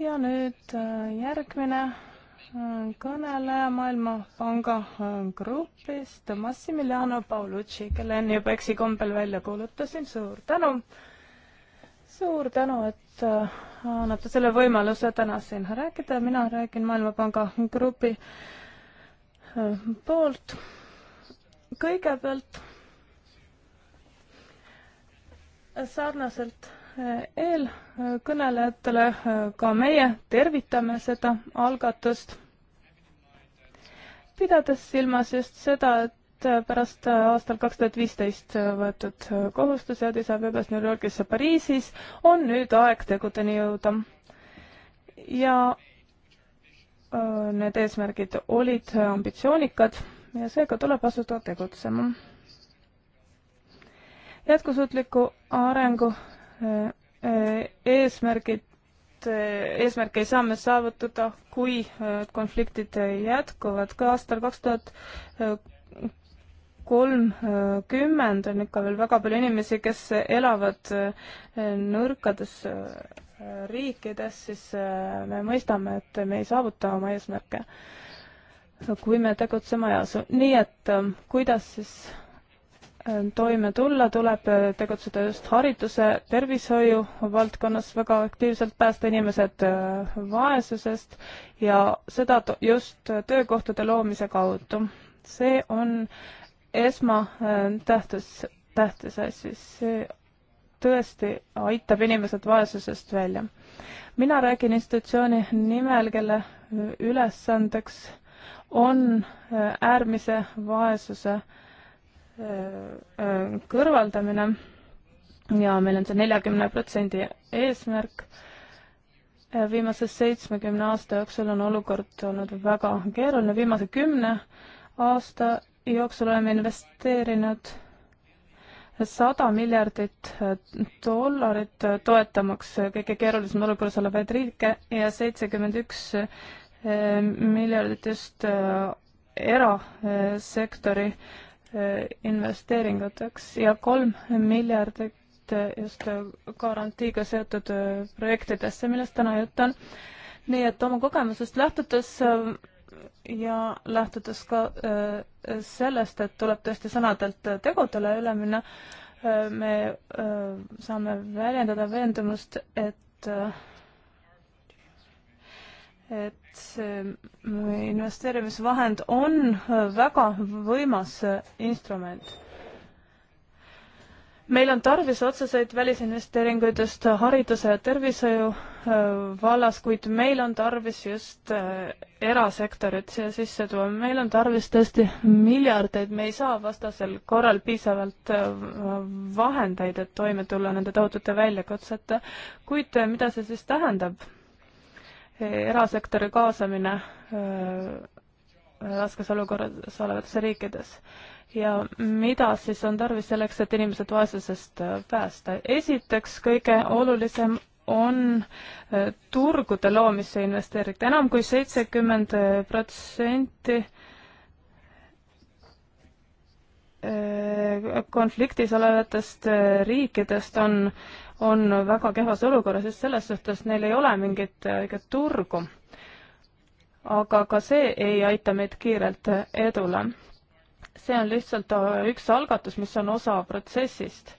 ja nüüd äh, järgmine äh, kõneleja Maailmapanga äh, grupist, Massimiliano Paulucci, kelle enne juba eksikombel välja kuulutasin, suur tänu. suur tänu, et annate selle võimaluse täna siin rääkida, mina räägin Maailmapanga grupi poolt. kõigepealt sarnaselt eh, eelkõnelejatele eh, ka meie tervitame seda algatust, pidades silmas just seda, et eh, pärast aastal kaks tuhat viisteist võetud kohustusi Addis Abebas, New Yorgis ja Pariisis on nüüd aeg tegudeni jõuda. ja need eesmärgid olid ambitsioonikad ja seega tuleb asuda tegutsema jätkusuutliku arengu eh, eh, eesmärgid, eh, eesmärke ei saa me saavutada, kui konfliktid jätkuvad. ka aastal kaks tuhat kolmkümmend on ikka veel väga palju inimesi, kes elavad nõrkades riikides, siis me mõistame, et me ei saavuta oma eersmärke, kui me tegutsema ei asu. nii et kuidas siis Äh, toime tulla, tuleb äh, tegutseda just hariduse, tervishoiu valdkonnas väga aktiivselt, päästa inimesed äh, vaesusest ja seda just töökohtade loomise kaudu. see on esmatähtis, tähtis asi, see tõesti aitab inimesed vaesusest välja. mina räägin institutsiooni nimel, kelle ülesandeks on äärmise vaesuse äh, kõrvaldamine ja meil on see neljakümne protsendi eesmärk. viimase seitsmekümne aasta jooksul on olukord olnud väga keeruline, viimase kümne aasta jooksul oleme investeerinud sada miljardit dollarit toetamaks kõige keerulisemas olukorras olevaid riike ja seitsekümmend üks eh, miljardit just eh, erasektori Eh, investeeringuteks ja kolm miljardit eh, just eh, garantiiga seotud projektidesse, millest täna juttu on. nii et oma kogemusest lähtudes ja lähtudes ka sellest, et tuleb tõesti sõnadelt tegudele üle minna, me saame väljendada veendumust, et et see investeerimisvahend on väga võimas instrument. meil on tarvis otseseid välisinvesteeringuid just hariduse ja tervishoiu äh, vallas, kuid meil on tarvis just äh, erasektorit siia sisse tuua, meil on tarvis tõesti miljardeid, me ei saa vastasel korral piisavalt äh, vahendeid, et toime tulla nende tohutute väljakutsete, kuid mida see siis tähendab? erasektori kaasamine äh, raskes olukorras olevates riikides. ja mida siis on tarvis selleks, et inimesed vaesusest äh, päästa? esiteks, kõige olulisem on äh, turgude loomisse investeerida, enam kui seitsekümmend protsenti konfliktis olevatest riikidest on äh, on väga kehvas olukorras just selles suhtes, neil ei ole mingit äh, õiget turgu. aga ka see ei aita meid kiirelt äh, edule. see on lihtsalt äh, üks algatus, mis on osa protsessist.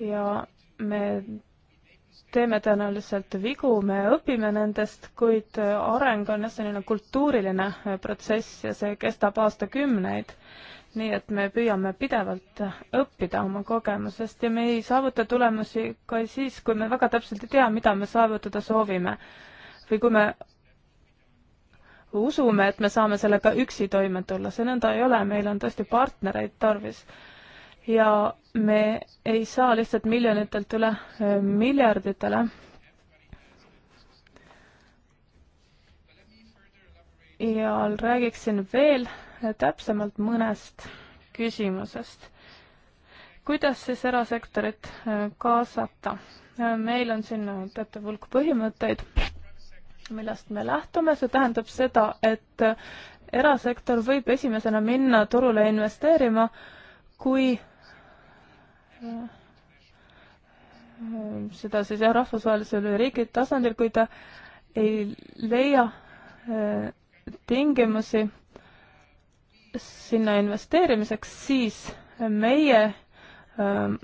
ja me teeme tõenäoliselt vigu, me õpime nendest, kuid areng on jah, selline kultuuriline protsess ja see kestab aastakümneid nii et me püüame pidevalt õppida oma kogemusest ja me ei saavuta tulemusi ka siis, kui me väga täpselt ei tea, mida me saavutada soovime. või kui me usume, et me saame sellega üksi toime tulla, see nõnda ei ole, meil on tõesti partnereid tarvis. ja me ei saa lihtsalt miljonitelt üle eh, miljarditele ja räägiksin veel täpsemalt mõnest küsimusest. kuidas siis erasektorit äh, kaasata? Äh, meil on siin äh, teatav hulk põhimõtteid, millest me lähtume, see tähendab seda, et erasektor võib esimesena minna turule investeerima, kui seda siis jah, rahvusvahelisel või riigi tasandil, kui ta ei leia tingimusi sinna investeerimiseks, siis meie ähm,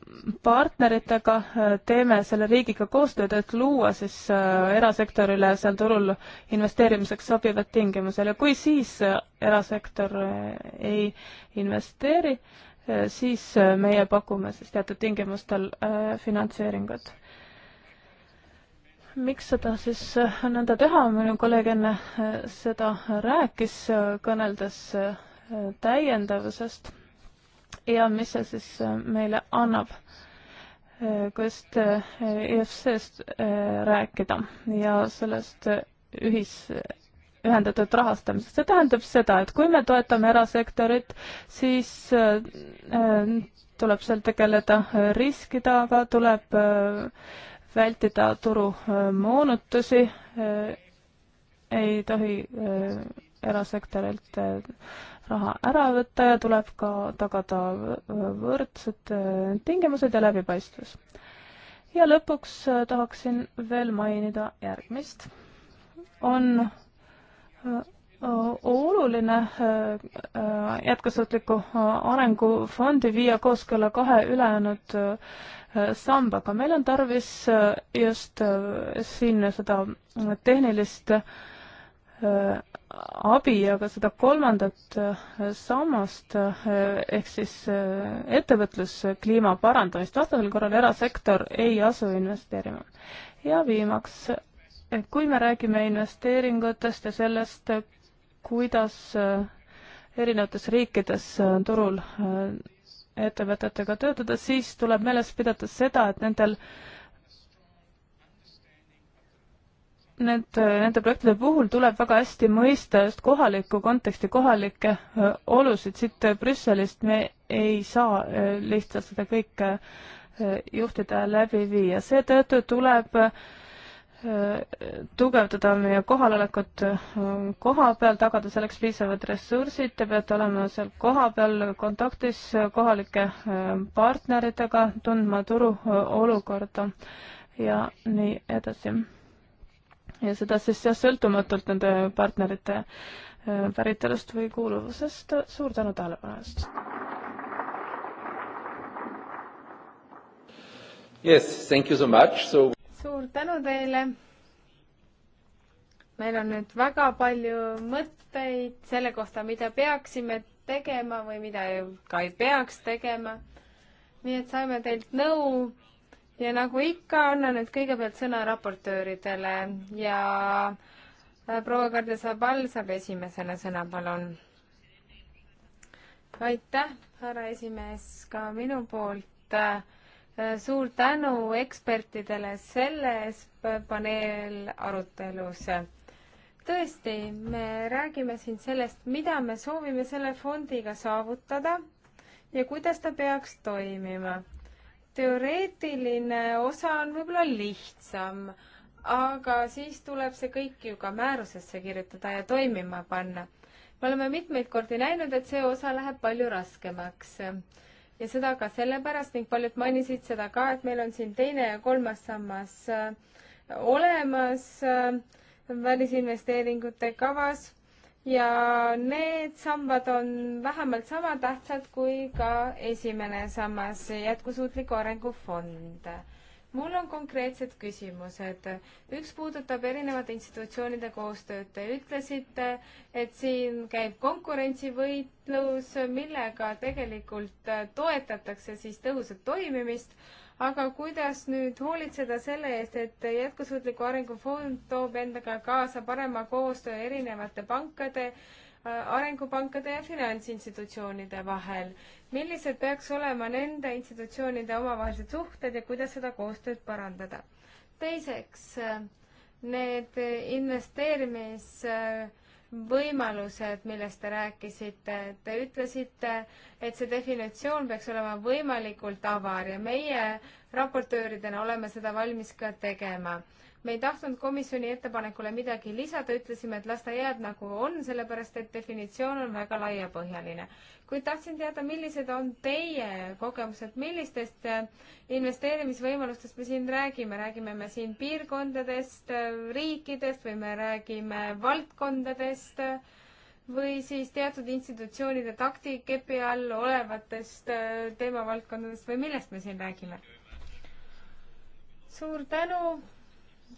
partneritega äh, teeme selle riigiga koostööd, et luua siis äh, erasektorile seal turul investeerimiseks sobivad tingimused ja kui siis äh, erasektor ei investeeri, siis meie pakume siis teatud tingimustel finantseeringut. miks seda siis nõnda teha, minu kolleeg enne seda rääkis, kõneldes täiendavusest ja mis see siis äh, meile annab, äh, kuidas äh, EFC-st rääkida ja sellest ühis, ühendatud rahastamisest. see tähendab seda, et kui me toetame erasektorit, siis tuleb seal tegeleda riskidega, tuleb vältida turu moonutusi, ei tohi erasektorilt raha ära võtta ja tuleb ka tagada võrdsed äh, tingimused ja läbipaistvus. ja lõpuks äh, tahaksin veel mainida järgmist. on äh, oluline jätkusuutliku arengufondi viia kooskõlla kahe ülejäänud sambaga. meil on tarvis just siin seda tehnilist Äh, abi, aga seda kolmandat äh, sammast äh, ehk siis ettevõtluskliima parandamist vastasel korral erasektor ei asu investeerima. ja viimaks, kui me räägime investeeringutest ja sellest, kuidas erinevates riikides turul ettevõtetega töötada, siis tuleb meeles pidada seda, et nendel äh, need, nende projektide puhul tuleb väga hästi mõista just kohalikku konteksti, kohalikke olusid. siit Brüsselist me ei saa lihtsalt seda kõike juhtida ja läbi viia, seetõttu tuleb tugevdada meie kohalolekut koha peal, tagada selleks piisavad ressursid, te peate olema seal kohapeal kontaktis kohalike partneritega, tundma turu olukorda ja nii edasi ja seda siis jah, sõltumatult nende partnerite äh, päritolust või kuuluvusest. suur tänu tähelepanu eest! Yes, thank you so much. So... suur tänu teile. meil on nüüd väga palju mõtteid selle kohta, mida peaksime tegema või mida ka ei peaks tegema. nii et saime teilt nõu ja nagu ikka, annan nüüd kõigepealt sõna raportööridele ja äh, proua Kardesabal saab esimesena sõna, palun. aitäh, härra esimees, ka minu poolt äh, suur tänu ekspertidele selles paneelarutelus. tõesti, me räägime siin sellest, mida me soovime selle fondiga saavutada ja kuidas ta peaks toimima teoreetiline osa on võib-olla lihtsam, aga siis tuleb see kõik ju ka määrusesse kirjutada ja toimima panna. me oleme mitmeid kordi näinud, et see osa läheb palju raskemaks ja seda ka sellepärast ning paljud mainisid seda ka, et meil on siin teine ja kolmas sammas äh, olemas äh, välisinvesteeringute kavas ja need sambad on vähemalt sama tähtsad kui ka esimene sammas, jätkusuutliku arengu fond. mul on konkreetsed küsimused. üks puudutab erinevate institutsioonide koostööd. Te ütlesite, et siin käib konkurentsivõitlus, millega tegelikult toetatakse siis tõhusat toimimist aga kuidas nüüd hoolitseda selle eest, et jätkusuutliku arengu fond toob endaga kaasa parema koostöö erinevate pankade, äh, arengupankade ja finantsinstitutsioonide vahel. millised peaks olema nende institutsioonide omavahelised suhted ja kuidas seda koostööd parandada? teiseks, äh, need investeerimis äh, võimalused, millest te rääkisite, te ütlesite, et see definitsioon peaks olema võimalikult avar ja meie raportööridena oleme seda valmis ka tegema me ei tahtnud komisjoni ettepanekule midagi lisada, ütlesime, et las ta jääb nagu on, sellepärast et definitsioon on väga laiapõhjaline. kuid tahtsin teada, millised on teie kogemused, millistest äh, investeerimisvõimalustest me siin räägime, räägime me siin piirkondadest, äh, riikidest või me räägime valdkondadest äh, või siis teatud institutsioonide taktikepi all olevatest teemavaldkondadest või millest me siin räägime? suur tänu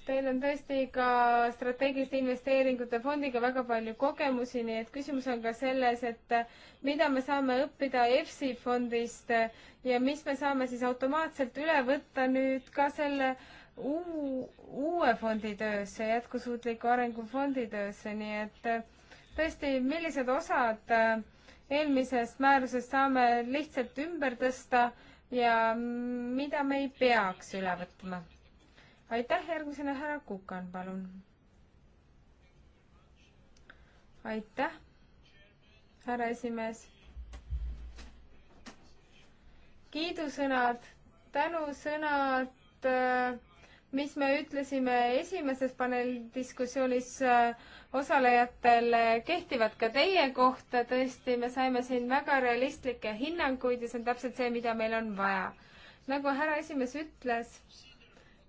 Teil on tõesti ka strateegiliste investeeringute fondiga väga palju kogemusi, nii et küsimus on ka selles, et mida me saame õppida EFSI fondist ja mis me saame siis automaatselt üle võtta nüüd ka selle uu-, uue fondi töösse, jätkusuutliku arengu fondi töösse, nii et tõesti, millised osad äh, eelmisest määrusest saame lihtsalt ümber tõsta ja mida me ei peaks üle võtma? aitäh, järgmisena härra Kukan, palun. aitäh, härra esimees. kiidusõnad, tänusõnad, äh, mis me ütlesime esimeses paneeldiskussioonis äh, osalejatele, kehtivad ka teie kohta, tõesti, me saime siin väga realistlikke hinnanguid ja see on täpselt see, mida meil on vaja. nagu härra esimees ütles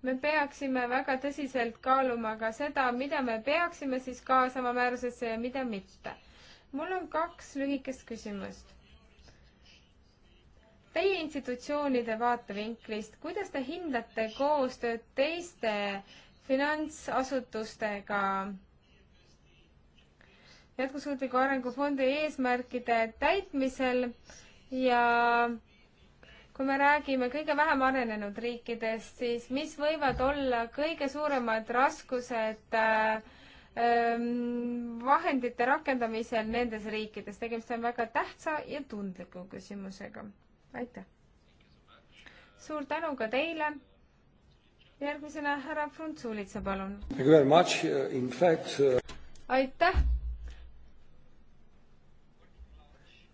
me peaksime väga tõsiselt kaaluma ka seda, mida me peaksime siis kaasama määrusesse ja mida mitte. mul on kaks lühikest küsimust. Teie institutsioonide vaatevinklist, kuidas te hindate koostööd teiste finantsasutustega jätkusuutliku arengu fondi eesmärkide täitmisel ja kui me räägime kõige vähem arenenud riikidest, siis mis võivad olla kõige suuremad raskused äh, ähm, vahendite rakendamisel nendes riikides, tegemist on väga tähtsa ja tundliku küsimusega. aitäh! suur tänu ka teile! järgmisena härra Frunzulitsa, palun! Uh, uh, aitäh!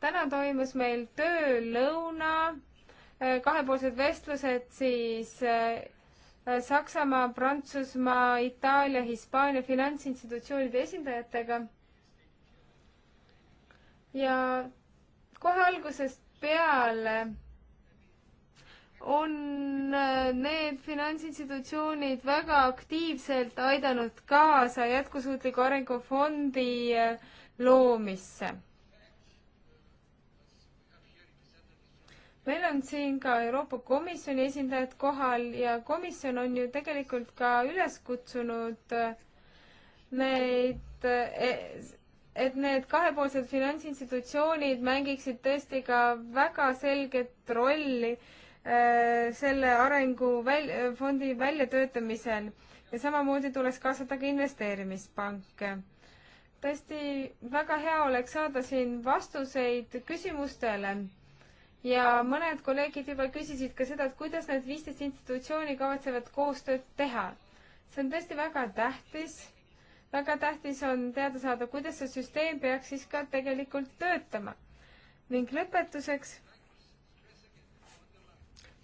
täna toimus meil töölõuna kahepoolsed vestlused siis äh, Saksamaa, Prantsusmaa, Itaalia, Hispaania finantsinstitutsioonide esindajatega. ja kohe algusest peale on äh, need finantsinstitutsioonid väga aktiivselt aidanud kaasa jätkusuutliku arengufondi äh, loomisse meil on siin ka Euroopa Komisjoni esindajad kohal ja komisjon on ju tegelikult ka üles kutsunud äh, neid, äh, et need kahepoolsed finantsinstitutsioonid mängiksid tõesti ka väga selget rolli äh, selle arengu väl-, fondi väljatöötamisel ja samamoodi tuleks kaasata ka investeerimispanke. tõesti väga hea oleks saada siin vastuseid küsimustele ja mõned kolleegid juba küsisid ka seda, et kuidas need viisteist institutsiooni kavatsevad koostööd teha. see on tõesti väga tähtis. väga tähtis on teada saada, kuidas see süsteem peaks siis ka tegelikult töötama. ning lõpetuseks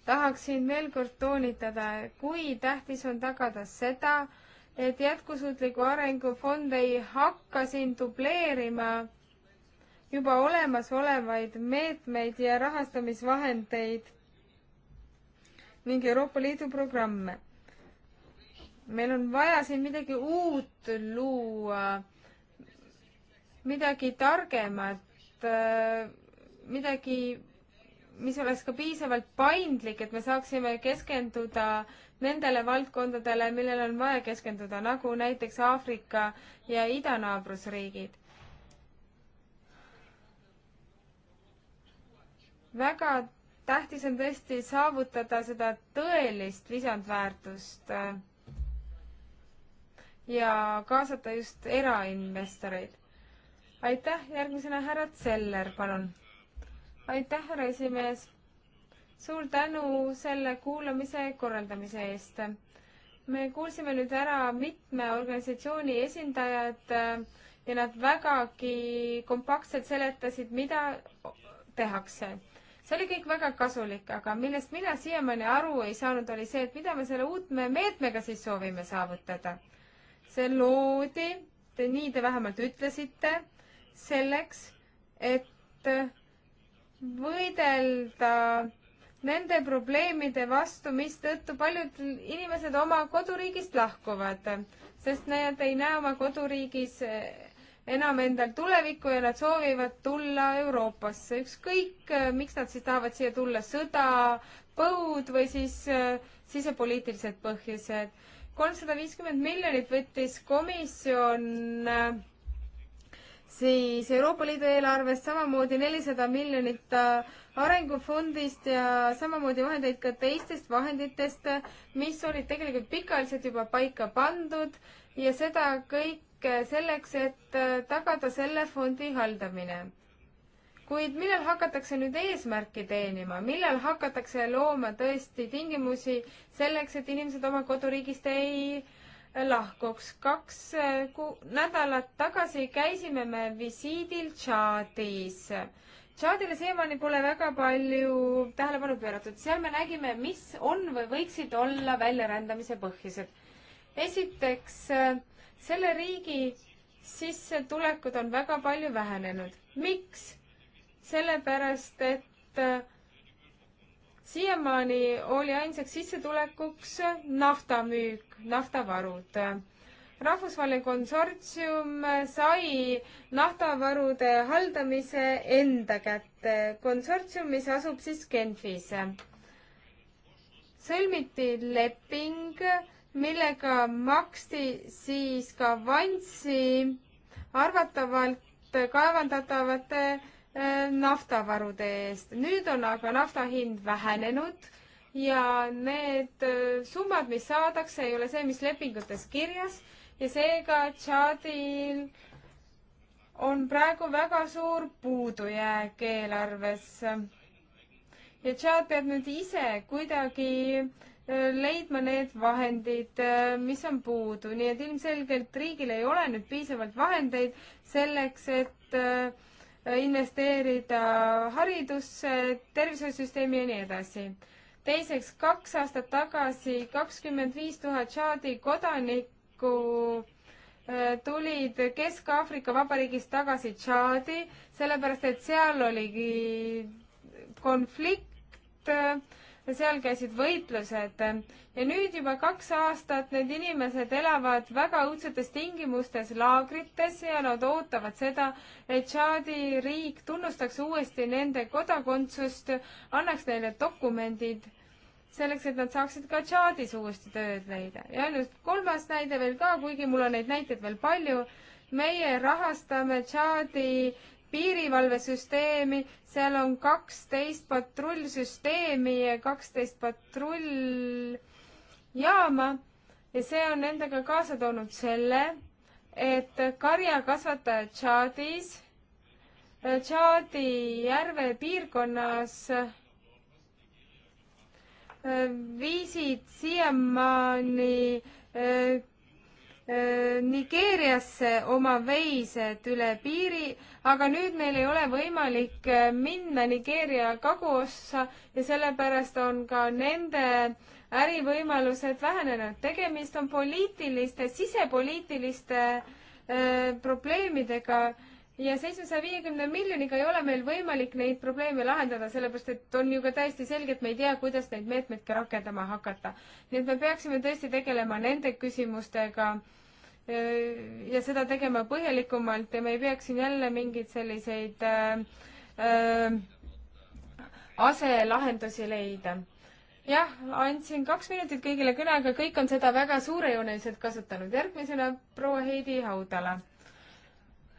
tahaksin veel kord toonitada, kui tähtis on tagada seda, et jätkusuutliku arengu fond ei hakka siin dubleerima juba olemasolevaid meetmeid ja rahastamisvahendeid ning Euroopa Liidu programme. meil on vaja siin midagi uut luua, midagi targemat, midagi, mis oleks ka piisavalt paindlik, et me saaksime keskenduda nendele valdkondadele, millele on vaja keskenduda, nagu näiteks Aafrika ja idanaabrusriigid väga tähtis on tõesti saavutada seda tõelist lisandväärtust äh, ja kaasata just erainvestoreid. aitäh, järgmisena härra Zeller, palun. aitäh, härra esimees. suur tänu selle kuulamise korraldamise eest. me kuulsime nüüd ära mitme organisatsiooni esindajad äh, ja nad vägagi kompaktselt seletasid, mida tehakse see oli kõik väga kasulik, aga millest mina siiamaani aru ei saanud, oli see, et mida me selle uutme meetmega siis soovime saavutada. see loodi, nii te vähemalt ütlesite, selleks, et võidelda nende probleemide vastu, mistõttu paljud inimesed oma koduriigist lahkuvad, sest nad ei näe oma koduriigis enam endal tulevikku ja nad soovivad tulla Euroopasse, ükskõik äh, miks nad siis tahavad siia tulla, sõda, põud või siis äh, sisepoliitilised põhjused. kolmsada viiskümmend miljonit võttis komisjon äh, siis Euroopa Liidu eelarvest, samamoodi nelisada miljonit arengufondist ja samamoodi vahendeid ka teistest vahenditest, mis olid tegelikult pikaajaliselt juba paika pandud ja seda kõik selleks, et äh, tagada selle fondi haldamine. kuid millal hakatakse nüüd eesmärki teenima, millal hakatakse looma tõesti tingimusi selleks, et inimesed oma koduriigist ei äh, lahkuks. kaks äh, ku-, nädalat tagasi käisime me visiidil Tšaadis. Tšaadile siiamaani pole väga palju tähelepanu pööratud, seal me nägime, mis on või võiksid olla väljarändamise põhjused. esiteks äh, selle riigi sissetulekud on väga palju vähenenud. miks? sellepärast, et äh, siiamaani oli ainsaks sissetulekuks naftamüük, naftavarud. rahvusvaheline konsortsium sai naftavarude haldamise enda kätte. konsortsium, mis asub siis Genfis. sõlmiti leping millega maksti siis ka Vantsi arvatavalt kaevandatavate eh, naftavarude eest. nüüd on aga nafta hind vähenenud ja need eh, summad, mis saadakse, ei ole see, mis lepingutes kirjas ja seega Tšaadil on praegu väga suur puudujääk eelarves. ja Tšaad peab nüüd ise kuidagi leidma need vahendid, mis on puudu, nii et ilmselgelt riigil ei ole nüüd piisavalt vahendeid selleks, et investeerida haridusse, tervishoiusüsteemi ja nii edasi. teiseks, kaks aastat tagasi kakskümmend viis tuhat Tšaadi kodanikku tulid Kesk-Aafrika Vabariigist tagasi Tšaadi, sellepärast et seal oligi konflikt seal käisid võitlused ja nüüd juba kaks aastat need inimesed elavad väga õudsetes tingimustes laagrites ja nad ootavad seda, et Tšaadi riik tunnustaks uuesti nende kodakondsust, annaks neile dokumendid selleks, et nad saaksid ka Tšaadis uuesti tööd leida. ja ainult kolmas näide veel ka, kuigi mul on neid näiteid veel palju meie rahastame Tšaadi piirivalvesüsteemi, seal on kaksteist patrullsüsteemi ja kaksteist patrulljaama ja see on endaga kaasa toonud selle, et karjakasvatajad Tšaadis, Tšaadi järve piirkonnas äh, viisid siiamaani äh, Nigeeriasse oma veised üle piiri, aga nüüd neil ei ole võimalik äh, minna Nigeeria kaguossa ja sellepärast on ka nende ärivõimalused vähenenud. tegemist on poliitiliste, sisepoliitiliste öö, äh, probleemidega ja seitsmesaja viiekümne miljoniga ei ole meil võimalik neid probleeme lahendada, sellepärast et on ju ka täiesti selge, et me ei tea, kuidas neid meetmeid ka rakendama hakata. nii et me peaksime tõesti tegelema nende küsimustega ja seda tegema põhjalikumalt ja me ei peaks siin jälle mingeid selliseid äh, äh, aselahendusi leida jah, andsin kaks minutit kõigile kõnega, kõik on seda väga suurejooneliselt kasutanud. järgmisena proua Heidi Haudala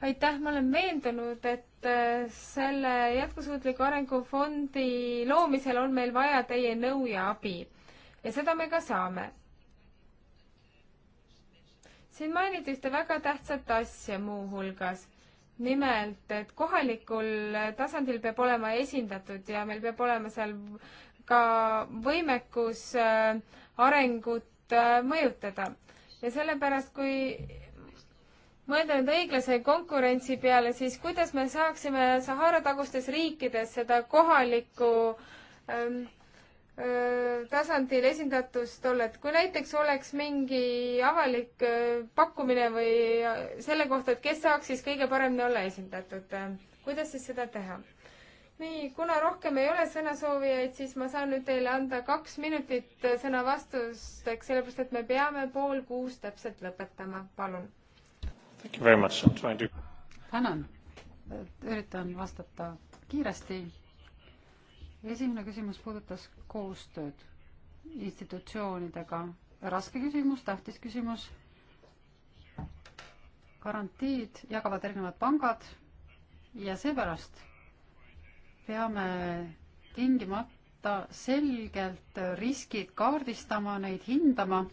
aitäh, ma olen veendunud, et äh, selle jätkusuutliku arengufondi loomisel on meil vaja teie nõu ja abi ja seda me ka saame. siin mainiti ühte väga tähtsat asja muuhulgas, nimelt, et kohalikul tasandil peab olema esindatud ja meil peab olema seal ka võimekus äh, arengut äh, mõjutada ja sellepärast, kui mõelda nüüd õiglase konkurentsi peale, siis kuidas me saaksime Sahara tagustes riikides seda kohalikku ähm, äh, tasandil esindatust olla, et kui näiteks oleks mingi avalik äh, pakkumine või äh, selle kohta, et kes saaks siis kõige paremini olla esindatud äh,, kuidas siis seda teha? nii, kuna rohkem ei ole sõnasoovijaid, siis ma saan nüüd teile anda kaks minutit äh, sõna vastusteks, sellepärast et me peame pool kuus täpselt lõpetama, palun To... tänan, üritan vastata kiiresti. esimene küsimus puudutas koostööd institutsioonidega. raske küsimus, tähtis küsimus. garantiid jagavad erinevad pangad ja seepärast peame tingimata selgelt riskid kaardistama, neid hindama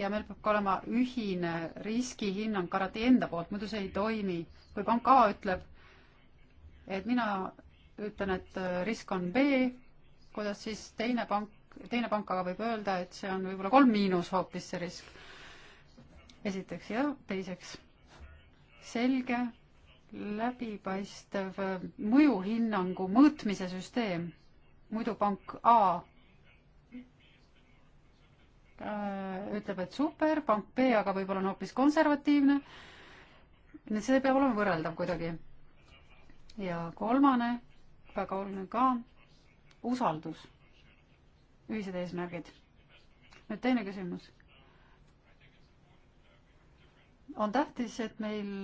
ja meil peab ka olema ühine riskihinnang karate enda poolt, muidu see ei toimi. kui pank A ütleb, et mina ütlen, et äh, risk on B, kuidas siis teine pank, teine pank aga võib öelda, et see on võib-olla kolm miinus hoopis see risk. esiteks ja teiseks selge läbipaistev äh, mõjuhinnangu mõõtmise süsteem. muidu pank A Äh, ütleb, et super, pank B aga võib-olla on hoopis konservatiivne. nii et see peab olema võrreldav kuidagi. ja kolmane, väga oluline ka, usaldus, ühised eesmärgid. nüüd teine küsimus. on tähtis, et meil,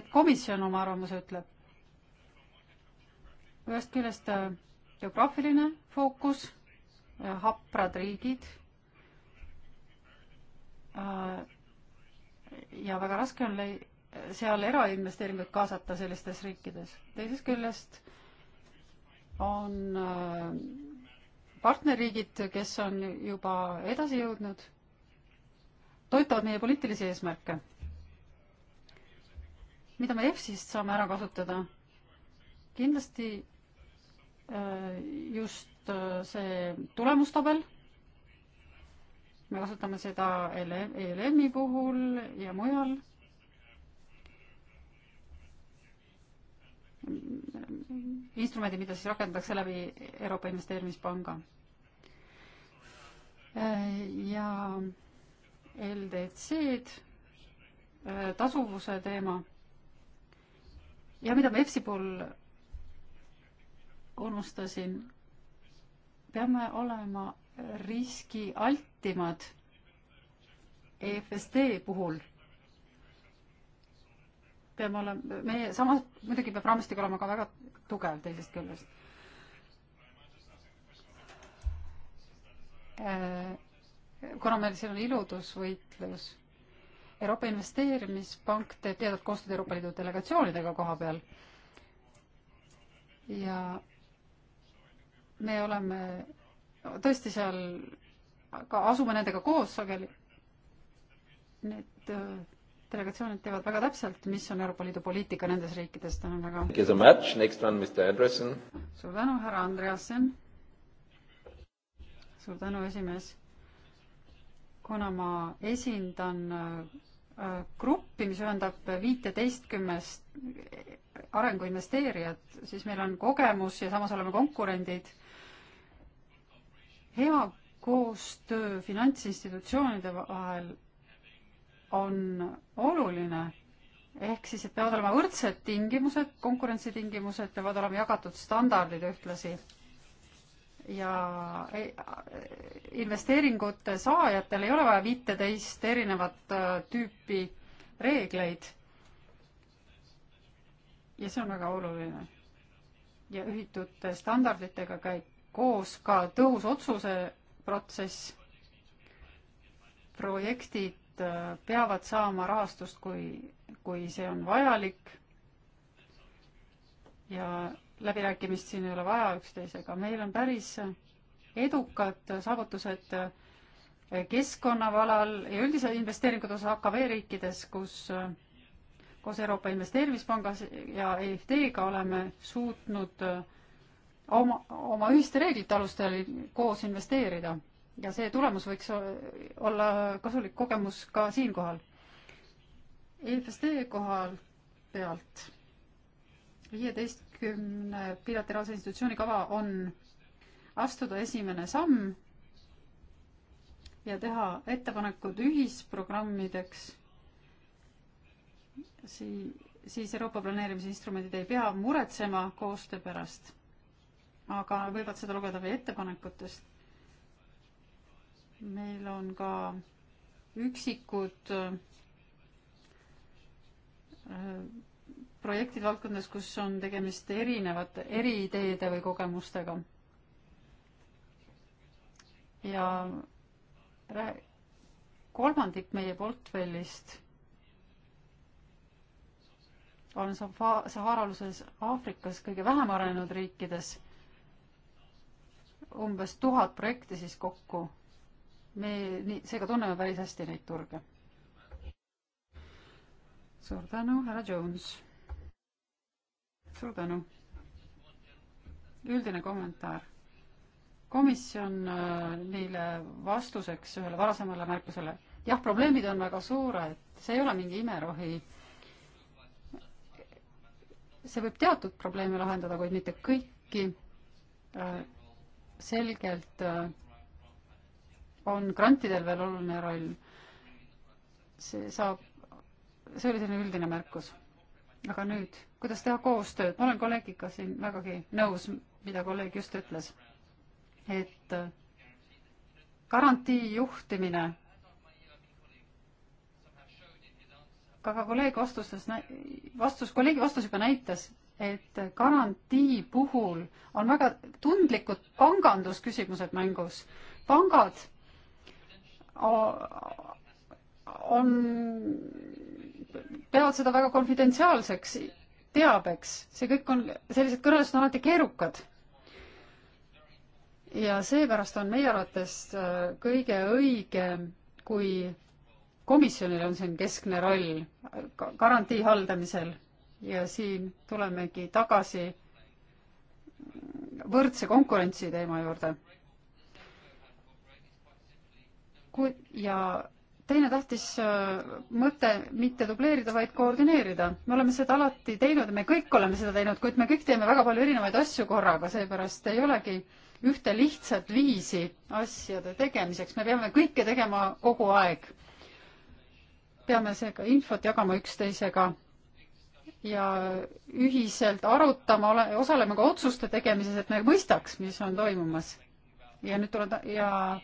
et komisjon oma arvamuse ütleb. ühest küljest äh, geograafiline fookus, äh, haprad riigid äh, ja väga raske on lei-, seal erainvesteeringuid kaasata sellistes riikides. teisest küljest on äh, partnerriigid, kes on juba edasi jõudnud, toetavad meie poliitilisi eesmärke. mida me EFSist saame ära kasutada? kindlasti Äh, just äh, see tulemustabel. me kasutame seda ELM-i puhul ja mujal. instrumendid, mida siis rakendatakse läbi Euroopa Investeerimispanga. Äh, ja LDC-d, tasuvuse teema ja mida me EFSi puhul unustasin, peame olema riskialtimad EFSD puhul. peame olema, meie samas, muidugi peab raamistik olema ka väga tugev teisest küljest. Äh, kuna meil siin on iludusvõitlus, Euroopa Investeerimispank teeb teadvat koostööd Euroopa Liidu delegatsioonidega koha peal ja me oleme tõesti seal, ka asume nendega koos sageli. Need äh, delegatsioonid teavad väga täpselt, mis on Euroopa Liidu poliitika nendes riikides, tänan väga. suur tänu, härra Andreasen. suur tänu, esimees. kuna ma esindan äh, gruppi, mis ühendab viiteistkümnest arenguinvesteerijat, siis meil on kogemus ja samas oleme konkurendid hea koostöö finantsinstitutsioonide vahel on oluline, ehk siis, et peavad olema võrdsed tingimused, konkurentsitingimused, peavad olema jagatud standardid ühtlasi ja e, e, investeeringute saajatel ei ole vaja viiteist erinevat äh, tüüpi reegleid. ja see on väga oluline. ja ühitute standarditega käib koos ka tõhus otsuse protsess. projektid äh, peavad saama rahastust, kui, kui see on vajalik. ja läbirääkimist siin ei ole vaja üksteisega, meil on päris edukad saavutused äh, keskkonnavalal ja üldise investeeringute osas AKV riikides, kus äh, koos Euroopa Investeerimispangas ja EFD-ga oleme suutnud äh, oma, oma ühiste reeglite alustel koos investeerida ja see tulemus võiks olla kasulik kogemus ka siinkohal. EFSD kohal pealt viieteistkümne bilateraalse institutsiooni kava on astuda esimene samm ja teha ettepanekud ühisprogrammideks, sii-, siis Euroopa planeerimise instrumendid ei pea muretsema koostöö pärast aga võivad seda lugeda meie ettepanekutest. meil on ka üksikud projektid valdkondades, kus on tegemist erinevate, eriideede või kogemustega. ja kolmandik meie portfellist on Sahara-aluses Aafrikas kõige vähem arenenud riikides umbes tuhat projekti siis kokku. me nii, seega tunneme päris hästi neid turge. suur tänu, härra Jones. suur tänu. üldine kommentaar. komisjon äh, neile vastuseks ühele varasemale märkusele. jah, probleemid on väga suured, see ei ole mingi imerohi see võib teatud probleeme lahendada, kuid mitte kõiki. Äh, selgelt äh, on grantidel veel oluline roll. see saab, see oli selline üldine märkus. aga nüüd, kuidas teha koostööd, ma olen kolleegiga siin vägagi nõus, mida kolleeg just ütles, et äh, garantii juhtimine, aga kolleeg vastustes, vastus, kolleegi vastus juba näitas, et garantii puhul on väga tundlikud pangandusküsimused mängus. pangad on, peavad seda väga konfidentsiaalseks teabeks, see kõik on, sellised kõnelused on alati keerukad. ja seepärast on meie arvates äh, kõige õigem, kui komisjonil on siin keskne roll garantii haldamisel ja siin tulemegi tagasi võrdse konkurentsi teema juurde. kui ja teine tähtis äh, mõte mitte dubleerida, vaid koordineerida. me oleme seda alati teinud, me kõik oleme seda teinud, kuid me kõik teeme väga palju erinevaid asju korraga, seepärast ei olegi ühte lihtsat viisi asjade tegemiseks, me peame kõike tegema kogu aeg. peame seega infot jagama üksteisega ja ühiselt arutama, ole, osaleme ka otsuste tegemises, et me mõistaks, mis on toimumas. ja nüüd tulen ta- ja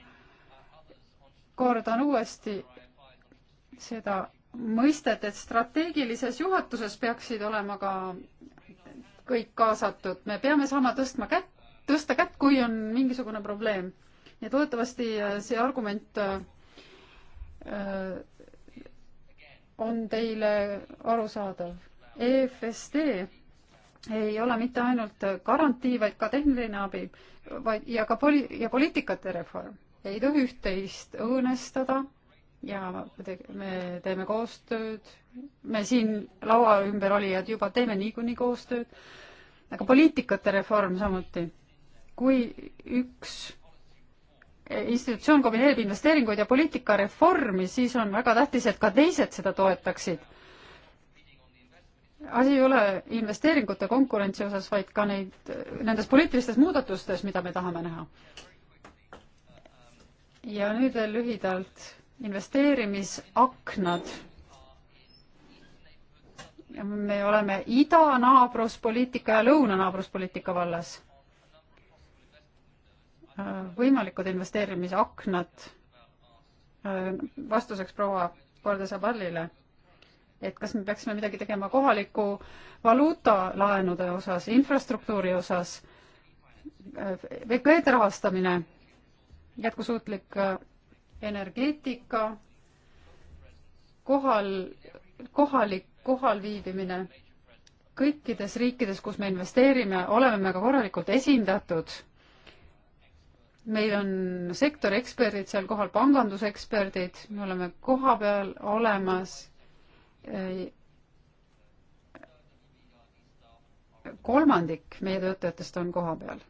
kordan uuesti seda mõistet, et strateegilises juhatuses peaksid olema ka kõik kaasatud, me peame saama tõstma kätt, tõsta kätt, kui on mingisugune probleem. ja loodetavasti äh, see argument äh, on teile arusaadav EFSD ei ole mitte ainult garantii, vaid ka tehniline abi, vaid ja ka poli- ja poliitikate reform. ei tohi üht-teist õõnestada ja te me teeme koostööd, me siin laua ümber olijad juba teeme niikuinii koostööd, aga poliitikate reform samuti. kui üks institutsioon kombineerib investeeringuid ja poliitikareformi, siis on väga tähtis, et ka teised seda toetaksid asi ei ole investeeringute konkurentsi osas, vaid ka neid, nendes poliitilistes muudatustes, mida me tahame näha. ja nüüd veel lühidalt investeerimisaknad. me oleme idanaabruspoliitika ja lõunanaabruspoliitika vallas. võimalikud investeerimisaknad vastuseks proua Korda Sabalile et kas me peaksime midagi tegema kohaliku valuuta laenude osas, infrastruktuuri osas, VKE-de rahastamine, jätkusuutlik äh, energeetika, kohal, kohalik, kohal viibimine. kõikides riikides, kus me investeerime, oleme me ka korralikult esindatud. meil on sektori eksperdid seal kohal, panganduseksperdid, me oleme kohapeal olemas kolmandik meie töötajatest on kohapeal.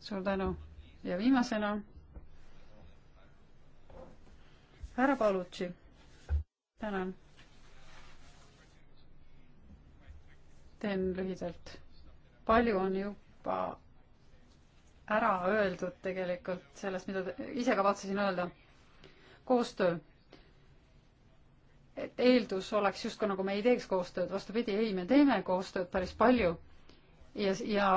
suur tänu ja viimasena härra Palutši. tänan. teen lühidalt. palju on juba ära öeldud tegelikult sellest, mida ise kavatsesin öelda. koostöö et eeldus oleks justkui nagu me ei teeks koostööd, vastupidi, ei, me teeme koostööd päris palju. ja, ja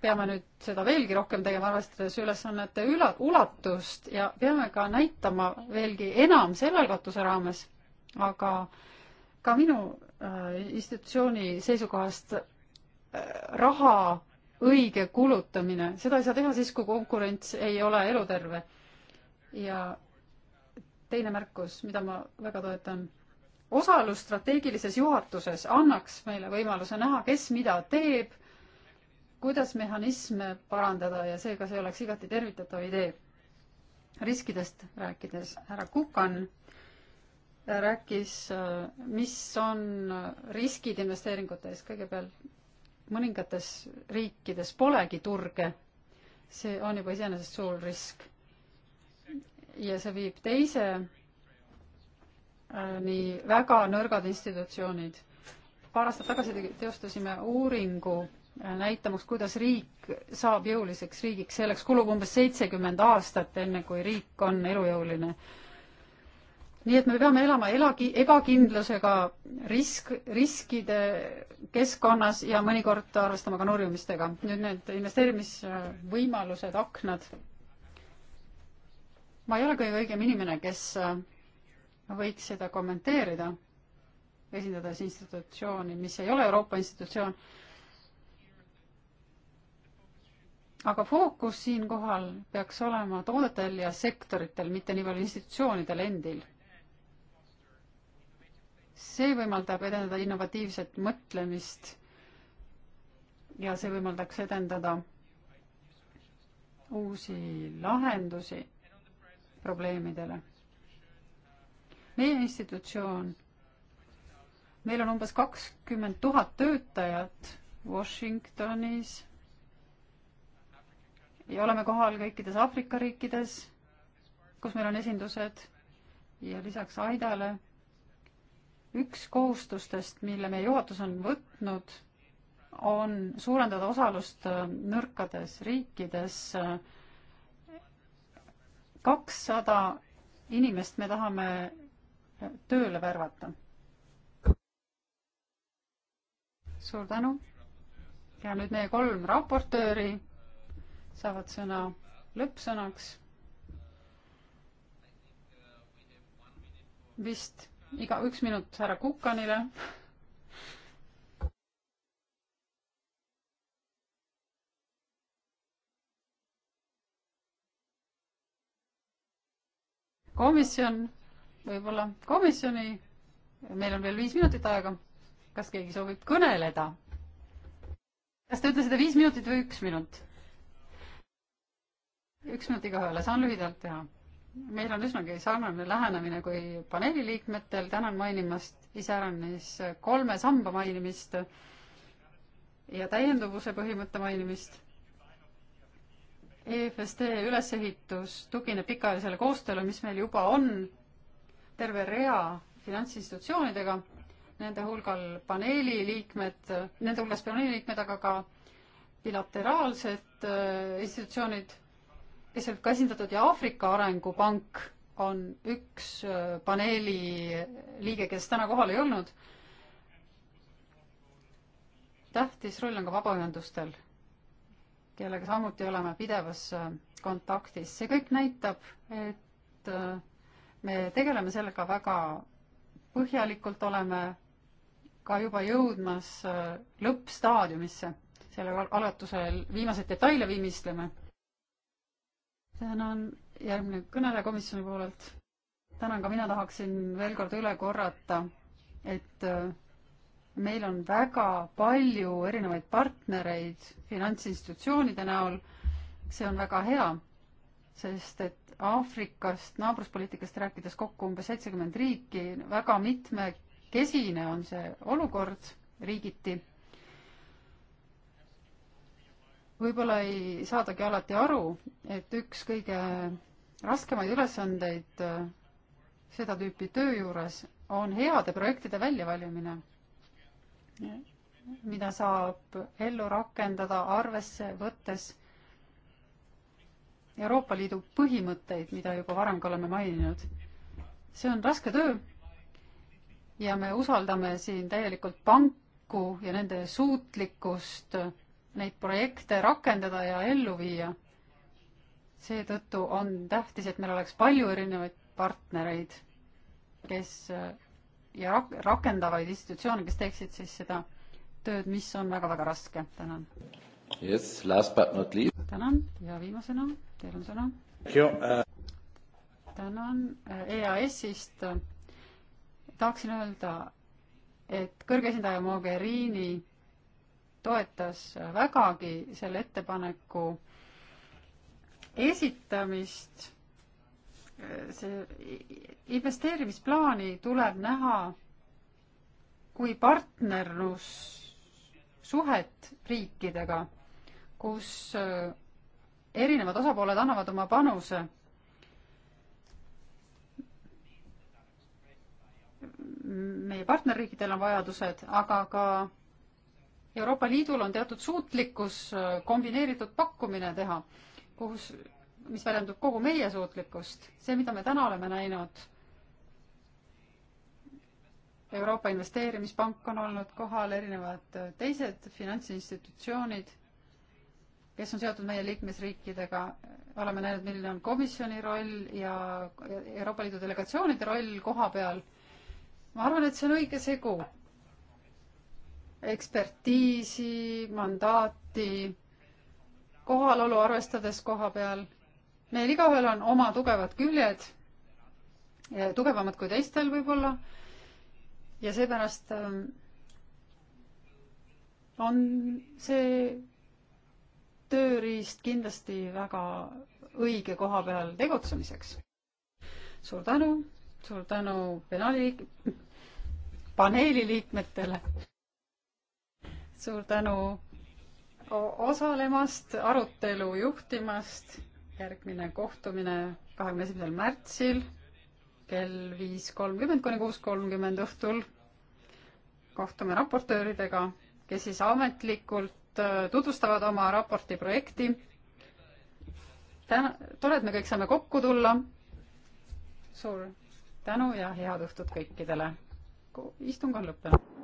peame nüüd seda veelgi rohkem tegema, arvestades ülesannete üla-, ulatust ja peame ka näitama veelgi enam selle algatuse raames, aga ka minu äh, institutsiooni seisukohast äh, raha õige kulutamine, seda ei saa teha siis, kui konkurents ei ole eluterve. ja teine märkus, mida ma väga toetan. osalus strateegilises juhatuses annaks meile võimaluse näha, kes mida teeb, kuidas mehhanisme parandada ja seega see oleks igati tervitatav idee. riskidest rääkides, härra Kukan rääkis, mis on riskid investeeringute ees, kõigepealt mõningates riikides polegi turge. see on juba iseenesest suur risk ja see viib teiseni äh, väga nõrgad institutsioonid. paar aastat tagasi teostasime uuringu äh, näitamaks, kuidas riik saab jõuliseks riigiks, selleks kulub umbes seitsekümmend aastat, enne kui riik on elujõuline. nii et me peame elama elagi-, ebakindlusega, risk, riskide keskkonnas ja mõnikord arvestama ka nurjumistega. nüüd need investeerimisvõimalused, aknad ma ei ole kõige õigem inimene, kes äh, võiks seda kommenteerida, esindades institutsiooni, mis ei ole Euroopa institutsioon. aga fookus siinkohal peaks olema toodetel ja sektoritel, mitte nii palju institutsioonidel endil. see võimaldab edendada innovatiivset mõtlemist ja see võimaldaks edendada uusi lahendusi probleemidele. meie institutsioon, meil on umbes kakskümmend tuhat töötajat Washingtonis ja oleme kohal kõikides Aafrika riikides, kus meil on esindused ja lisaks Aidale üks kohustustest, mille meie juhatus on võtnud, on suurendada osalust äh, nõrkades riikides äh, kakssada inimest me tahame tööle värvata. suur tänu. ja nüüd meie kolm raportööri saavad sõna lõppsõnaks. vist iga üks minut härra Kukanile komisjon, võib-olla komisjoni, meil on veel viis minutit aega. kas keegi soovib kõneleda? kas te ütlesite viis minutit või üks minut? üks minut igaühele, saan lühidalt teha. meil on üsnagi sarnane lähenemine kui paneeli liikmetel, tänan mainimast iseäranis kolme samba mainimist ja täienduvuse põhimõtte mainimist EFSD ülesehitus tugineb pikaajalisele koostööle, mis meil juba on terve rea finantsinstitutsioonidega, nende hulgal paneeli liikmed, nende hulgas paneeli liikmed, aga ka bilateraalsed äh, institutsioonid, kes olid ka esindatud ja Aafrika Arengupank on üks äh, paneeli liige, kes täna kohal ei olnud. tähtis roll on ka vabaühendustel kellega samuti oleme pidevas äh, kontaktis. see kõik näitab, et äh, me tegeleme sellega väga põhjalikult, oleme ka juba jõudmas äh, lõppstaadiumisse sellel algatusel, viimaseid detaile viimistleme. tänan järgmine kõneleja komisjoni poolelt. tänan ka mina tahaksin veel kord üle korrata, et meil on väga palju erinevaid partnereid finantsinstitutsioonide näol. see on väga hea, sest et Aafrikast, naabruspoliitikast rääkides kokku umbes seitsekümmend riiki, väga mitmekesine on see olukord riigiti. võib-olla ei saadagi alati aru, et üks kõige raskemaid ülesandeid äh, seda tüüpi töö juures on heade projektide väljavalimine mida saab ellu rakendada, arvesse võttes Euroopa Liidu põhimõtteid, mida juba varem ka oleme maininud. see on raske töö ja me usaldame siin täielikult panku ja nende suutlikkust neid projekte rakendada ja ellu viia. seetõttu on tähtis, et meil oleks palju erinevaid partnereid, kes ja rak-, rakendavaid institutsioone, kes teeksid siis seda tööd, mis on väga-väga raske. tänan. Yes, last but not least. tänan ja viimasena, teil on sõna. Uh, tänan äh, EAS-ist. tahaksin öelda, et kõrge esindaja Mogherini toetas vägagi selle ettepaneku esitamist see investeerimisplaani tuleb näha kui partnerlussuhet riikidega, kus äh, erinevad osapooled annavad oma panuse. meie partnerriikidel on vajadused, aga ka Euroopa Liidul on teatud suutlikkus äh, kombineeritud pakkumine teha, kus mis väljendub kogu meie suutlikkust, see, mida me täna oleme näinud. Euroopa Investeerimispank on olnud kohal, erinevad teised finantsinstitutsioonid, kes on seotud meie liikmesriikidega, oleme näinud, milline on komisjoni roll ja Euroopa Liidu delegatsioonide roll koha peal. ma arvan, et see on õige segu ekspertiisi, mandaati, kohalolu arvestades koha peal meil igaühel on oma tugevad küljed, eh, tugevamad kui teistel võib-olla, ja seepärast eh, on see tööriist kindlasti väga õige koha peal tegutsemiseks. suur tänu, suur tänu penaali liik-, paneeli liikmetele. suur tänu osalemast, arutelu juhtimast järgmine kohtumine kahekümne esimesel märtsil kell viis kolmkümmend kuni kuus kolmkümmend õhtul. kohtume raportööridega, kes siis ametlikult äh, tutvustavad oma raporti projekti. täna, tore, et me kõik saame kokku tulla. suur tänu ja head õhtut kõikidele. istung on lõppenud.